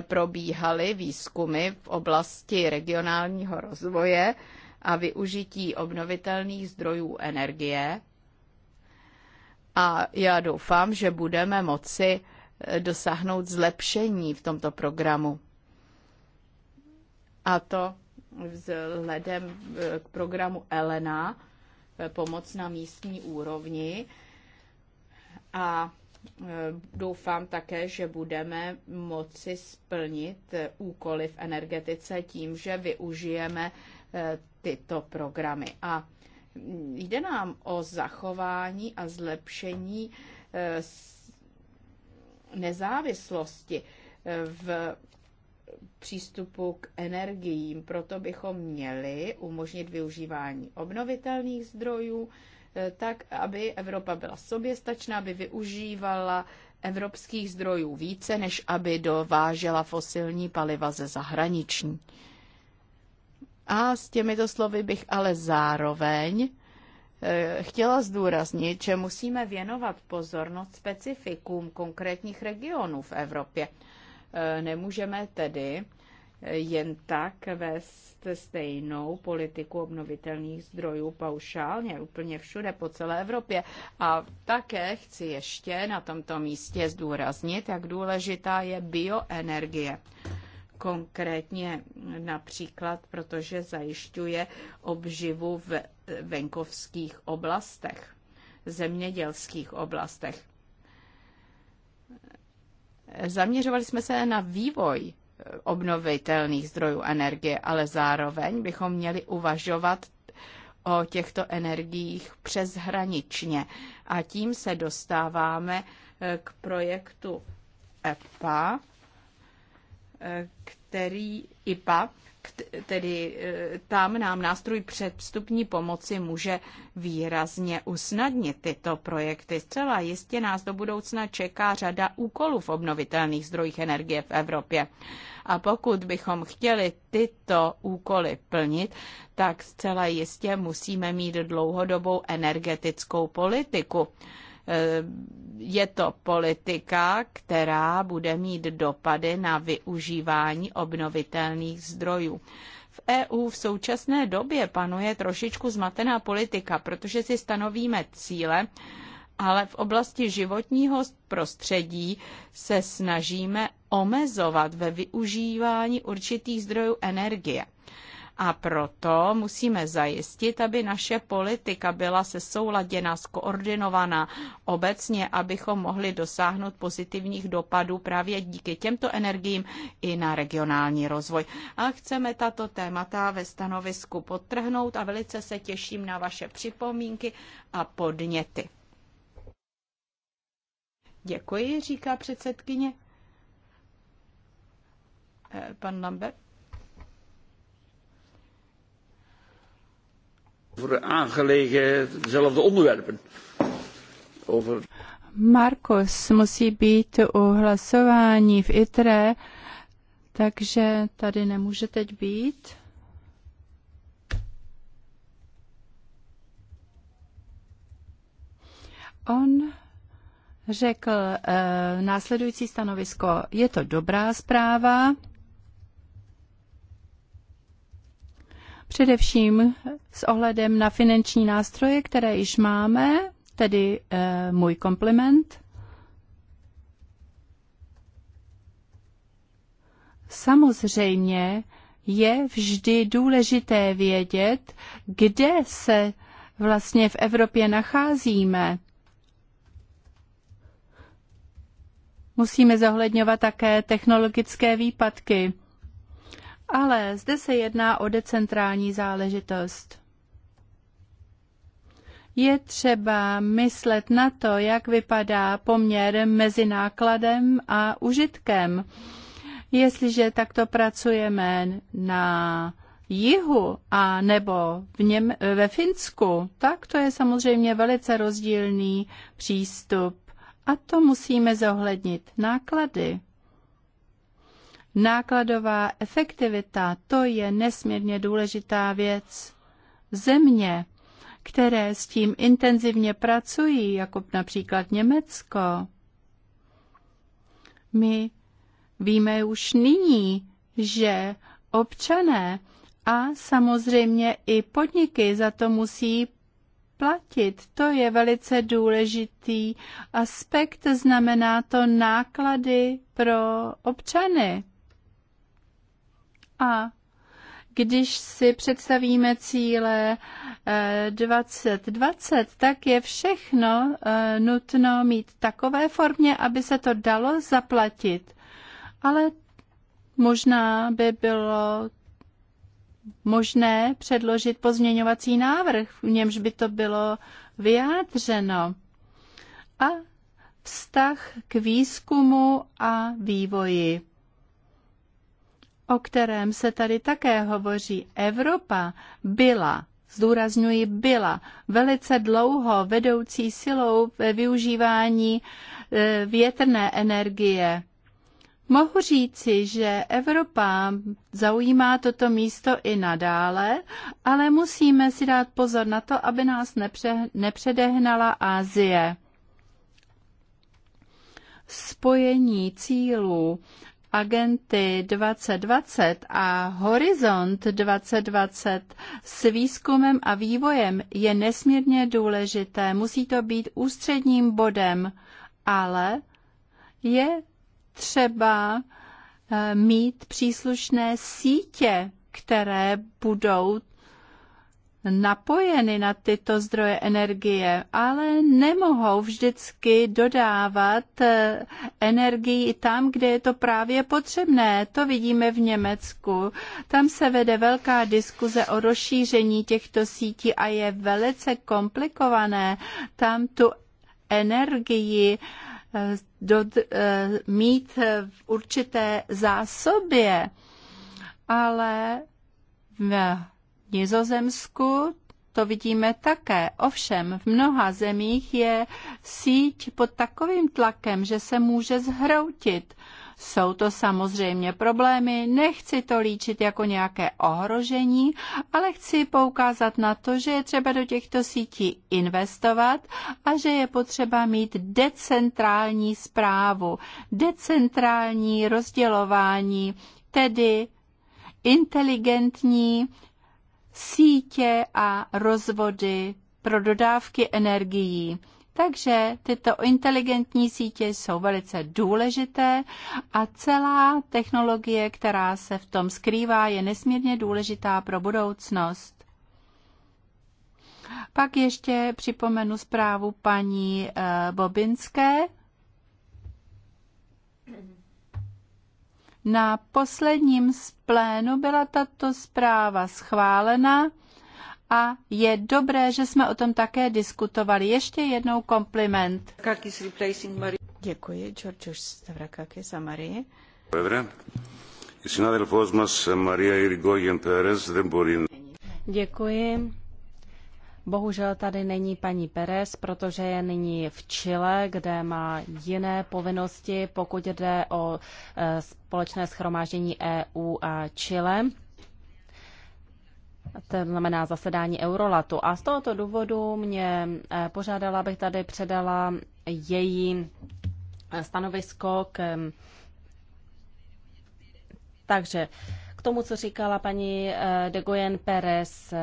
probíhaly výzkumy v oblasti regionálního rozvoje a využití obnovitelných zdrojů energie. A já doufám, že budeme moci eh, dosáhnout zlepšení v tomto programu. A to vzhledem eh, k programu Elena, eh, pomoc na místní úrovni. A eh, doufám také, že budeme moci splnit úkoly v energetice tím, že využijeme tyto programy. A mm, jde nám o zachování a zlepšení nezávislosti v přístupu k energiím. Proto bychom měli umožnit využívání obnovitelných zdrojů, eh, tak, aby Evropa byla soběstačná, aby využívala evropských zdrojů více, než aby dovážela fosilní paliva ze zahraniční. A s těmito slovy bych ale zároveň eh, chtěla zdůraznit, že musíme věnovat pozornost specifikům konkrétních regionů v Evropě. Eh, nemůžeme tedy jen tak vést stejnou politiku obnovitelných zdrojů paušálně úplně všude po celé Evropě. A také chci ještě na tomto místě zdůraznit, jak důležitá je bioenergie konkrétně například, protože zajišťuje obživu v venkovských oblastech, zemědělských oblastech. Zaměřovali jsme se na vývoj obnovitelných zdrojů energie, ale zároveň bychom měli uvažovat o těchto energiích přeshraničně. A tím se dostáváme eh, k projektu EPA, eh, který IPA, tedy e, tam nám nástroj předstupní pomoci může výrazně usnadnit tyto projekty. Zcela jistě nás do budoucna čeká řada úkolů v obnovitelných zdrojích energie v Evropě. A pokud bychom chtěli tyto úkoly plnit, tak zcela jistě musíme mít dlouhodobou energetickou politiku. Eh, je to politika, která bude mít dopady na využívání obnovitelných zdrojů. V EU v současné době panuje trošičku zmatená politika, protože si stanovíme cíle, ale v oblasti životního prostředí se snažíme omezovat ve využívání určitých zdrojů energie. A proto musíme zajistit, aby naše politika byla se souladěna, skoordinovaná obecně, abychom mohli dosáhnout pozitivních dopadů právě díky těmto energiím i na regionální rozvoj. A chceme tato témata ve stanovisku podtrhnout a velice se těším na vaše připomínky a podněty. Děkuji, říká předsedkyně. Eh, pan Lambert. Over aangelegen dezelfde onderwerpen. Over... Markus musí být u hlasování v ITRE, takže tady nemůže teď být. On řekl e, následující stanovisko. Je to dobrá zpráva, Především s ohledem na finanční nástroje, které již máme, tedy uh, můj komplement. Samozřejmě je vždy důležité vědět, kde se vlastně v Evropě nacházíme. Musíme zohledňovat také technologické výpadky ale zde se jedná o decentrální záležitost. Je třeba myslet na to, jak vypadá poměr mezi nákladem a užitkem. Jestliže takto pracujeme na jihu a nebo v něm, ve Finsku, tak to je samozřejmě velice rozdílný přístup. A to musíme zohlednit. Náklady Nákladová efektivita, to je nesmírně důležitá věc. Země, které s tím intenzivně pracují, jako například Německo, my víme už nyní, že občané a samozřejmě i podniky za to musí platit. To je velice důležitý aspekt, znamená to náklady pro občany. A když si představíme cíle 2020, eh, tak je všechno eh, nutno mít takové formě, aby se to dalo zaplatit. Ale možná by bylo možné předložit pozměňovací návrh, v němž by to bylo vyjádřeno. A vztah k výzkumu a vývoji o kterém se tady také hovoří. Evropa byla zdůrazňuji, byla velice dlouho vedoucí silou ve využívání e, větrné energie. Mohu říci, že Evropa zaujímá toto místo i nadále, ale musíme si dát pozor na to, aby nás nepře, nepředehnala Asie. Spojení cílů agenty 2020 a Horizont 2020 s výzkumem a vývojem je nesmírně důležité. Musí to být ústředním bodem, ale je třeba eh, mít příslušné sítě, které budou napojeny na tyto zdroje energie, ale nemohou vždycky dodávat eh, energii tam, kde je to právě potřebné. To vidíme v Německu. Tam se vede velká diskuze o rozšíření těchto sítí a je velice komplikované tam tu energii eh, do, eh, mít v určité zásobě. Ale Nizozemsku to vidíme také. Ovšem, v mnoha zemích je síť pod takovým tlakem, že se může zhroutit. Jsou to samozřejmě problémy, nechci to líčit jako nějaké ohrožení, ale chci poukázat na to, že je třeba do těchto sítí investovat a že je potřeba mít decentrální zprávu, decentrální rozdělování, tedy inteligentní sítě a rozvody pro dodávky energií. Takže tyto inteligentní sítě jsou velice důležité a celá technologie, která se v tom skrývá, je nesmírně důležitá pro budoucnost. Pak ještě připomenu zprávu paní eh, Bobinské. Na posledním plénu byla tato zpráva schválena a je dobré, že jsme o tom také diskutovali. Ještě jednou kompliment. Děkuji, George Stavrakakis a Marie. Děkuji. Bohužel tady není paní Perez, protože je nyní v Chile, kde má jiné povinnosti, pokud jde o e, společné schromáždění EU a Chile to znamená zasedání Eurolatu. A z tohoto důvodu mě e, požádala, abych tady předala její e, stanovisko k... Takže k tomu, co říkala paní de Goyen Perez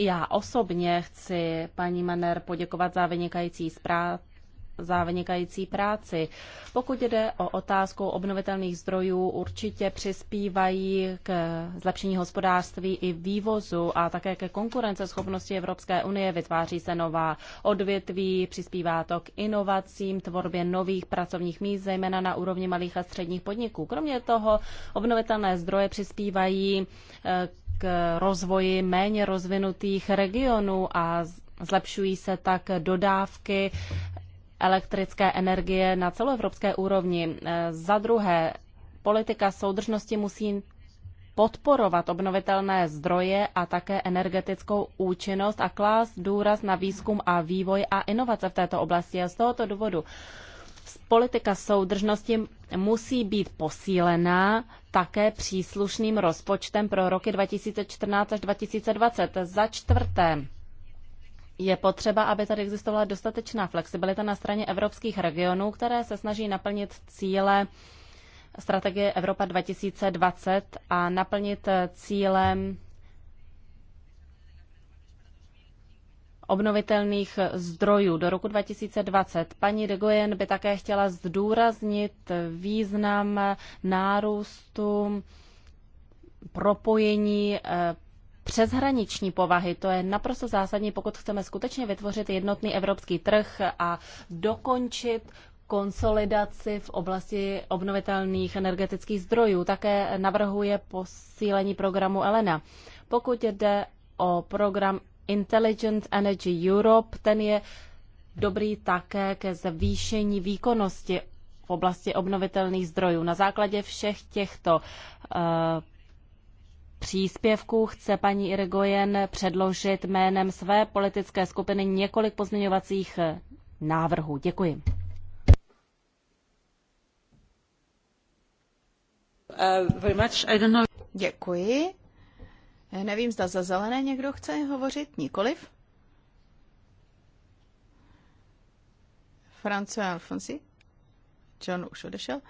já osobně chci paní Maner poděkovat za vynikající zprávu za vynikající práci. Pokud jde o otázku obnovitelných zdrojů, určitě přispívají k zlepšení hospodářství i vývozu a také ke konkurenceschopnosti Evropské unie. Vytváří se nová odvětví, přispívá to k inovacím, tvorbě nových pracovních míst, zejména na úrovni malých a středních podniků. Kromě toho obnovitelné zdroje přispívají eh, k rozvoji méně rozvinutých regionů a zlepšují se tak dodávky elektrické energie na celoevropské úrovni. E, za druhé, politika soudržnosti musí podporovat obnovitelné zdroje a také energetickou účinnost a klást důraz na výzkum a vývoj a inovace v této oblasti. A z tohoto důvodu politika soudržnosti musí být posílená také příslušným rozpočtem pro roky 2014 až 2020. Za čtvrté, je potřeba, aby tady existovala dostatečná flexibilita na straně evropských regionů, které se snaží naplnit cíle strategie Evropa 2020 a naplnit cílem obnovitelných zdrojů do roku 2020. Paní de Goyen by také chtěla zdůraznit význam nárůstu propojení eh, přeshraniční povahy. To je naprosto zásadní, pokud chceme skutečně vytvořit jednotný evropský trh a dokončit konsolidaci v oblasti obnovitelných energetických zdrojů. Také navrhuje posílení programu Elena. Pokud jde o program Intelligent Energy Europe, ten je dobrý také ke zvýšení výkonnosti v oblasti obnovitelných zdrojů. Na základě všech těchto uh, příspěvků chce paní Irgojen předložit jménem své politické skupiny několik pozměňovacích eh, návrhů. Děkuji. Uh, Děkuji. Nevím, zda za zelené někdo chce hovořit, nikoliv. Francois Alfonsi? John už odešel.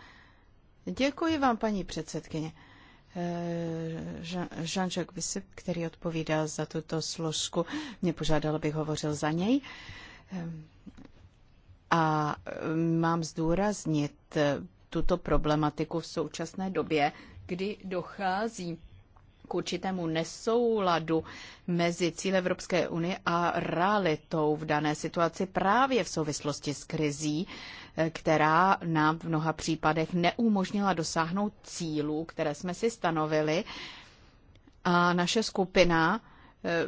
Děkuji vám, paní předsedkyně. Eh, Jean-Jacques Bissep, který odpovídá za tuto složku, mě požádal, abych hovořil za něj. Eh, a eh, mám zdůraznit tuto problematiku v současné době, kdy dochází k určitému nesouladu mezi cíle Evropské unie a realitou v dané situaci právě v souvislosti s krizí, eh, která nám v mnoha případech neumožnila dosáhnout cílů, které jsme si stanovili. A naše skupina Eh,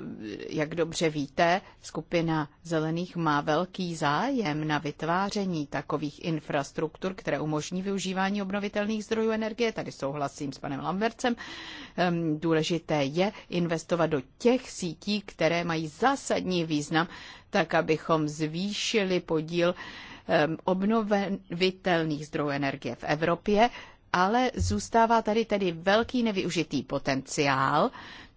jak dobře víte, skupina zelených má velký zájem na vytváření takových infrastruktur, které umožní využívání obnovitelných zdrojů energie. Tady souhlasím s panem Lambercem. Ehm, důležité je investovat do těch sítí, které mají zásadní význam, tak abychom zvýšili podíl ehm, obnovitelných zdrojů energie v Evropě, ale zůstává tady tedy velký nevyužitý potenciál,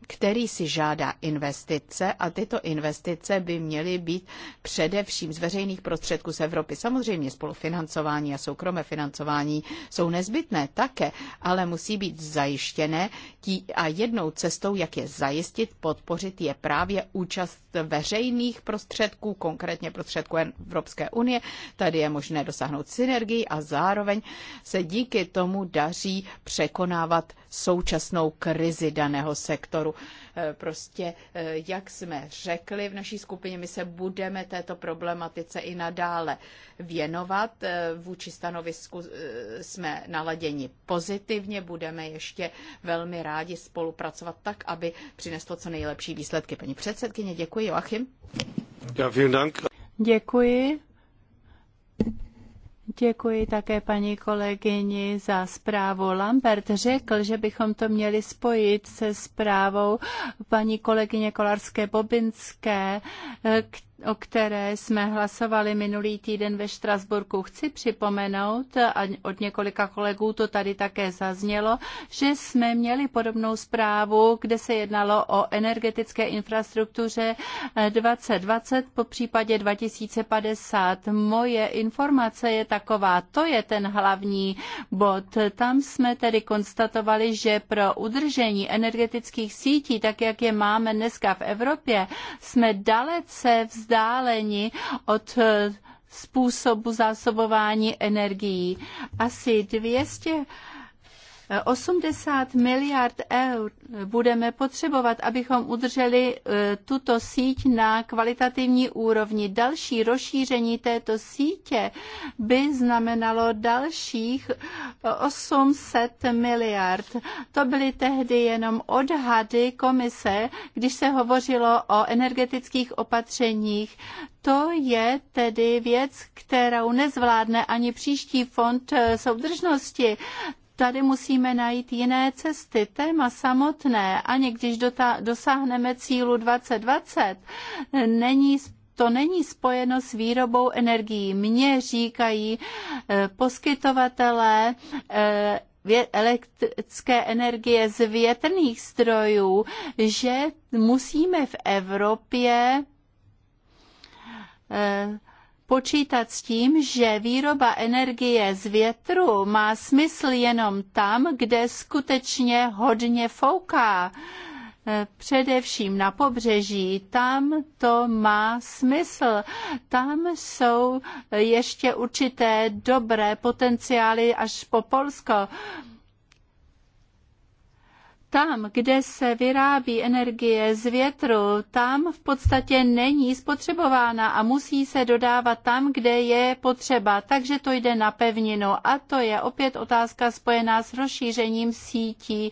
který si žádá investice a tyto investice by měly být především z veřejných prostředků z Evropy. Samozřejmě spolufinancování a soukromé financování jsou nezbytné také, ale musí být zajištěné a jednou cestou, jak je zajistit, podpořit je právě účast veřejných prostředků, konkrétně prostředků Evropské unie. Tady je možné dosáhnout synergii a zároveň se díky tomu daří překonávat současnou krizi daného sektoru. Eh, prostě, eh, jak jsme řekli v naší skupině, my se budeme této problematice i nadále věnovat. Eh, vůči stanovisku jsme naladěni pozitivně, budeme ještě velmi rádi spolupracovat tak, aby přineslo co nejlepší výsledky. Paní předsedkyně, děkuji. Joachim. Dank. Děkuji. Děkuji také paní kolegyni za zprávu. Lambert řekl, že bychom to měli spojit se zprávou paní kolegyně Kolarské Bobinské, která o které jsme hlasovali minulý týden ve Štrasburku. Chci připomenout, a od několika kolegů to tady také zaznělo, že jsme měli podobnou zprávu, kde se jednalo o energetické infrastruktuře 2020, po případě 2050. Moje informace je taková, to je ten hlavní bod. Tam jsme tedy konstatovali, že pro udržení energetických sítí, tak jak je máme dneska v Evropě, jsme dalece vz vzdáleni od eh, způsobu zásobování energií. Asi 200 80 miliard eur budeme potřebovat, abychom udrželi e, tuto síť na kvalitativní úrovni. Další rozšíření této sítě by znamenalo dalších 800 e, miliard. To byly tehdy jenom odhady komise, když se hovořilo o energetických opatřeních. To je tedy věc, kterou nezvládne ani příští fond e, soudržnosti. Tady musíme najít jiné cesty. Téma samotné, ani když dosáhneme cílu 2020, není to není spojeno s výrobou energií. Mně říkají eh, poskytovatelé eh, elektrické energie z větrných strojů, že musíme v Evropě eh, počítat s tím, že výroba energie z větru má smysl jenom tam, kde skutečně hodně fouká eh, především na pobřeží, tam to má smysl. Tam jsou ještě určité dobré potenciály až po Polsko tam, kde se vyrábí energie z větru, tam v podstatě není spotřebována a musí se dodávat tam, kde je potřeba. Takže to jde na pevninu. A to je opět otázka spojená s rozšířením sítí.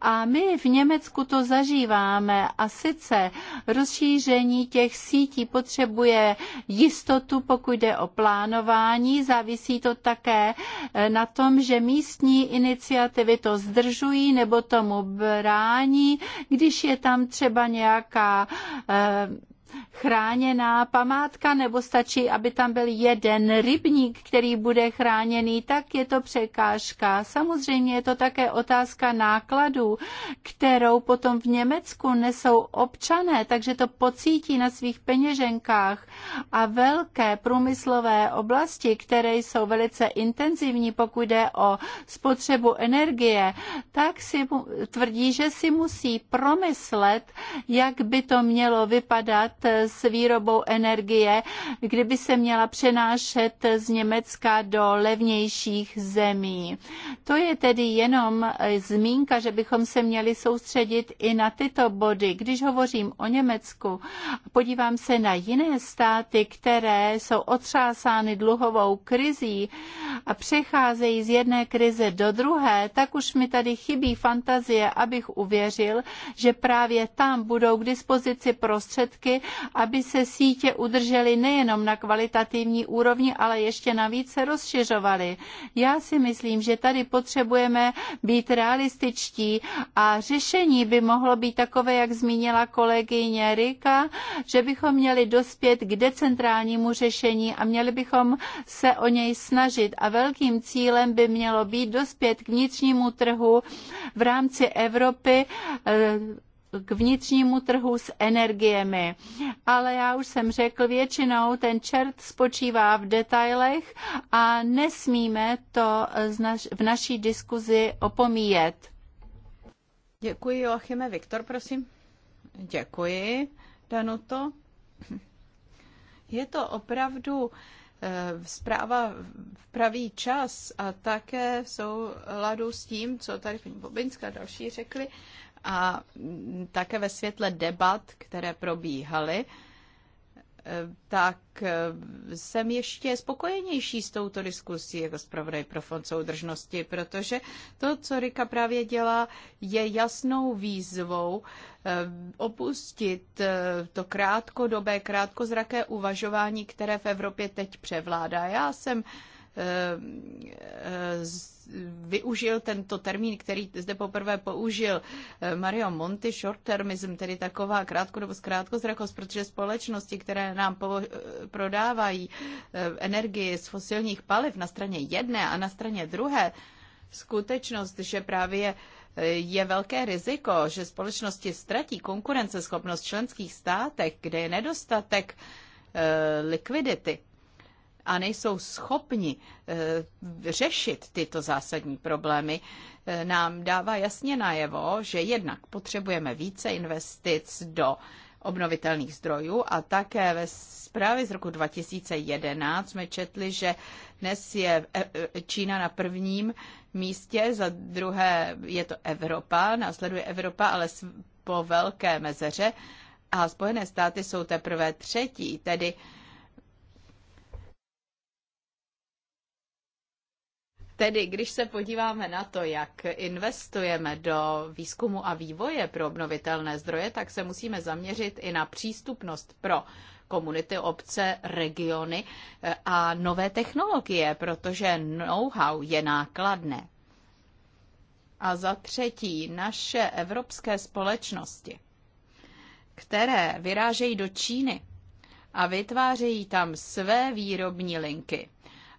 A my v Německu to zažíváme. A sice rozšíření těch sítí potřebuje jistotu, pokud jde o plánování. Závisí to také eh, na tom, že místní iniciativy to zdržují nebo tomu brání, když je tam třeba nějaká eh, chráněná památka, nebo stačí, aby tam byl jeden rybník, který bude chráněný, tak je to překážka. Samozřejmě je to také otázka nákladů, kterou potom v Německu nesou občané, takže to pocítí na svých peněženkách. A velké průmyslové oblasti, které jsou velice intenzivní, pokud jde o spotřebu energie, tak si tvrdí, že si musí promyslet, jak by to mělo vypadat s výrobou energie, kdyby se měla přenášet z Německa do levnějších zemí. To je tedy jenom eh, zmínka, že bychom se měli soustředit i na tyto body. Když hovořím o Německu, podívám se na jiné státy, které jsou otřásány dluhovou krizí a přecházejí z jedné krize do druhé, tak už mi tady chybí fantazie, abych uvěřil, že právě tam budou k dispozici prostředky, aby se sítě udržely nejenom na kvalitativní úrovni, ale ještě navíc se rozšiřovaly. Já si myslím, že tady potřebujeme být realističtí a řešení by mohlo být takové, jak zmínila kolegyně Rika, že bychom měli dospět k decentrálnímu řešení a měli bychom se o něj snažit. A velkým cílem by mělo být dospět k vnitřnímu trhu v rámci Evropy eh, k vnitřnímu trhu s energiemi. Ale já už jsem řekl, většinou ten čert spočívá v detailech a nesmíme to v naší diskuzi opomíjet. Děkuji, Joachime. Viktor, prosím. Děkuji, Danuto. Je to opravdu eh, zpráva v pravý čas a také v souladu s tím, co tady paní Bobinská další řekli, a také ve světle debat, které probíhaly, eh, tak eh, jsem ještě spokojenější s touto diskusí jako zpravodaj pro fond soudržnosti, protože to, co Rika právě dělá, je jasnou výzvou eh, opustit to krátkodobé, krátkozraké uvažování, které v Evropě teď převládá. Já jsem využil tento termín, který zde poprvé použil eh, Mario Monti, short-termism, tedy taková krátko nebo zkrátkozrakost, protože společnosti, které nám po, eh, prodávají eh, energii z fosilních paliv na straně jedné a na straně druhé, skutečnost, že právě je velké riziko, že společnosti ztratí konkurenceschopnost v členských státech, kde je nedostatek likvidity, a nejsou schopni eh, řešit tyto zásadní problémy, eh, nám dává jasně najevo, že jednak potřebujeme více investic do obnovitelných zdrojů a také ve zprávě z roku 2011 jsme četli, že dnes je eh, Čína na prvním místě, za druhé je to Evropa, následuje Evropa, ale po velké mezeře a Spojené státy jsou teprve třetí, tedy Tedy, když se podíváme na to, jak investujeme do výzkumu a vývoje pro obnovitelné zdroje, tak se musíme zaměřit i na přístupnost pro komunity, obce, regiony eh, a nové technologie, protože know-how je nákladné. A za třetí, naše evropské společnosti, které vyrážejí do Číny a vytvářejí tam své výrobní linky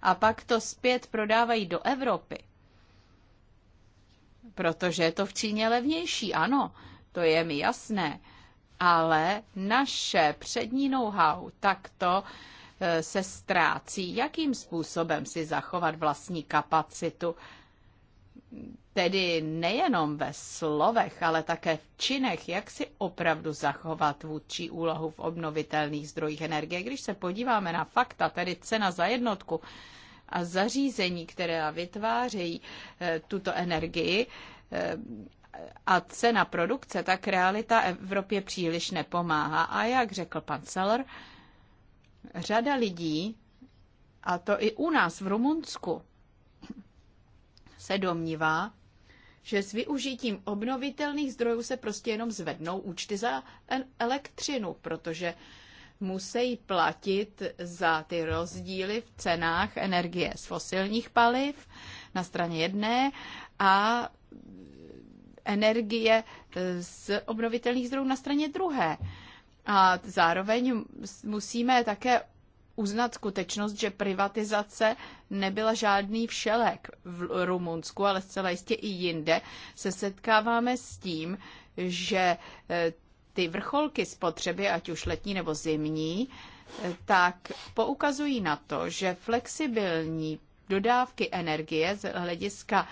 a pak to zpět prodávají do Evropy. Protože je to v Číně levnější, ano, to je mi jasné. Ale naše přední know-how takto e, se ztrácí. Jakým způsobem si zachovat vlastní kapacitu? tedy nejenom ve slovech, ale také v činech, jak si opravdu zachovat vůdčí úlohu v obnovitelných zdrojích energie. Když se podíváme na fakta, tedy cena za jednotku a zařízení, které vytvářejí eh, tuto energii, eh, a cena produkce, tak realita Evropě příliš nepomáhá. A jak řekl pan Seller, řada lidí, a to i u nás v Rumunsku, se domnívá, že s využitím obnovitelných zdrojů se prostě jenom zvednou účty za elektřinu, protože musí platit za ty rozdíly v cenách energie z fosilních paliv na straně jedné a energie e, z obnovitelných zdrojů na straně druhé. A zároveň musíme také uznat skutečnost, že privatizace nebyla žádný všelek v Rumunsku, ale zcela jistě i jinde, se setkáváme s tím, že e, ty vrcholky spotřeby, ať už letní nebo zimní, e, tak poukazují na to, že flexibilní dodávky energie z hlediska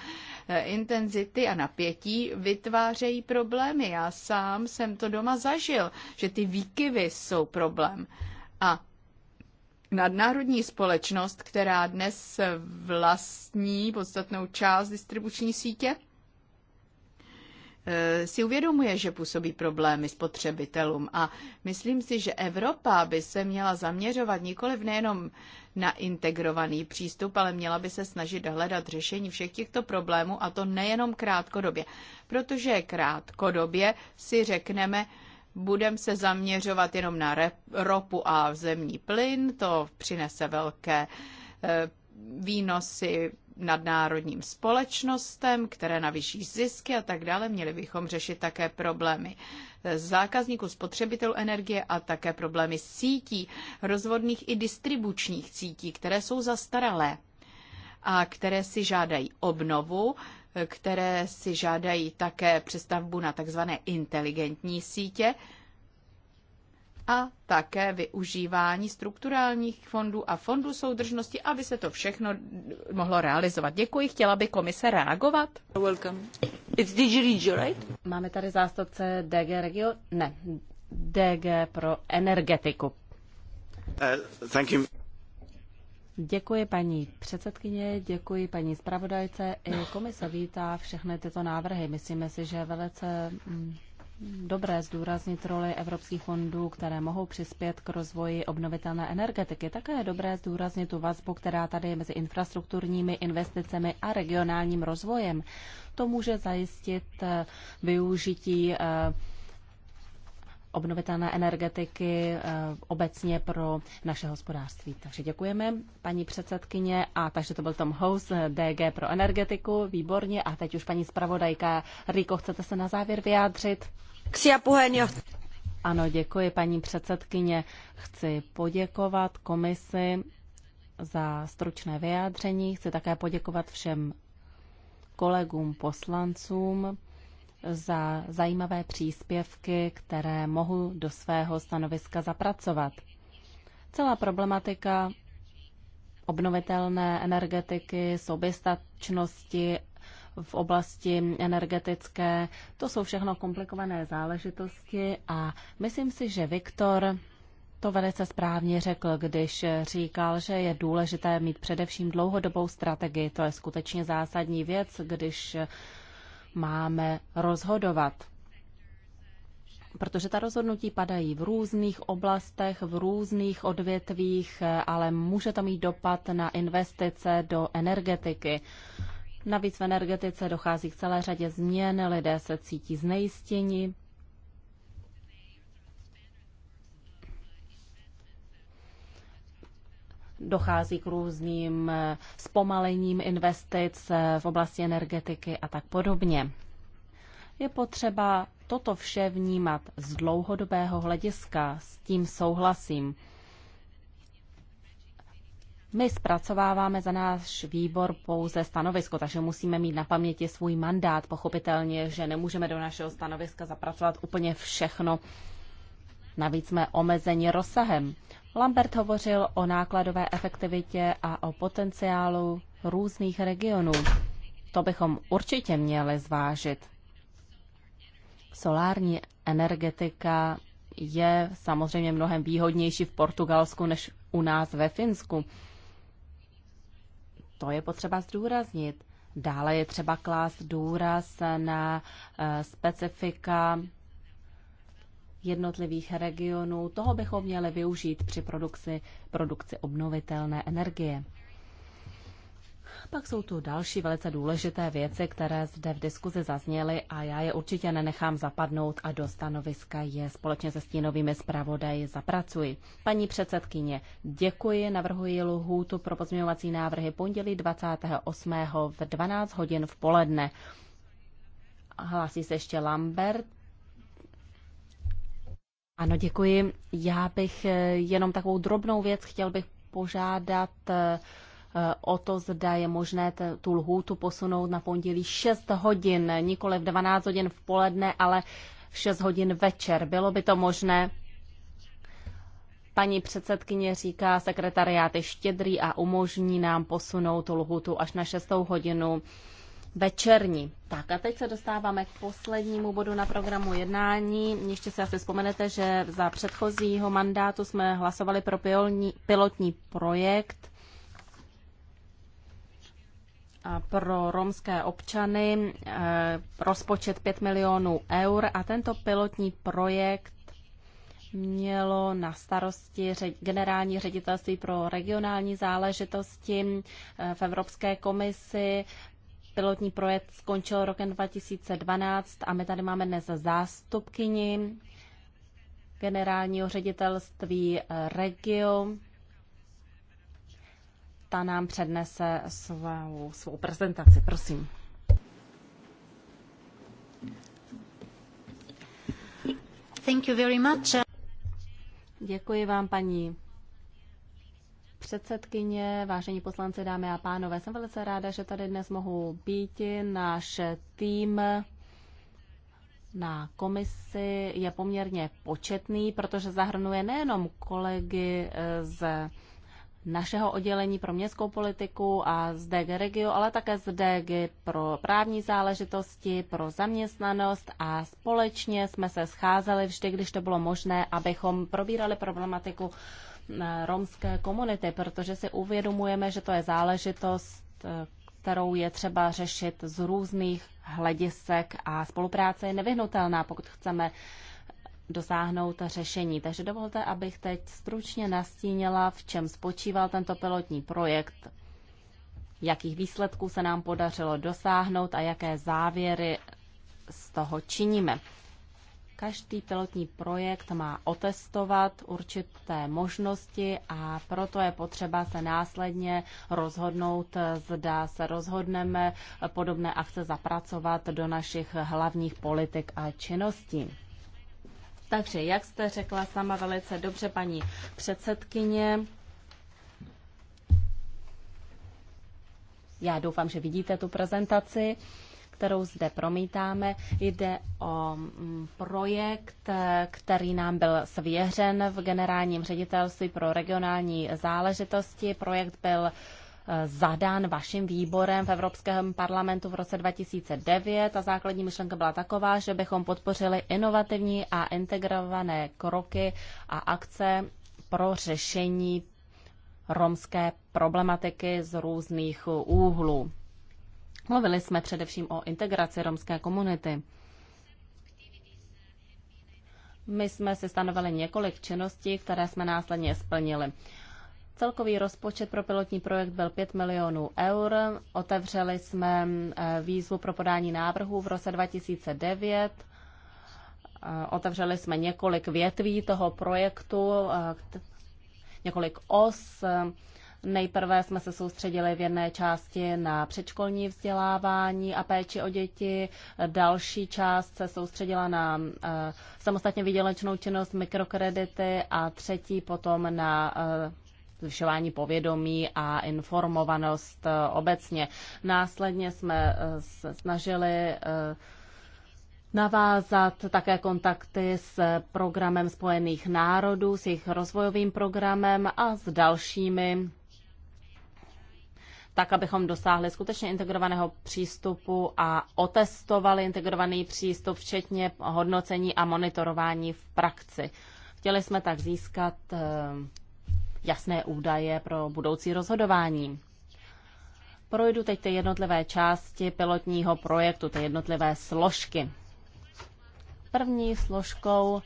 e, intenzity a napětí vytvářejí problémy. Já sám jsem to doma zažil, že ty výkyvy jsou problém. A nadnárodní společnost, která dnes vlastní podstatnou část distribuční sítě, eh, si uvědomuje, že působí problémy spotřebitelům a myslím si, že Evropa by se měla zaměřovat nikoli nejenom na integrovaný přístup, ale měla by se snažit hledat řešení všech těchto problémů a to nejenom krátkodobě. Protože krátkodobě si řekneme, budeme se zaměřovat jenom na ropu a zemní plyn, to přinese velké eh, výnosy nadnárodním společnostem, které navyší zisky a tak dále. Měli bychom řešit také problémy eh, zákazníků, spotřebitelů energie a také problémy sítí, rozvodných i distribučních sítí, které jsou zastaralé a které si žádají obnovu, které si žádají také přestavbu na tzv. inteligentní sítě a také využívání strukturálních fondů a fondů soudržnosti, aby se to všechno mohlo realizovat. Děkuji, chtěla by komise reagovat. Welcome. It's DG Regio, right? Máme tady zástupce DG Regio? Ne, DG pro energetiku. Uh, thank you. Děkuji paní předsedkyně, děkuji paní zpravodajce. I komise vítá všechny tyto návrhy. Myslíme si, že je velice mm, dobré zdůraznit roli evropských fondů, které mohou přispět k rozvoji obnovitelné energetiky. Také je dobré zdůraznit tu vazbu, která tady je mezi infrastrukturními investicemi a regionálním rozvojem. To může zajistit eh, využití eh, obnovitelné energetiky eh, obecně pro naše hospodářství. Takže děkujeme, paní předsedkyně. A takže to byl Tom House, eh, DG pro energetiku, výborně. A teď už paní zpravodajka Riko, chcete se na závěr vyjádřit? Ksia Puhenio. Ano, děkuji, paní předsedkyně. Chci poděkovat komisi za stručné vyjádření. Chci také poděkovat všem kolegům poslancům za zajímavé příspěvky, které mohu do svého stanoviska zapracovat. Celá problematika obnovitelné energetiky, soběstačnosti v oblasti energetické, to jsou všechno komplikované záležitosti a myslím si, že Viktor to velice správně řekl, když říkal, že je důležité mít především dlouhodobou strategii. To je skutečně zásadní věc, když máme rozhodovat. Protože ta rozhodnutí padají v různých oblastech, v různých odvětvích, ale může to mít dopad na investice do energetiky. Navíc v energetice dochází k celé řadě změn, lidé se cítí znejistěni, dochází k různým eh, zpomalením investic eh, v oblasti energetiky a tak podobně. Je potřeba toto vše vnímat z dlouhodobého hlediska, s tím souhlasím. My zpracováváme za náš výbor pouze stanovisko, takže musíme mít na paměti svůj mandát. Pochopitelně, že nemůžeme do našeho stanoviska zapracovat úplně všechno. Navíc jsme omezeni rozsahem. Lambert hovořil o nákladové efektivitě a o potenciálu různých regionů. To bychom určitě měli zvážit. Solární energetika je samozřejmě mnohem výhodnější v Portugalsku než u nás ve Finsku. To je potřeba zdůraznit. Dále je třeba klást důraz na eh, specifika jednotlivých regionů. Toho bychom měli využít při produkci, produkci obnovitelné energie. Pak jsou tu další velice důležité věci, které zde v diskuzi zazněly a já je určitě nenechám zapadnout a do stanoviska je společně se stínovými zpravodaji zapracuji. Paní předsedkyně, děkuji, navrhuji lhůtu pro pozměňovací návrhy pondělí 28. v 12 hodin v poledne. Hlásí se ještě Lambert, ano, děkuji. Já bych eh, jenom takovou drobnou věc chtěl bych požádat eh, eh, o to, zda je možné tu lhůtu posunout na pondělí 6 hodin, nikoli v 12 hodin v poledne, ale 6 hodin večer. Bylo by to možné? Paní předsedkyně říká, sekretariát je štědrý a umožní nám posunout tu lhůtu až na 6 hodinu večerní. Tak a teď se dostáváme k poslednímu bodu na programu jednání. Ještě se asi vzpomenete, že za předchozího mandátu jsme hlasovali pro pilotní projekt a pro romské občany eh, rozpočet 5 milionů eur a tento pilotní projekt mělo na starosti generální ředitelství pro regionální záležitosti eh, v Evropské komisi pilotní projekt skončil rokem 2012 a my tady máme dnes zástupkyni generálního ředitelství eh, Regio. Ta nám přednese svou, svou prezentaci. Prosím. Thank you very much. Děkuji vám, paní předsedkyně, vážení poslanci, dámy a pánové. Jsem velice ráda, že tady dnes mohu být. Náš tým na komisi je poměrně početný, protože zahrnuje nejenom kolegy z našeho oddělení pro městskou politiku a z DG Regio, ale také z DG pro právní záležitosti, pro zaměstnanost a společně jsme se scházeli vždy, když to bylo možné, abychom probírali problematiku romské komunity, protože si uvědomujeme, že to je záležitost, kterou je třeba řešit z různých hledisek a spolupráce je nevyhnutelná, pokud chceme dosáhnout řešení. Takže dovolte, abych teď stručně nastínila, v čem spočíval tento pilotní projekt, jakých výsledků se nám podařilo dosáhnout a jaké závěry z toho činíme. Každý pilotní projekt má otestovat určité možnosti a proto je potřeba se následně rozhodnout, zda se rozhodneme podobné akce zapracovat do našich hlavních politik a činností. Takže, jak jste řekla sama velice dobře, paní předsedkyně, já doufám, že vidíte tu prezentaci. Uh, kterou zde promítáme. Jde o mm, projekt, který nám byl svěřen v generálním ředitelství pro regionální záležitosti. Projekt byl e, zadán vaším výborem v Evropském parlamentu v roce 2009 a základní myšlenka byla taková, že bychom podpořili inovativní a integrované kroky a akce pro řešení romské problematiky z různých úhlů. Mluvili jsme především o integraci romské komunity. My jsme si stanovili několik činností, které jsme následně splnili. Celkový rozpočet pro pilotní projekt byl 5 milionů eur. Otevřeli jsme eh, výzvu pro podání návrhů v roce 2009. Eh, otevřeli jsme několik větví toho projektu, eh, několik os, Nejprve jsme se soustředili v jedné části na předškolní vzdělávání a péči o děti, další část se soustředila na eh, samostatně vydělečnou činnost, mikrokredity a třetí potom na eh, zvyšování povědomí a informovanost eh, obecně. Následně jsme se snažili navázat také kontakty s programem Spojených národů, s jejich rozvojovým programem a s dalšími tak, abychom dosáhli skutečně integrovaného přístupu a otestovali integrovaný přístup, včetně hodnocení a monitorování v praxi. Chtěli jsme tak získat eh, jasné údaje pro budoucí rozhodování. Projdu teď ty jednotlivé části pilotního projektu, ty jednotlivé složky. První složkou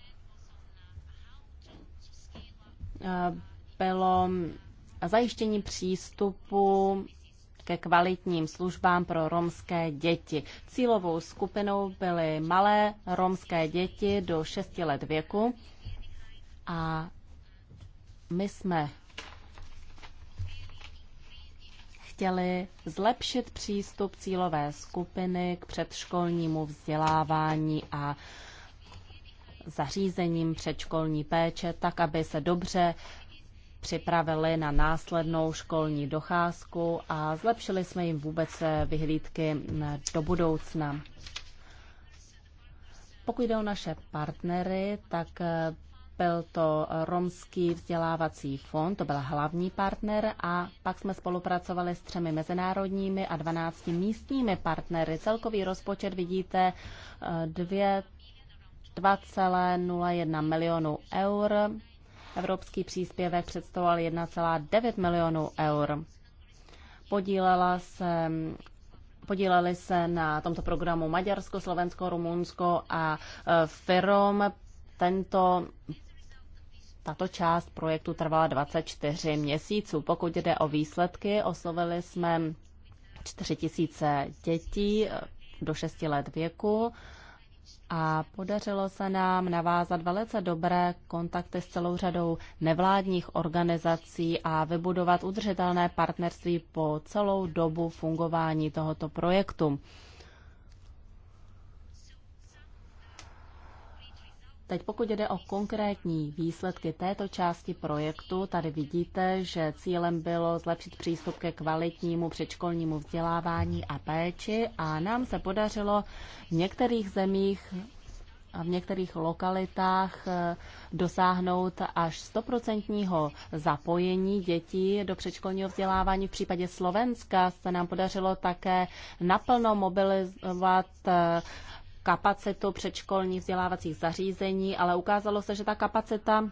eh, bylo zajištění přístupu ke kvalitním službám pro romské děti. Cílovou skupinou byly malé romské děti do 6 let věku a my jsme chtěli zlepšit přístup cílové skupiny k předškolnímu vzdělávání a zařízením předškolní péče, tak aby se dobře připravili na následnou školní docházku a zlepšili jsme jim vůbec eh, vyhlídky mm, do budoucna. Pokud jde o naše partnery, tak eh, byl to Romský vzdělávací fond, to byl hlavní partner a pak jsme spolupracovali s třemi mezinárodními a 12 místními partnery. Celkový rozpočet vidíte 2,01 eh, milionu eur Evropský příspěvek představoval 1,9 milionů eur. Podílela se Podíleli se na tomto programu Maďarsko, Slovensko, Rumunsko a e, Ferom. Tento tato část projektu trvala 24 měsíců. Pokud jde o výsledky, oslovili jsme 4 000 dětí e, do 6 let věku a podařilo se nám navázat velice dobré kontakty s celou řadou nevládních organizací a vybudovat udržitelné partnerství po celou dobu fungování tohoto projektu. Teď pokud jde o konkrétní výsledky této části projektu, tady vidíte, že cílem bylo zlepšit přístup ke kvalitnímu předškolnímu vzdělávání a péči a nám se podařilo v některých zemích a v některých lokalitách eh, dosáhnout až 100% zapojení dětí do předškolního vzdělávání. V případě Slovenska se nám podařilo také naplno mobilizovat eh, kapacitu předškolních vzdělávacích zařízení, ale ukázalo se, že ta kapacita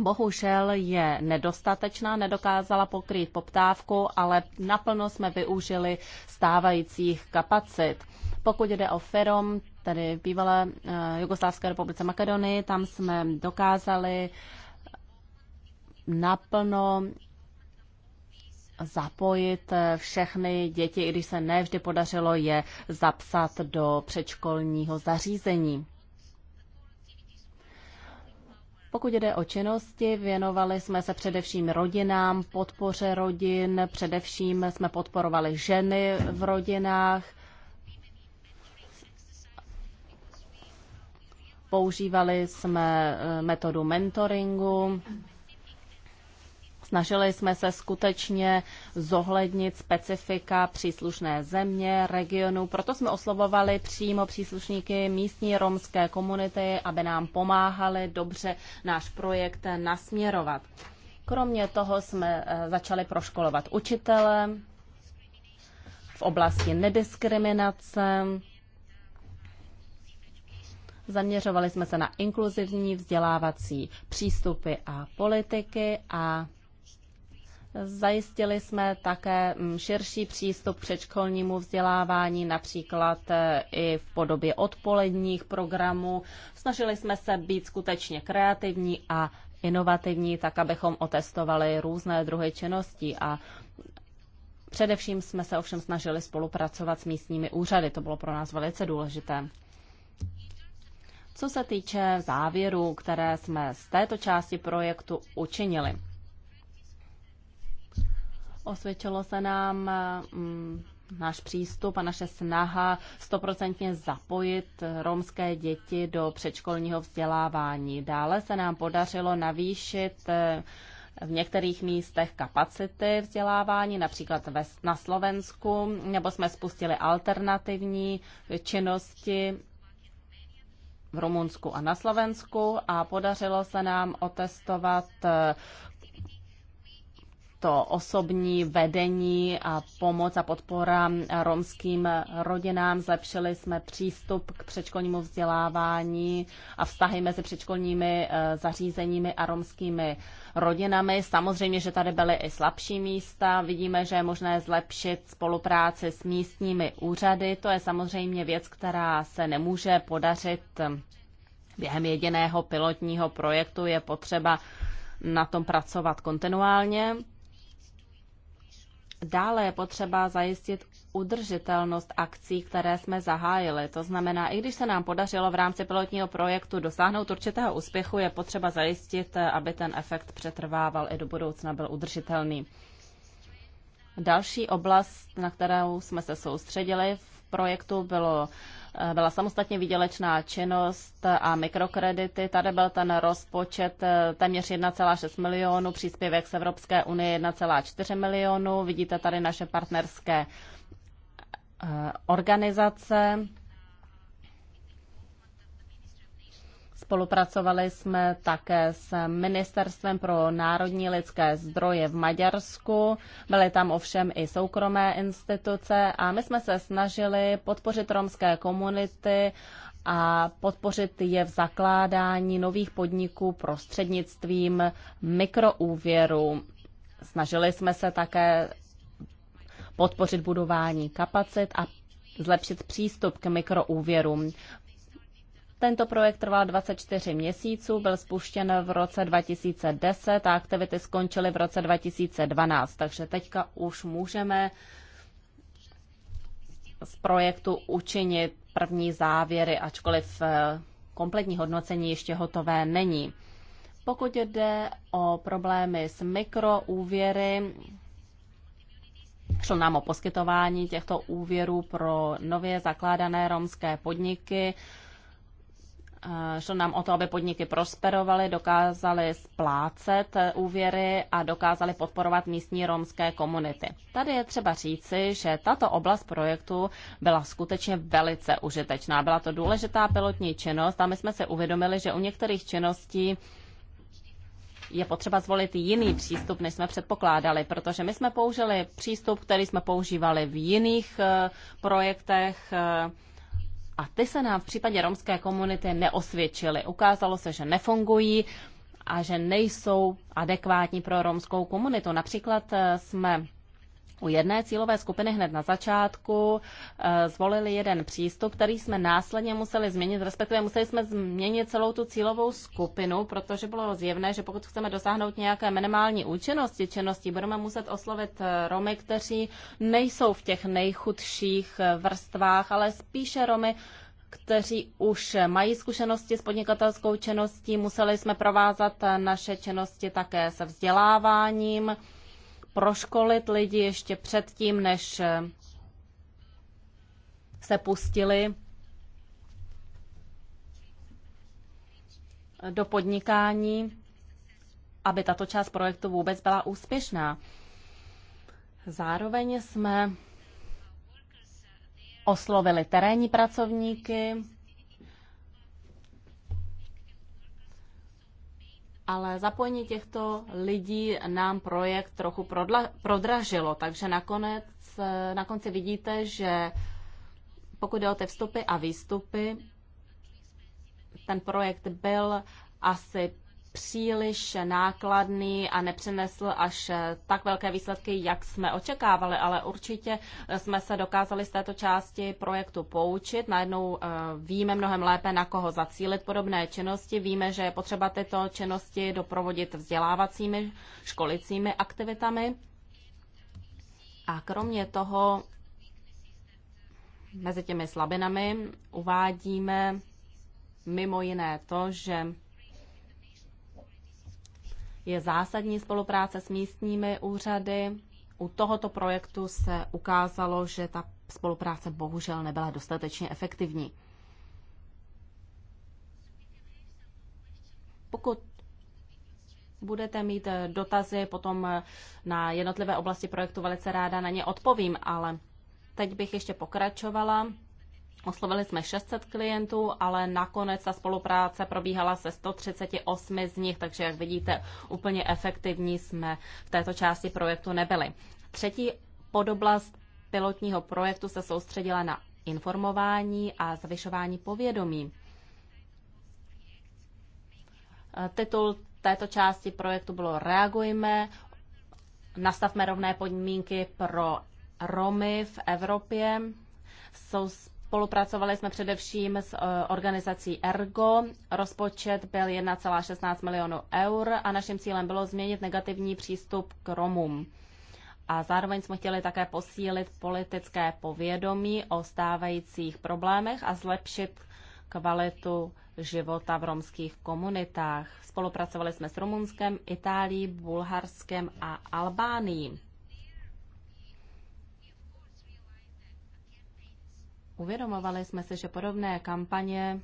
bohužel je nedostatečná, nedokázala pokrýt poptávku, ale naplno jsme využili stávajících kapacit. Pokud jde o Ferom, tedy bývalé eh, Jugoslávské republice Makedonii, tam jsme dokázali naplno zapojit všechny děti, i když se nevždy podařilo je zapsat do předškolního zařízení. Pokud jde o činnosti, věnovali jsme se především rodinám, podpoře rodin, především jsme podporovali ženy v rodinách, používali jsme eh, metodu mentoringu, Snažili jsme se skutečně zohlednit specifika příslušné země, regionu, proto jsme oslovovali přímo příslušníky místní romské komunity, aby nám pomáhali dobře náš projekt nasměrovat. Kromě toho jsme eh, začali proškolovat učitele v oblasti nediskriminace, Zaměřovali jsme se na inkluzivní vzdělávací přístupy a politiky a Zajistili jsme také mm, širší přístup k předškolnímu vzdělávání, například e, i v podobě odpoledních programů. Snažili jsme se být skutečně kreativní a inovativní, tak abychom otestovali různé druhy činností a Především jsme se ovšem snažili spolupracovat s místními úřady, to bylo pro nás velice důležité. Co se týče závěrů, které jsme z této části projektu učinili. Osvědčilo se nám mm, náš přístup a naše snaha stoprocentně zapojit romské děti do předškolního vzdělávání. Dále se nám podařilo navýšit eh, v některých místech kapacity vzdělávání, například ve, na Slovensku, nebo jsme spustili alternativní činnosti v Rumunsku a na Slovensku a podařilo se nám otestovat eh, to osobní vedení a pomoc a podpora romským rodinám. Zlepšili jsme přístup k předškolnímu vzdělávání a vztahy mezi předškolními eh, zařízeními a romskými rodinami. Samozřejmě, že tady byly i slabší místa. Vidíme, že je možné zlepšit spolupráci s místními úřady. To je samozřejmě věc, která se nemůže podařit eh, během jediného pilotního projektu. Je potřeba na tom pracovat kontinuálně. Dále je potřeba zajistit udržitelnost akcí, které jsme zahájili. To znamená, i když se nám podařilo v rámci pilotního projektu dosáhnout určitého úspěchu, je potřeba zajistit, aby ten efekt přetrvával i do budoucna byl udržitelný. Další oblast, na kterou jsme se soustředili v projektu, bylo Eh, byla samostatně výdělečná činnost a mikrokredity. Tady byl ten rozpočet eh, téměř 1,6 milionů, příspěvek z Evropské unie 1,4 milionu. Vidíte tady naše partnerské eh, organizace. Spolupracovali jsme také s Ministerstvem pro národní lidské zdroje v Maďarsku. Byly tam ovšem i soukromé instituce a my jsme se snažili podpořit romské komunity a podpořit je v zakládání nových podniků prostřednictvím mikroúvěru. Snažili jsme se také podpořit budování kapacit a zlepšit přístup k mikroúvěrům. Tento projekt trval 24 měsíců, byl spuštěn v roce 2010 a aktivity skončily v roce 2012, takže teďka už můžeme z projektu učinit první závěry, ačkoliv eh, kompletní hodnocení ještě hotové není. Pokud jde o problémy s mikroúvěry, Šlo nám o poskytování těchto úvěrů pro nově zakládané romské podniky. Eh, šlo nám o to, aby podniky prosperovaly, dokázaly splácet eh, úvěry a dokázaly podporovat místní romské komunity. Tady je třeba říci, že tato oblast projektu byla skutečně velice užitečná. Byla to důležitá pilotní činnost a my jsme se uvědomili, že u některých činností je potřeba zvolit jiný přístup, než jsme předpokládali, protože my jsme použili přístup, který jsme používali v jiných eh, projektech, a ty se nám v případě romské komunity neosvědčily. Ukázalo se, že nefungují a že nejsou adekvátní pro romskou komunitu. Například eh, jsme u jedné cílové skupiny hned na začátku eh, zvolili jeden přístup, který jsme následně museli změnit, respektive museli jsme změnit celou tu cílovou skupinu, protože bylo zjevné, že pokud chceme dosáhnout nějaké minimální účinnosti činnosti, budeme muset oslovit eh, Romy, kteří nejsou v těch nejchudších eh, vrstvách, ale spíše Romy, kteří už mají zkušenosti s podnikatelskou činností. Museli jsme provázat naše činnosti také se vzděláváním proškolit lidi ještě předtím, než eh, se pustili do podnikání, aby tato část projektu vůbec byla úspěšná. Zároveň jsme oslovili terénní pracovníky, ale zapojení těchto lidí nám projekt trochu prodla, prodražilo, takže nakonec, na konci vidíte, že pokud jde o ty vstupy a výstupy, ten projekt byl asi příliš nákladný a nepřinesl až tak velké výsledky, jak jsme očekávali, ale určitě jsme se dokázali z této části projektu poučit. Najednou eh, víme mnohem lépe, na koho zacílit podobné činnosti. Víme, že je potřeba tyto činnosti doprovodit vzdělávacími, školicími aktivitami. A kromě toho mezi těmi slabinami uvádíme mimo jiné to, že je zásadní spolupráce s místními úřady. U tohoto projektu se ukázalo, že ta spolupráce bohužel nebyla dostatečně efektivní. Pokud budete mít dotazy potom na jednotlivé oblasti projektu, velice ráda na ně odpovím, ale teď bych ještě pokračovala. Oslovili jsme 600 klientů, ale nakonec ta spolupráce probíhala se 138 z nich, takže jak vidíte, úplně efektivní jsme v této části projektu nebyli. Třetí podoblast pilotního projektu se soustředila na informování a zvyšování povědomí. Titul této části projektu bylo Reagujme, nastavme rovné podmínky pro Romy v Evropě. Jsou Spolupracovali jsme především s eh, organizací Ergo. Rozpočet byl 1,16 milionů eur a naším cílem bylo změnit negativní přístup k Romům. A zároveň jsme chtěli také posílit politické povědomí o stávajících problémech a zlepšit kvalitu života v romských komunitách. Spolupracovali jsme s Rumunskem, Itálií, Bulharskem a Albánií. Uvědomovali jsme si, že podobné kampaně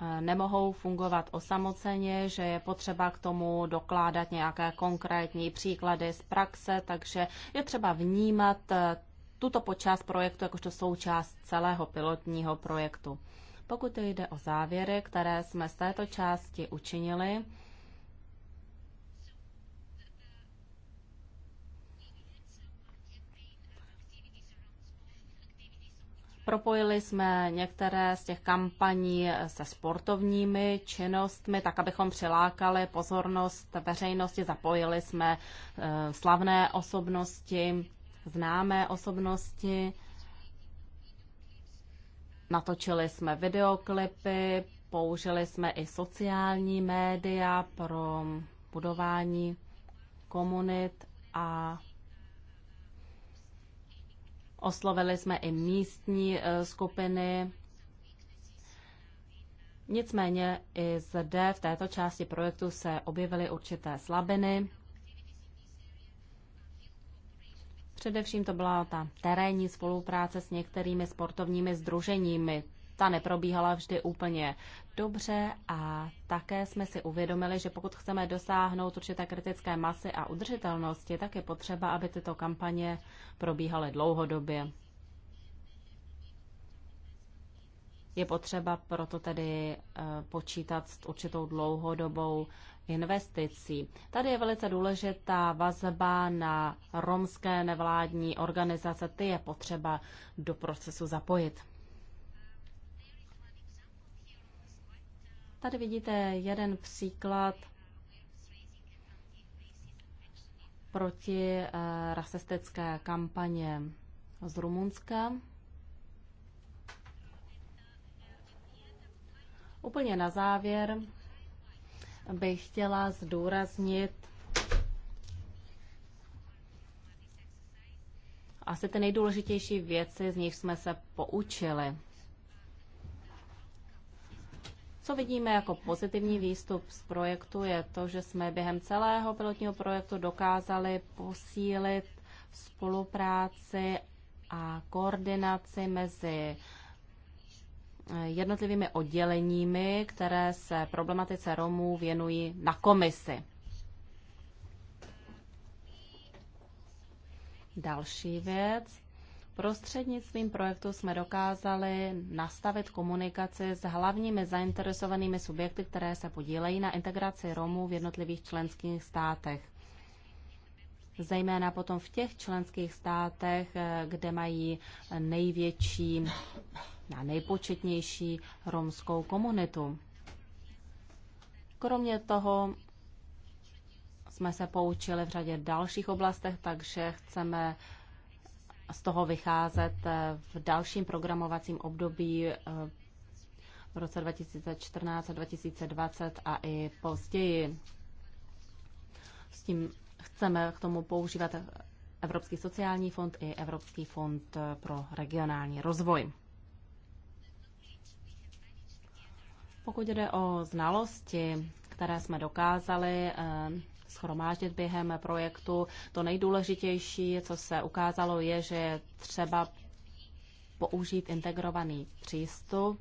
eh, nemohou fungovat osamoceně, že je potřeba k tomu dokládat nějaké konkrétní příklady z praxe, takže je třeba vnímat eh, tuto počást projektu jakožto součást celého pilotního projektu. Pokud jde o závěry, které jsme z této části učinili, Propojili jsme některé z těch kampaní se sportovními činnostmi, tak abychom přilákali pozornost veřejnosti. Zapojili jsme e, slavné osobnosti, známé osobnosti. Natočili jsme videoklipy, použili jsme i sociální média pro budování komunit a Oslovili jsme i místní eh, skupiny. Nicméně i zde v této části projektu se objevily určité slabiny. Především to byla ta terénní spolupráce s některými sportovními združeními ta neprobíhala vždy úplně dobře a také jsme si uvědomili, že pokud chceme dosáhnout určité kritické masy a udržitelnosti, tak je potřeba, aby tyto kampaně probíhaly dlouhodobě. Je potřeba proto tedy eh, počítat s určitou dlouhodobou investicí. Tady je velice důležitá vazba na romské nevládní organizace, ty je potřeba do procesu zapojit. Tady vidíte jeden příklad proti eh, rasistické kampaně z Rumunska. Úplně na závěr bych chtěla zdůraznit asi ty nejdůležitější věci, z nich jsme se poučili. Co vidíme jako pozitivní výstup z projektu je to, že jsme během celého pilotního projektu dokázali posílit spolupráci a koordinaci mezi eh, jednotlivými odděleními, které se problematice Romů věnují na komisi. Další věc, Prostřednictvím projektu jsme dokázali nastavit komunikaci s hlavními zainteresovanými subjekty, které se podílejí na integraci Romů v jednotlivých členských státech. Zejména potom v těch členských státech, eh, kde mají největší a nejpočetnější romskou komunitu. Kromě toho jsme se poučili v řadě dalších oblastech, takže chceme z toho vycházet eh, v dalším programovacím období eh, v roce 2014 a 2020 a i později. S tím chceme k tomu používat Evropský sociální fond i Evropský fond eh, pro regionální rozvoj. Pokud jde o znalosti, které jsme dokázali schromáždit během projektu. To nejdůležitější, co se ukázalo, je, že je třeba použít integrovaný přístup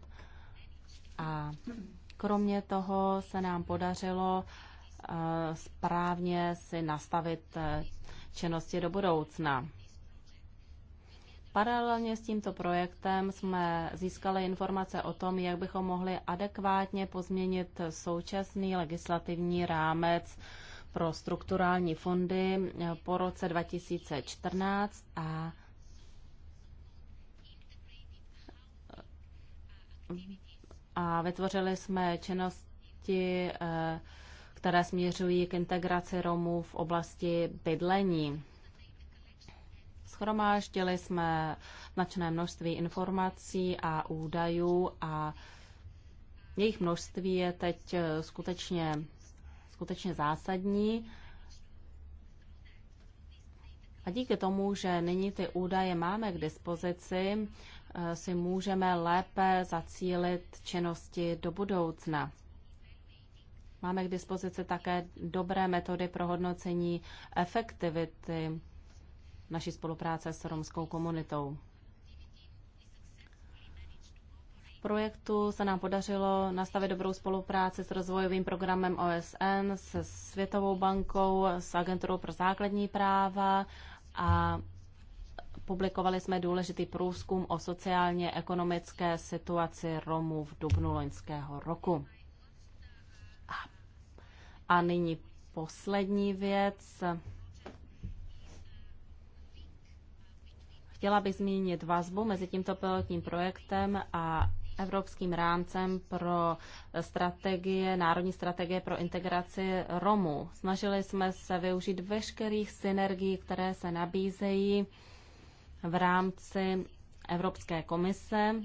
a kromě toho se nám podařilo eh, správně si nastavit eh, činnosti do budoucna. Paralelně s tímto projektem jsme získali informace o tom, jak bychom mohli adekvátně pozměnit současný legislativní rámec pro strukturální fondy po roce 2014 a a vytvořili jsme činnosti, eh, které směřují k integraci Romů v oblasti bydlení. Schromáždili jsme značné množství informací a údajů a jejich množství je teď eh, skutečně skutečně zásadní. A díky tomu, že nyní ty údaje máme k dispozici, eh, si můžeme lépe zacílit činnosti do budoucna. Máme k dispozici také dobré metody pro hodnocení efektivity naší spolupráce s romskou komunitou. projektu se nám podařilo nastavit dobrou spolupráci s rozvojovým programem OSN, se Světovou bankou, s Agenturou pro základní práva a publikovali jsme důležitý průzkum o sociálně-ekonomické situaci Romů v dubnu loňského roku. A nyní poslední věc. Chtěla bych zmínit vazbu mezi tímto pilotním projektem a evropským rámcem pro strategie, národní strategie pro integraci Romů. Snažili jsme se využít veškerých synergií, které se nabízejí v rámci Evropské komise.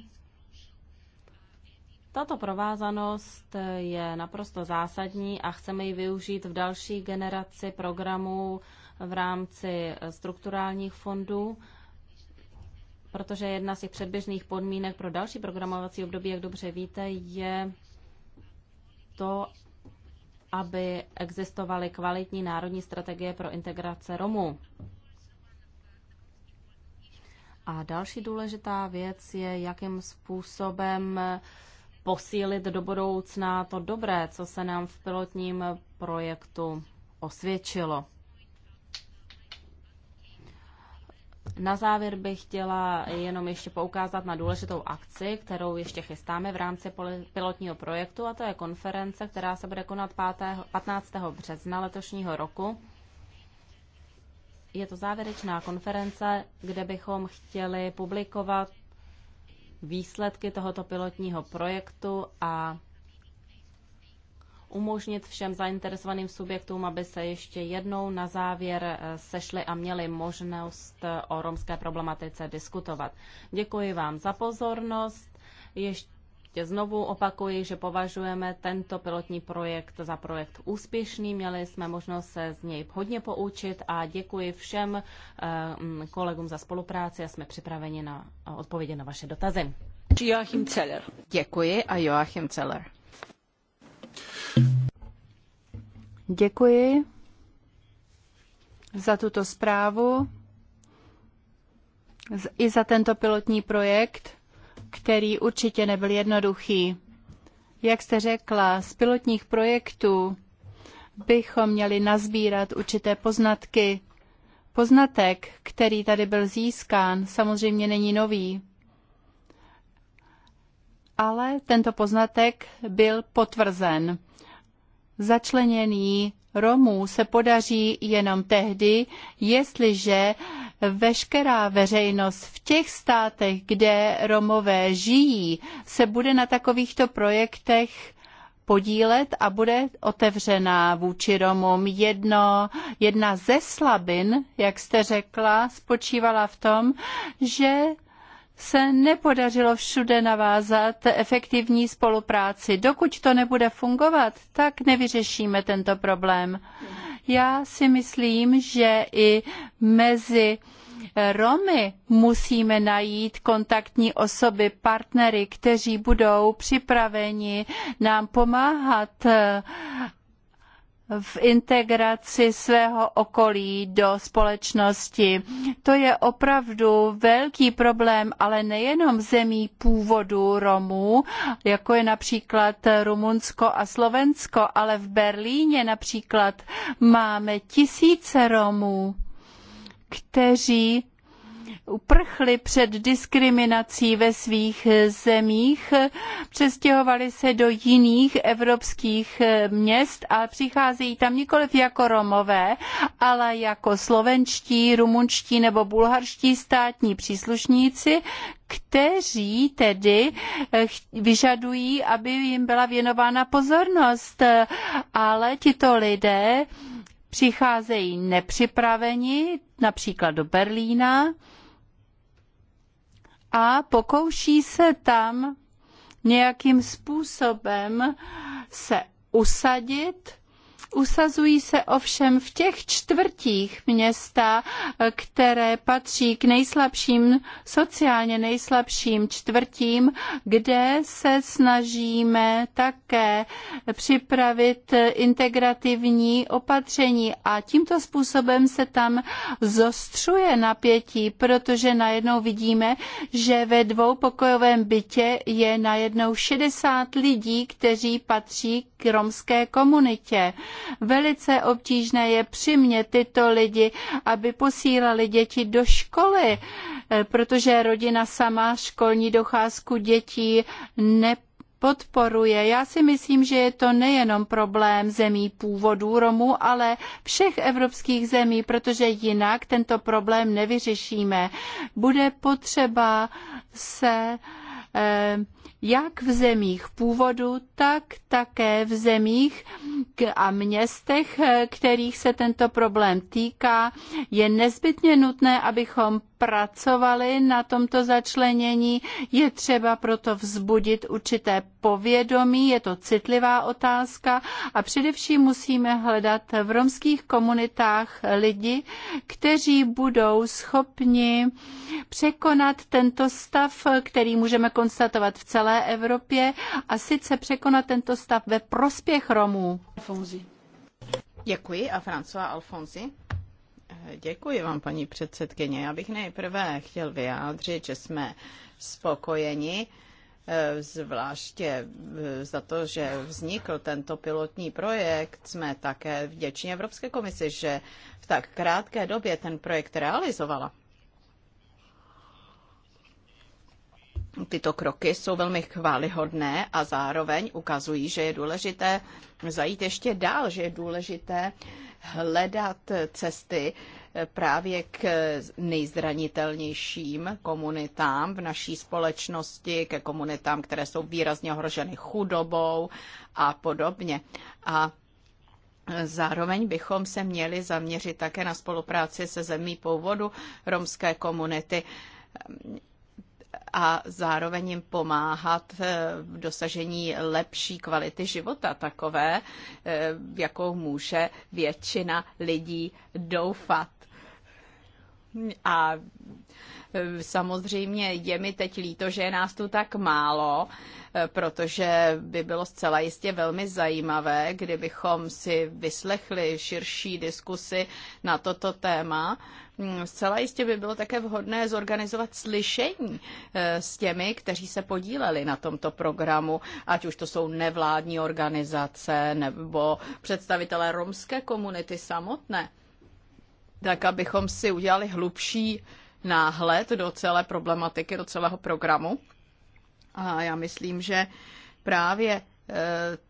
Tato provázanost je naprosto zásadní a chceme ji využít v další generaci programů v rámci strukturálních fondů protože jedna z těch předběžných podmínek pro další programovací období, jak dobře víte, je to, aby existovaly kvalitní národní strategie pro integrace Romů. A další důležitá věc je, jakým způsobem posílit do budoucna to dobré, co se nám v pilotním projektu osvědčilo. Na závěr bych chtěla jenom ještě poukázat na důležitou akci, kterou ještě chystáme v rámci pilotního projektu, a to je konference, která se bude konat 5. 15. března letošního roku. Je to závěrečná konference, kde bychom chtěli publikovat výsledky tohoto pilotního projektu a umožnit všem zainteresovaným subjektům, aby se ještě jednou na závěr eh, sešli a měli možnost eh, o romské problematice diskutovat. Děkuji vám za pozornost. Ještě znovu opakuji, že považujeme tento pilotní projekt za projekt úspěšný. Měli jsme možnost se z něj hodně poučit a děkuji všem eh, mm, kolegům za spolupráci a jsme připraveni na odpovědi na vaše dotazy. Joachim Celler. Děkuji a Joachim Celler. Děkuji za tuto zprávu i za tento pilotní projekt, který určitě nebyl jednoduchý. Jak jste řekla, z pilotních projektů bychom měli nazbírat určité poznatky. Poznatek, který tady byl získán, samozřejmě není nový ale tento poznatek byl potvrzen. Začlenění Romů se podaří jenom tehdy, jestliže veškerá veřejnost v těch státech, kde Romové žijí, se bude na takovýchto projektech podílet a bude otevřená vůči Romům. Jedno, jedna ze slabin, jak jste řekla, spočívala v tom, že se nepodařilo všude navázat efektivní spolupráci. Dokud to nebude fungovat, tak nevyřešíme tento problém. Já si myslím, že i mezi Romy musíme najít kontaktní osoby, partnery, kteří budou připraveni nám pomáhat v integraci svého okolí do společnosti. To je opravdu velký problém, ale nejenom zemí původu Romů, jako je například Rumunsko a Slovensko, ale v Berlíně například máme tisíce Romů, kteří uprchli před diskriminací ve svých zemích, přestěhovali se do jiných evropských měst a přicházejí tam nikoliv jako Romové, ale jako slovenští, rumunští nebo bulharští státní příslušníci, kteří tedy vyžadují, aby jim byla věnována pozornost. Ale tito lidé přicházejí nepřipraveni, například do Berlína, a pokouší se tam nějakým způsobem se usadit Usazují se ovšem v těch čtvrtích města, eh, které patří k nejslabším, sociálně nejslabším čtvrtím, kde se snažíme také připravit eh, integrativní opatření a tímto způsobem se tam zostřuje napětí, protože najednou vidíme, že ve dvoupokojovém bytě je najednou 60 lidí, kteří patří k romské komunitě. Velice obtížné je přimět tyto lidi, aby posílali děti do školy, eh, protože rodina sama školní docházku dětí ne podporuje. Já si myslím, že je to nejenom problém zemí původů Romů, ale všech evropských zemí, protože jinak tento problém nevyřešíme. Bude potřeba se uh, Eh, jak v zemích původu, tak také v zemích a městech, eh, kterých se tento problém týká. Je nezbytně nutné, abychom pracovali na tomto začlenění. Je třeba proto vzbudit určité povědomí, je to citlivá otázka a především musíme hledat v romských komunitách lidi, kteří budou schopni překonat tento stav, který můžeme konstatovat v celé Evropě a sice překonat tento stav ve prospěch Romů. Děkuji a François Alfonsi. Děkuji vám, paní předsedkyně. Já bych nejprve chtěl vyjádřit, že jsme spokojeni, eh, zvláště eh, za to, že vznikl tento pilotní projekt. Jsme také vděční Evropské komisi, že v tak krátké době ten projekt realizovala. Tyto kroky jsou velmi chválihodné a zároveň ukazují, že je důležité zajít ještě dál, že je důležité hledat cesty právě k nejzranitelnějším komunitám v naší společnosti, ke komunitám, které jsou výrazně ohroženy chudobou a podobně. A Zároveň bychom se měli zaměřit také na spolupráci se zemí původu romské komunity a zároveň jim pomáhat eh, v dosažení lepší kvality života, takové, eh, jakou může většina lidí doufat. A eh, samozřejmě je mi teď líto, že je nás tu tak málo, protože by bylo zcela jistě velmi zajímavé, kdybychom si vyslechli širší diskusy na toto téma Zcela jistě by bylo také vhodné zorganizovat slyšení eh, s těmi, kteří se podíleli na tomto programu, ať už to jsou nevládní organizace nebo představitelé romské komunity samotné, tak abychom si udělali hlubší náhled do celé problematiky, do celého programu. A já myslím, že právě eh,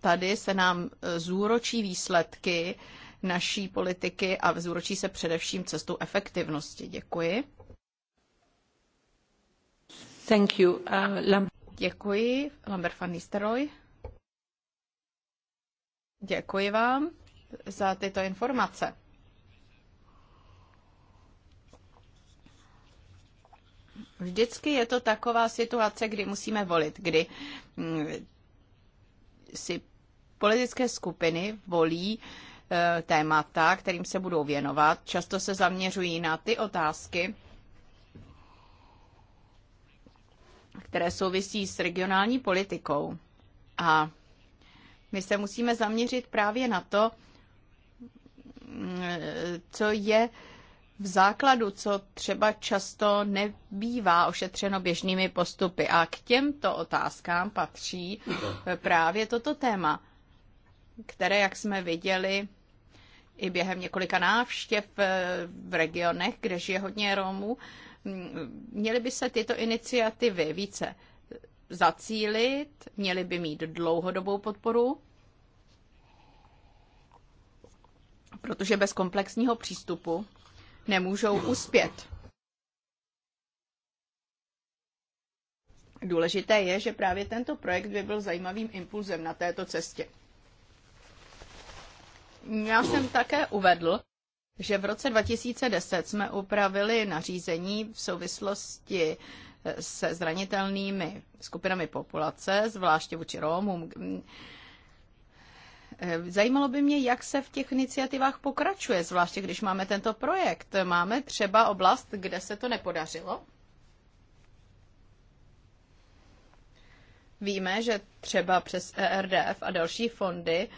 tady se nám eh, zúročí výsledky naší politiky a vzúročí se především cestou efektivnosti. Děkuji. Thank you. Uh, Lam- Děkuji, Lambert van Nistelrooy. Děkuji vám za tyto informace. Vždycky je to taková situace, kdy musíme volit, kdy mm, si politické skupiny volí E, témata, kterým se budou věnovat. Často se zaměřují na ty otázky, které souvisí s regionální politikou. A my se musíme zaměřit právě na to, mm, co je v základu, co třeba často nebývá ošetřeno běžnými postupy. A k těmto otázkám patří právě toto téma, které, jak jsme viděli, i během několika návštěv eh, v regionech, kde žije hodně Romů. Měly by se tyto iniciativy více zacílit, měly by mít dlouhodobou podporu, protože bez komplexního přístupu nemůžou uspět. Důležité je, že právě tento projekt by byl zajímavým impulzem na této cestě. Já jsem také uvedl, že v roce 2010 jsme upravili nařízení v souvislosti eh, se zranitelnými skupinami populace, zvláště vůči Rómům. Eh, zajímalo by mě, jak se v těch iniciativách pokračuje, zvláště když máme tento projekt. Máme třeba oblast, kde se to nepodařilo? Víme, že třeba přes ERDF a další fondy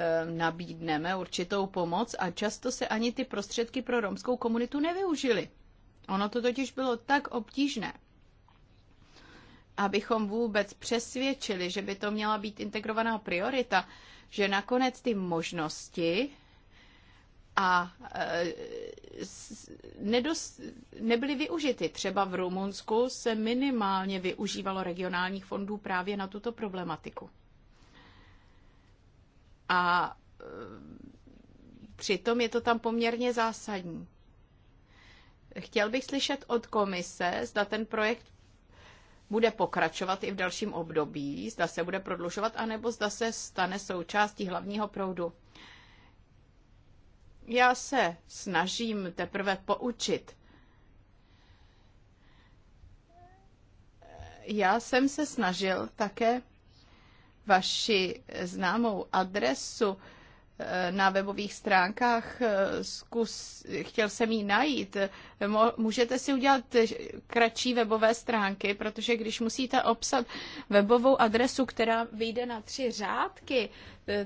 Eh, nabídneme určitou pomoc a často se ani ty prostředky pro romskou komunitu nevyužily. Ono to totiž bylo tak obtížné, abychom vůbec přesvědčili, že by to měla být integrovaná priorita, že nakonec ty možnosti a eh, nedost, nebyly využity. Třeba v Rumunsku se minimálně využívalo regionálních fondů právě na tuto problematiku. A eh, přitom je to tam poměrně zásadní. Chtěl bych slyšet od komise, zda ten projekt bude pokračovat i v dalším období, zda se bude prodlužovat, anebo zda se stane součástí hlavního proudu. Já se snažím teprve poučit. Já jsem se snažil také vaši známou adresu eh, na webových stránkách, eh, zkus, chtěl jsem ji najít. Můžete si udělat eh, kratší webové stránky, protože když musíte obsat webovou adresu, která vyjde na tři řádky,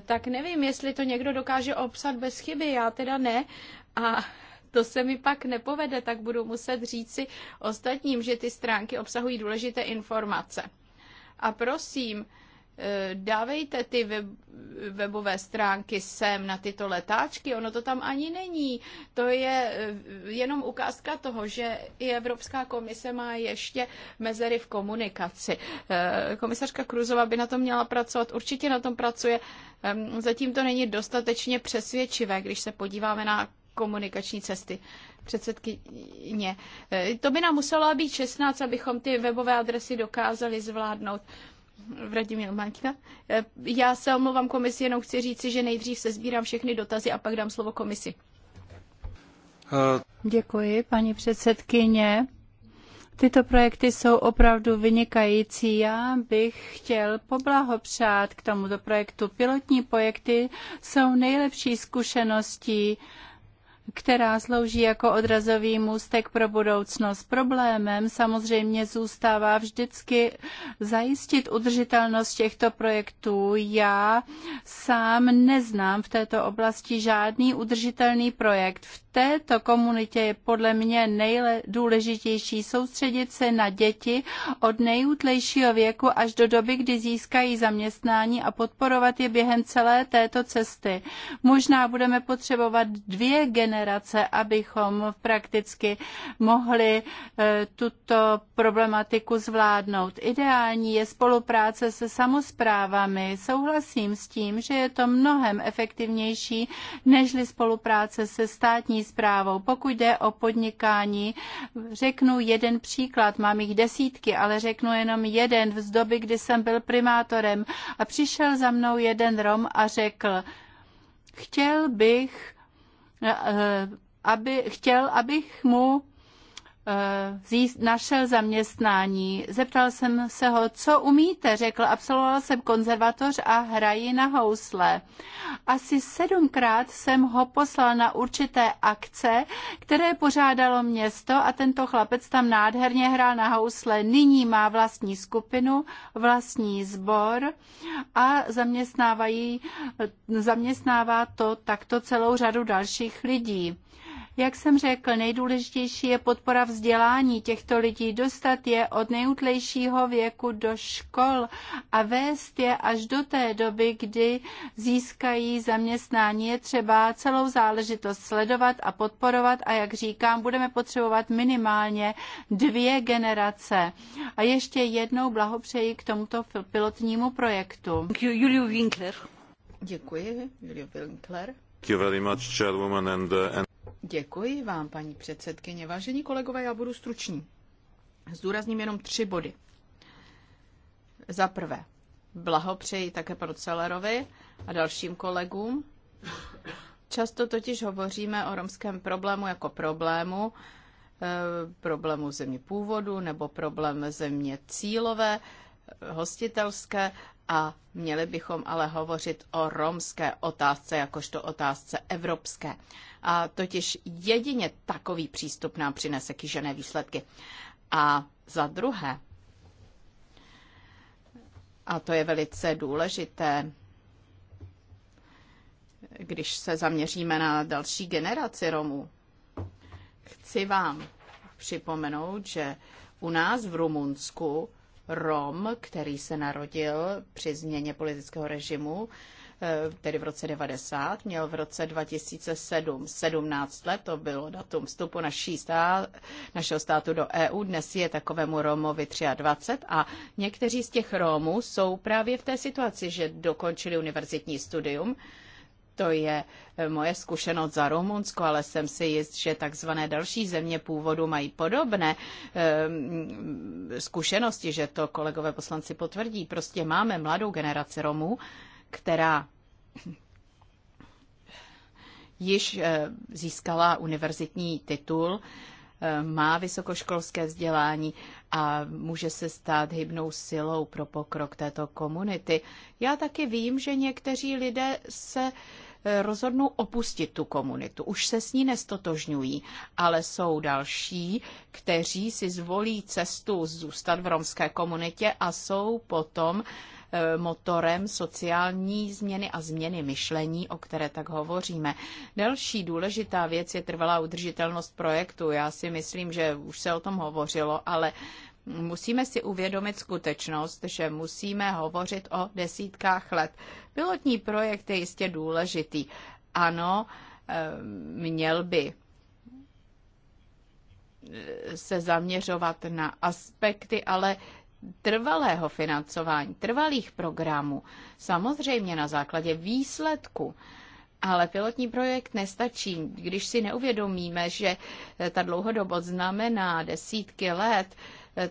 tak nevím, jestli to někdo dokáže obsat bez chyby, já teda ne. A to se mi pak nepovede, tak budu muset říci ostatním, že ty stránky obsahují důležité informace. A prosím, Eh, dávejte ty web, webové stránky sem na tyto letáčky, ono to tam ani není. To je eh, jenom ukázka toho, že i Evropská komise má ještě mezery v komunikaci. Eh, komisařka Kruzova by na tom měla pracovat, určitě na tom pracuje. Zatím to není dostatečně přesvědčivé, když se podíváme na komunikační cesty předsedkyně. To by nám musela být 16, abychom ty webové adresy dokázali zvládnout. Vladimír Mankina. Eh, já se omlouvám komisi, jenom chci říci, že nejdřív se sbírám všechny dotazy a pak dám slovo komisi. Eh. Děkuji, paní předsedkyně. Tyto projekty jsou opravdu vynikající. Já bych chtěl poblahopřát k tomuto projektu. Pilotní projekty jsou nejlepší zkušeností která slouží jako odrazový můstek pro budoucnost. Problémem samozřejmě zůstává vždycky zajistit udržitelnost těchto projektů. Já sám neznám v této oblasti žádný udržitelný projekt. V této komunitě je podle mě nejdůležitější soustředit se na děti od nejútlejšího věku až do doby, kdy získají zaměstnání a podporovat je během celé této cesty. Možná budeme potřebovat dvě generace, abychom prakticky mohli e, tuto problematiku zvládnout. Ideální je spolupráce se samozprávami. Souhlasím s tím, že je to mnohem efektivnější nežli spolupráce se státní zprávou. Pokud jde o podnikání, řeknu jeden příklad, mám jich desítky, ale řeknu jenom jeden z doby, kdy jsem byl primátorem a přišel za mnou jeden Rom a řekl, chtěl bych, eh, eh, aby, chtěl, abych mu Eh, našel zaměstnání. Zeptal jsem se ho, co umíte, řekl, absolvoval jsem konzervatoř a hraji na housle. Asi sedmkrát jsem ho poslal na určité akce, které pořádalo město a tento chlapec tam nádherně hrál na housle. Nyní má vlastní skupinu, vlastní sbor a zaměstnávají, zaměstnává to takto celou řadu dalších lidí. Jak jsem řekl, nejdůležitější je podpora vzdělání těchto lidí, dostat je od nejútlejšího věku do škol a vést je až do té doby, kdy získají zaměstnání. Je třeba celou záležitost sledovat a podporovat a jak říkám, budeme potřebovat minimálně dvě generace. A ještě jednou blahopřeji k tomuto pilotnímu projektu. Julio Winkler. Děkuji, Julio Winkler. Thank you very much, Chairwoman, and, uh, and... Děkuji vám, paní předsedkyně. Vážení kolegové, já budu stručný. Zdůrazním jenom tři body. Za prvé, blahopřeji také panu Celerovi a dalším kolegům. Často totiž hovoříme o romském problému jako problému, eh, problému země původu nebo problém země cílové, eh, hostitelské a měli bychom ale hovořit o romské otázce jakožto otázce evropské. A totiž jedině takový přístup nám přinese kýžené výsledky. A za druhé, a to je velice důležité, když se zaměříme na další generaci Romů, chci vám připomenout, že u nás v Rumunsku Rom, který se narodil při změně politického režimu, Eh, tedy v roce 90, měl v roce 2007 17 let, to bylo datum vstupu naší stát, našeho státu do EU, dnes je takovému Romovi 23 a někteří z těch Romů jsou právě v té situaci, že dokončili univerzitní studium, to je eh, moje zkušenost za Rumunsko, ale jsem si jist, že takzvané další země původu mají podobné ehm, zkušenosti, že to kolegové poslanci potvrdí. Prostě máme mladou generaci Romů, která již eh, získala univerzitní titul, eh, má vysokoškolské vzdělání a může se stát hybnou silou pro pokrok této komunity. Já taky vím, že někteří lidé se eh, rozhodnou opustit tu komunitu. Už se s ní nestotožňují, ale jsou další, kteří si zvolí cestu zůstat v romské komunitě a jsou potom Eh, motorem sociální změny a změny myšlení, o které tak hovoříme. Další důležitá věc je trvalá udržitelnost projektu. Já si myslím, že už se o tom hovořilo, ale musíme si uvědomit skutečnost, že musíme hovořit o desítkách let. Pilotní projekt je jistě důležitý. Ano, eh, měl by eh, se zaměřovat na aspekty, ale trvalého financování, trvalých programů, samozřejmě na základě výsledku, ale pilotní projekt nestačí. Když si neuvědomíme, že ta dlouhodobost znamená desítky let,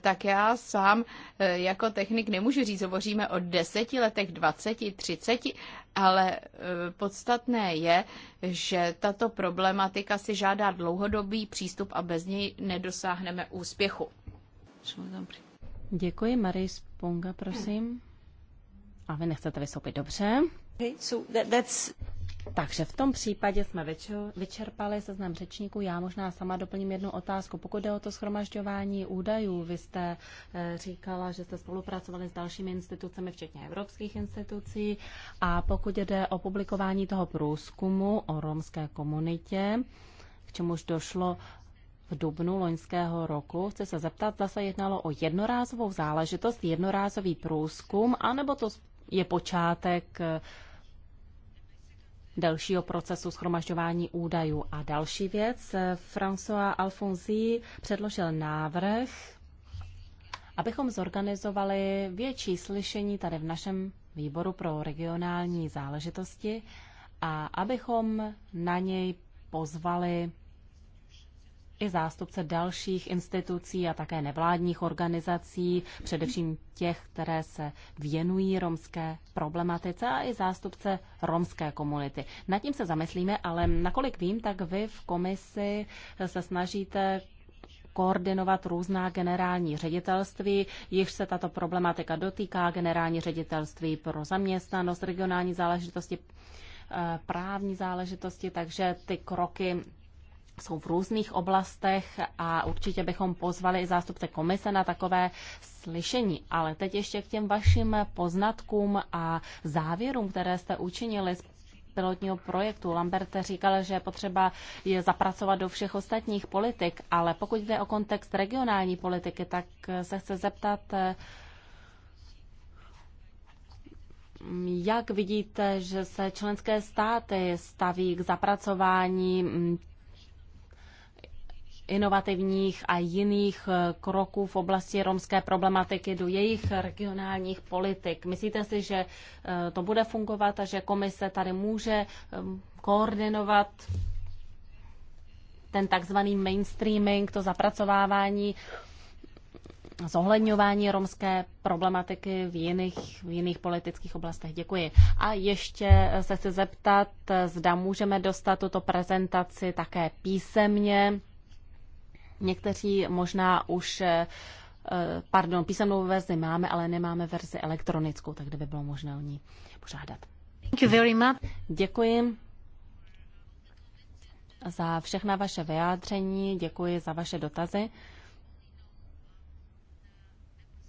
tak já sám eh, jako technik nemůžu říct, hovoříme o deseti letech, dvaceti, třiceti, ale eh, podstatné je, že tato problematika si žádá dlouhodobý přístup a bez něj nedosáhneme úspěchu. Děkuji, Marie Sponga, prosím. A vy nechcete vystoupit dobře. Okay, so that, that's... Takže v tom případě jsme vyčerpali seznam řečníků. Já možná sama doplním jednu otázku. Pokud jde o to schromažďování údajů, vy jste eh, říkala, že jste spolupracovali s dalšími institucemi, včetně evropských institucí. A pokud jde o publikování toho průzkumu o romské komunitě, k čemuž došlo dubnu loňského roku. Chci se zeptat, zda se jednalo o jednorázovou záležitost, jednorázový průzkum, anebo to je počátek eh, dalšího procesu schromažďování údajů. A další věc, eh, François Alfonsi předložil návrh, abychom zorganizovali větší slyšení tady v našem výboru pro regionální záležitosti a abychom na něj pozvali i zástupce dalších institucí a také nevládních organizací, především těch, které se věnují romské problematice a i zástupce romské komunity. Nad tím se zamyslíme, ale nakolik vím, tak vy v komisi se snažíte koordinovat různá generální ředitelství, již se tato problematika dotýká, generální ředitelství pro zaměstnanost, regionální záležitosti, eh, právní záležitosti, takže ty kroky jsou v různých oblastech a určitě bychom pozvali i zástupce komise na takové slyšení. Ale teď ještě k těm vašim poznatkům a závěrům, které jste učinili z pilotního projektu. Lambert říkal, že je potřeba je zapracovat do všech ostatních politik, ale pokud jde o kontext regionální politiky, tak se chce zeptat, jak vidíte, že se členské státy staví k zapracování inovativních a jiných eh, kroků v oblasti romské problematiky do jejich regionálních politik. Myslíte si, že eh, to bude fungovat a že komise tady může ehm, koordinovat ten takzvaný mainstreaming, to zapracovávání, zohledňování romské problematiky v jiných, v jiných politických oblastech. Děkuji. A ještě eh, se chci zeptat, zda můžeme dostat tuto prezentaci také písemně Někteří možná už eh, pardon, písemnou verzi máme, ale nemáme verzi elektronickou, tak kdyby bylo možné o ní požádat. Thank you very much. Děkuji za všechna vaše vyjádření, děkuji za vaše dotazy.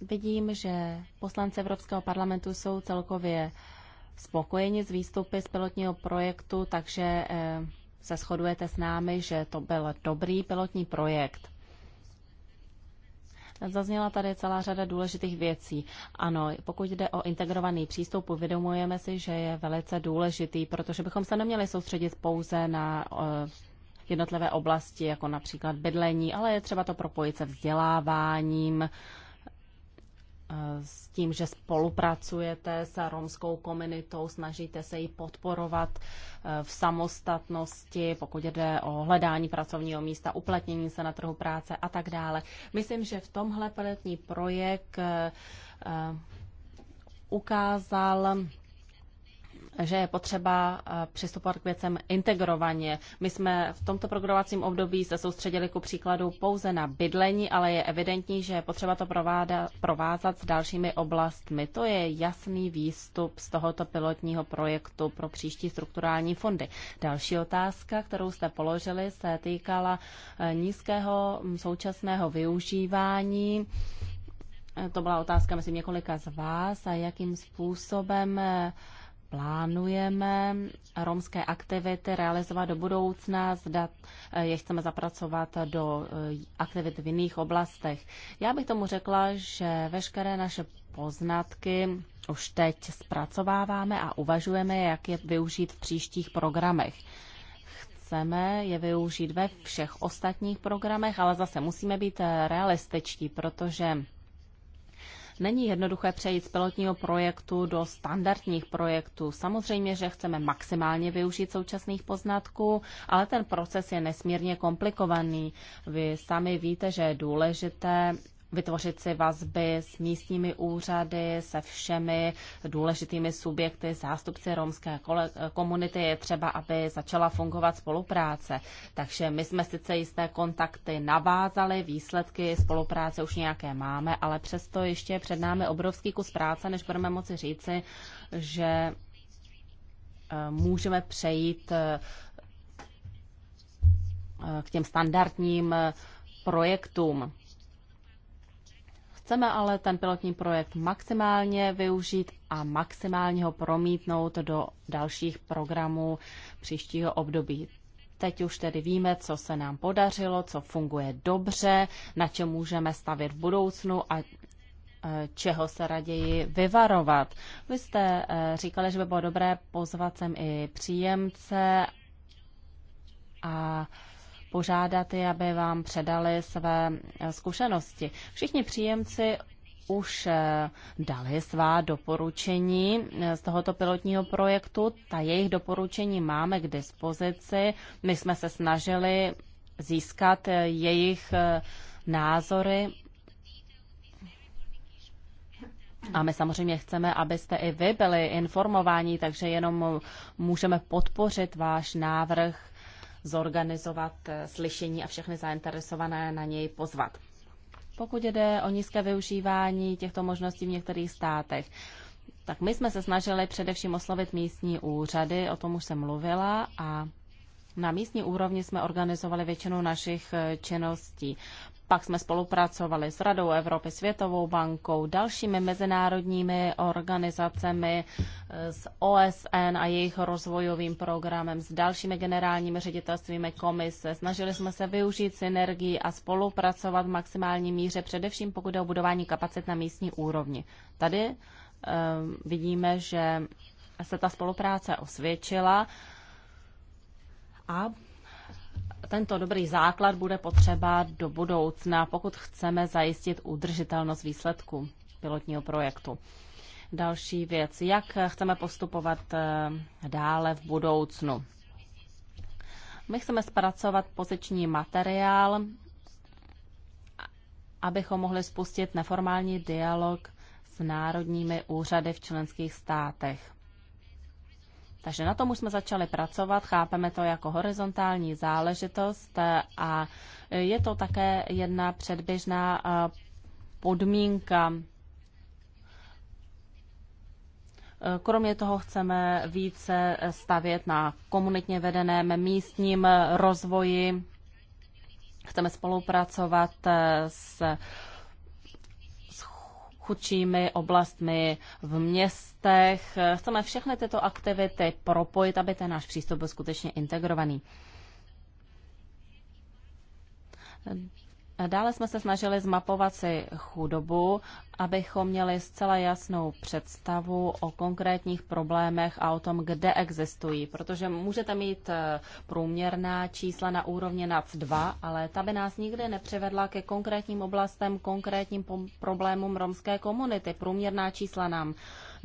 Vidím, že poslanci Evropského parlamentu jsou celkově spokojeni s výstupy z pilotního projektu, takže eh, se shodujete s námi, že to byl dobrý pilotní projekt. Zazněla tady celá řada důležitých věcí. Ano, pokud jde o integrovaný přístup, uvědomujeme si, že je velice důležitý, protože bychom se neměli soustředit pouze na eh, jednotlivé oblasti, jako například bydlení, ale je třeba to propojit se vzděláváním, s tím, že spolupracujete s romskou komunitou, snažíte se ji podporovat eh, v samostatnosti, pokud jde o hledání pracovního místa, uplatnění se na trhu práce a tak dále. Myslím, že v tomhle pilotní projekt eh, eh, ukázal že je potřeba eh, přistupovat k věcem integrovaně. My jsme v tomto programovacím období se soustředili ku příkladu pouze na bydlení, ale je evidentní, že je potřeba to prováda, provázat s dalšími oblastmi. To je jasný výstup z tohoto pilotního projektu pro příští strukturální fondy. Další otázka, kterou jste položili, se týkala eh, nízkého mm, současného využívání eh, to byla otázka, myslím, několika z vás a jakým způsobem plánujeme romské aktivity realizovat do budoucna, zda eh, je chceme zapracovat do eh, aktivit v jiných oblastech. Já bych tomu řekla, že veškeré naše poznatky už teď zpracováváme a uvažujeme, jak je využít v příštích programech. Chceme je využít ve všech ostatních programech, ale zase musíme být eh, realističtí, protože Není jednoduché přejít z pilotního projektu do standardních projektů. Samozřejmě, že chceme maximálně využít současných poznatků, ale ten proces je nesmírně komplikovaný. Vy sami víte, že je důležité vytvořit si vazby s místními úřady, se všemi důležitými subjekty, zástupci romské komunity. Je třeba, aby začala fungovat spolupráce. Takže my jsme sice jisté kontakty navázali, výsledky spolupráce už nějaké máme, ale přesto ještě je před námi obrovský kus práce, než budeme moci říci, že eh, můžeme přejít eh, k těm standardním eh, projektům. Chceme ale ten pilotní projekt maximálně využít a maximálně ho promítnout do dalších programů příštího období. Teď už tedy víme, co se nám podařilo, co funguje dobře, na čem můžeme stavět v budoucnu a e, čeho se raději vyvarovat. Vy jste e, říkali, že by bylo dobré pozvat sem i příjemce a požádat je, aby vám předali své eh, zkušenosti. Všichni příjemci už eh, dali svá doporučení eh, z tohoto pilotního projektu. Ta jejich doporučení máme k dispozici. My jsme se snažili získat jejich názory. A my samozřejmě chceme, abyste i vy byli informováni, takže jenom můžeme podpořit váš návrh zorganizovat eh, slyšení a všechny zainteresované na něj pozvat. Pokud jde o nízké využívání těchto možností v některých státech, tak my jsme se snažili především oslovit místní úřady, o tom už jsem mluvila, a na místní úrovni jsme organizovali většinu našich eh, činností. Pak jsme spolupracovali s Radou Evropy, Světovou bankou, dalšími mezinárodními organizacemi, eh, s OSN a jejich rozvojovým programem, s dalšími generálními ředitelstvími komise. Snažili jsme se využít synergii a spolupracovat v maximální míře, především pokud je o budování kapacit na místní úrovni. Tady um, vidíme, že se ta spolupráce osvědčila a tento dobrý základ bude potřeba do budoucna, pokud chceme zajistit udržitelnost výsledku pilotního projektu. Další věc, jak chceme postupovat eh, dále v budoucnu. My chceme zpracovat poziční materiál, abychom mohli spustit neformální dialog s národními úřady v členských státech. Takže na tom už jsme začali pracovat, chápeme to jako horizontální záležitost eh, a je to také jedna předběžná eh, podmínka. Eh, kromě toho chceme více stavět na komunitně vedeném místním rozvoji. Chceme spolupracovat s chudšími oblastmi v městech. Chceme všechny tyto aktivity propojit, aby ten náš přístup byl skutečně integrovaný. Dále jsme se snažili zmapovat si chudobu, abychom měli zcela jasnou představu o konkrétních problémech a o tom, kde existují. Protože můžete mít eh, průměrná čísla na úrovni NAC 2, ale ta by nás nikdy nepřivedla ke konkrétním oblastem, konkrétním problémům romské komunity. Průměrná čísla nám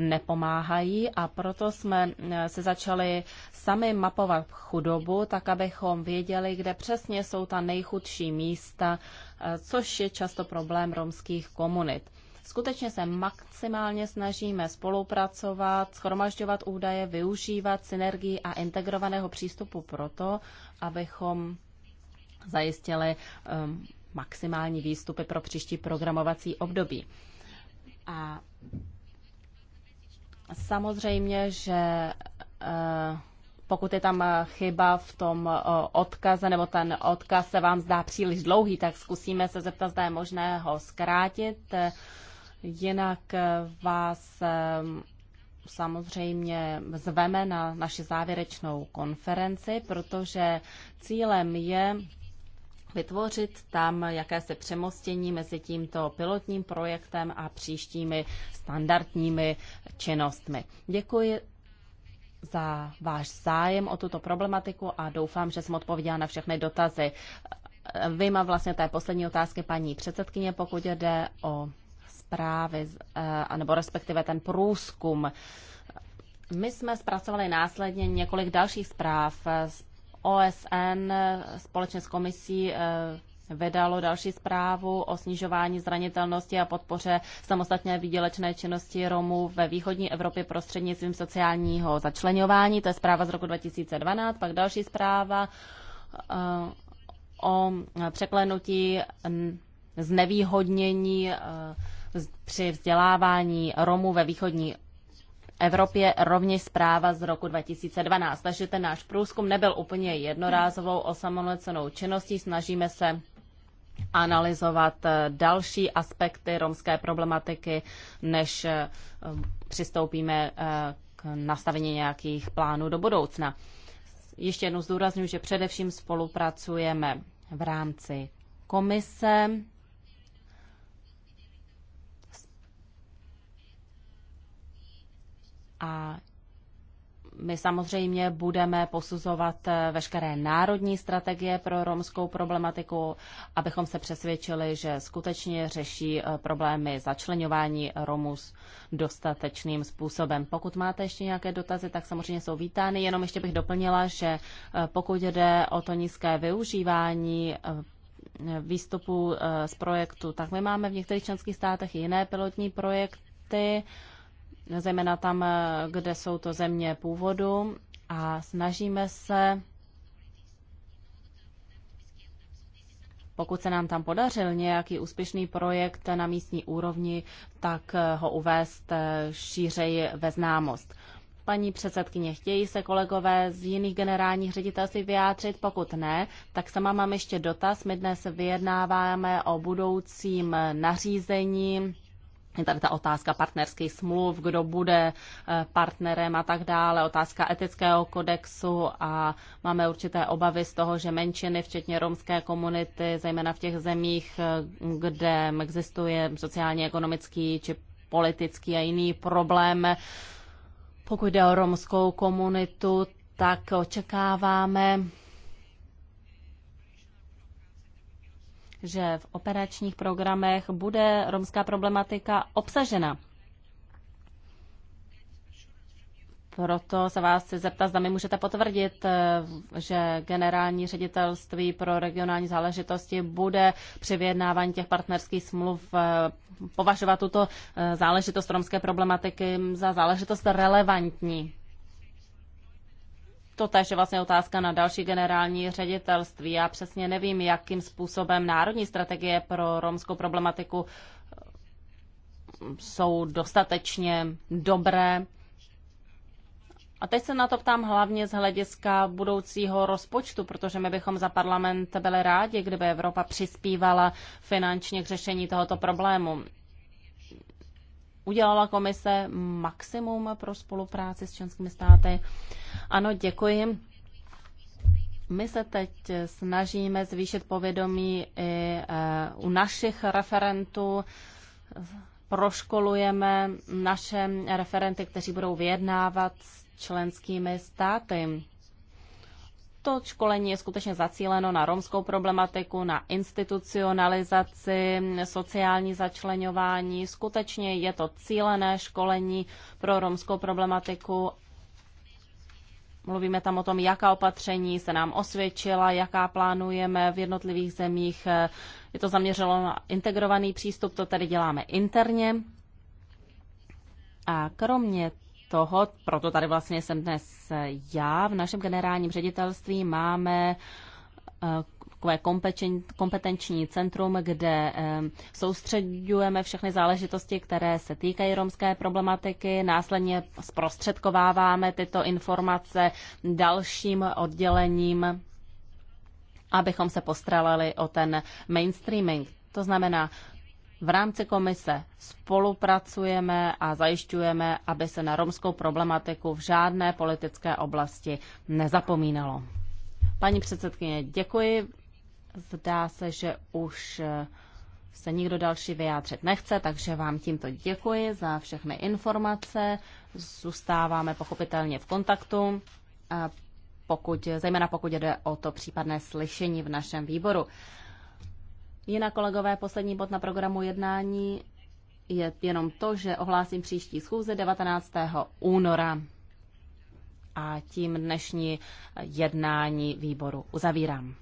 nepomáhají a proto jsme eh, se začali sami mapovat chudobu, tak abychom věděli, kde přesně jsou ta nejchudší místa, eh, což je často problém romských komunit. Skutečně se maximálně snažíme spolupracovat, schromažďovat údaje, využívat synergii a integrovaného přístupu proto, abychom zajistili um, maximální výstupy pro příští programovací období. A Samozřejmě, že eh, pokud je tam eh, chyba v tom eh, odkaze, nebo ten odkaz se vám zdá příliš dlouhý, tak zkusíme se zeptat, zda je možné ho zkrátit. Jinak vás samozřejmě zveme na naši závěrečnou konferenci, protože cílem je vytvořit tam jakési přemostění mezi tímto pilotním projektem a příštími standardními činnostmi. Děkuji za váš zájem o tuto problematiku a doufám, že jsem odpověděla na všechny dotazy. a vlastně té poslední otázky paní předsedkyně, pokud jde o zprávy, eh, nebo respektive ten průzkum. My jsme zpracovali následně několik dalších zpráv. OSN společně s komisí eh, vydalo další zprávu o snižování zranitelnosti a podpoře samostatné výdělečné činnosti Romů ve východní Evropě prostřednictvím sociálního začlenování. To je zpráva z roku 2012, pak další zpráva eh, o překlenutí znevýhodnění eh, při vzdělávání Romů ve východní Evropě rovněž zpráva z roku 2012. Takže ten náš průzkum nebyl úplně jednorázovou osamocenou činností. Snažíme se analyzovat eh, další aspekty romské problematiky, než eh, přistoupíme eh, k nastavení nějakých plánů do budoucna. Ještě jednou zdůraznuju, že především spolupracujeme v rámci komise a my samozřejmě budeme posuzovat eh, veškeré národní strategie pro romskou problematiku, abychom se přesvědčili, že skutečně řeší eh, problémy začlenování Romů dostatečným způsobem. Pokud máte ještě nějaké dotazy, tak samozřejmě jsou vítány. Jenom ještě bych doplnila, že eh, pokud jde o to nízké využívání výstupu z projektu, tak my máme v některých členských státech jiné pilotní projekty, zejména tam, eh, kde jsou to země původu a snažíme se, pokud se nám tam podařil nějaký úspěšný projekt na místní úrovni, tak eh, ho uvést eh, šířej ve známost. Paní předsedkyně, chtějí se kolegové z jiných generálních ředitelství vyjádřit? Pokud ne, tak sama mám ještě dotaz. My dnes vyjednáváme o budoucím nařízení je tady ta otázka partnerských smluv, kdo bude eh, partnerem a tak dále, otázka etického kodexu a máme určité obavy z toho, že menšiny, včetně romské komunity, zejména v těch zemích, eh, kde existuje sociálně ekonomický či politický a jiný problém, pokud jde o romskou komunitu, tak očekáváme že v operačních programech bude romská problematika obsažena. Proto se vás chci zeptat, zda mi můžete potvrdit, eh, že generální ředitelství pro regionální záležitosti bude při vyjednávání těch partnerských smluv eh, považovat tuto eh, záležitost romské problematiky za záležitost relevantní to tež je vlastně otázka na další generální ředitelství. Já přesně nevím, jakým způsobem národní strategie pro romskou problematiku eh, jsou dostatečně dobré. A teď se na to ptám hlavně z hlediska budoucího rozpočtu, protože my bychom za parlament byli rádi, kdyby Evropa přispívala finančně k řešení tohoto problému udělala komise maximum pro spolupráci s členskými státy? Ano, děkuji. My se teď snažíme zvýšit povědomí i eh, u našich referentů. Proškolujeme naše referenty, kteří budou vyjednávat s členskými státy to školení je skutečně zacíleno na romskou problematiku, na institucionalizaci, sociální začlenování. Skutečně je to cílené školení pro romskou problematiku. Mluvíme tam o tom, jaká opatření se nám osvědčila, jaká plánujeme v jednotlivých zemích. Je to zaměřeno na integrovaný přístup, to tady děláme interně. A kromě toho, proto tady vlastně jsem dnes eh, já, v našem generálním ředitelství máme eh, takové kompetenční centrum, kde eh, soustředujeme všechny záležitosti, které se týkají romské problematiky. Následně zprostředkováváme tyto informace dalším oddělením, abychom se postralili o ten mainstreaming. To znamená, v rámci komise spolupracujeme a zajišťujeme, aby se na romskou problematiku v žádné politické oblasti nezapomínalo. Paní předsedkyně, děkuji. Zdá se, že už eh, se nikdo další vyjádřit nechce, takže vám tímto děkuji za všechny informace. Zůstáváme pochopitelně v kontaktu, pokud, zejména pokud jde o to případné slyšení v našem výboru. Jinak, kolegové, poslední bod na programu jednání je jenom to, že ohlásím příští schůze 19. února a tím dnešní jednání výboru uzavírám.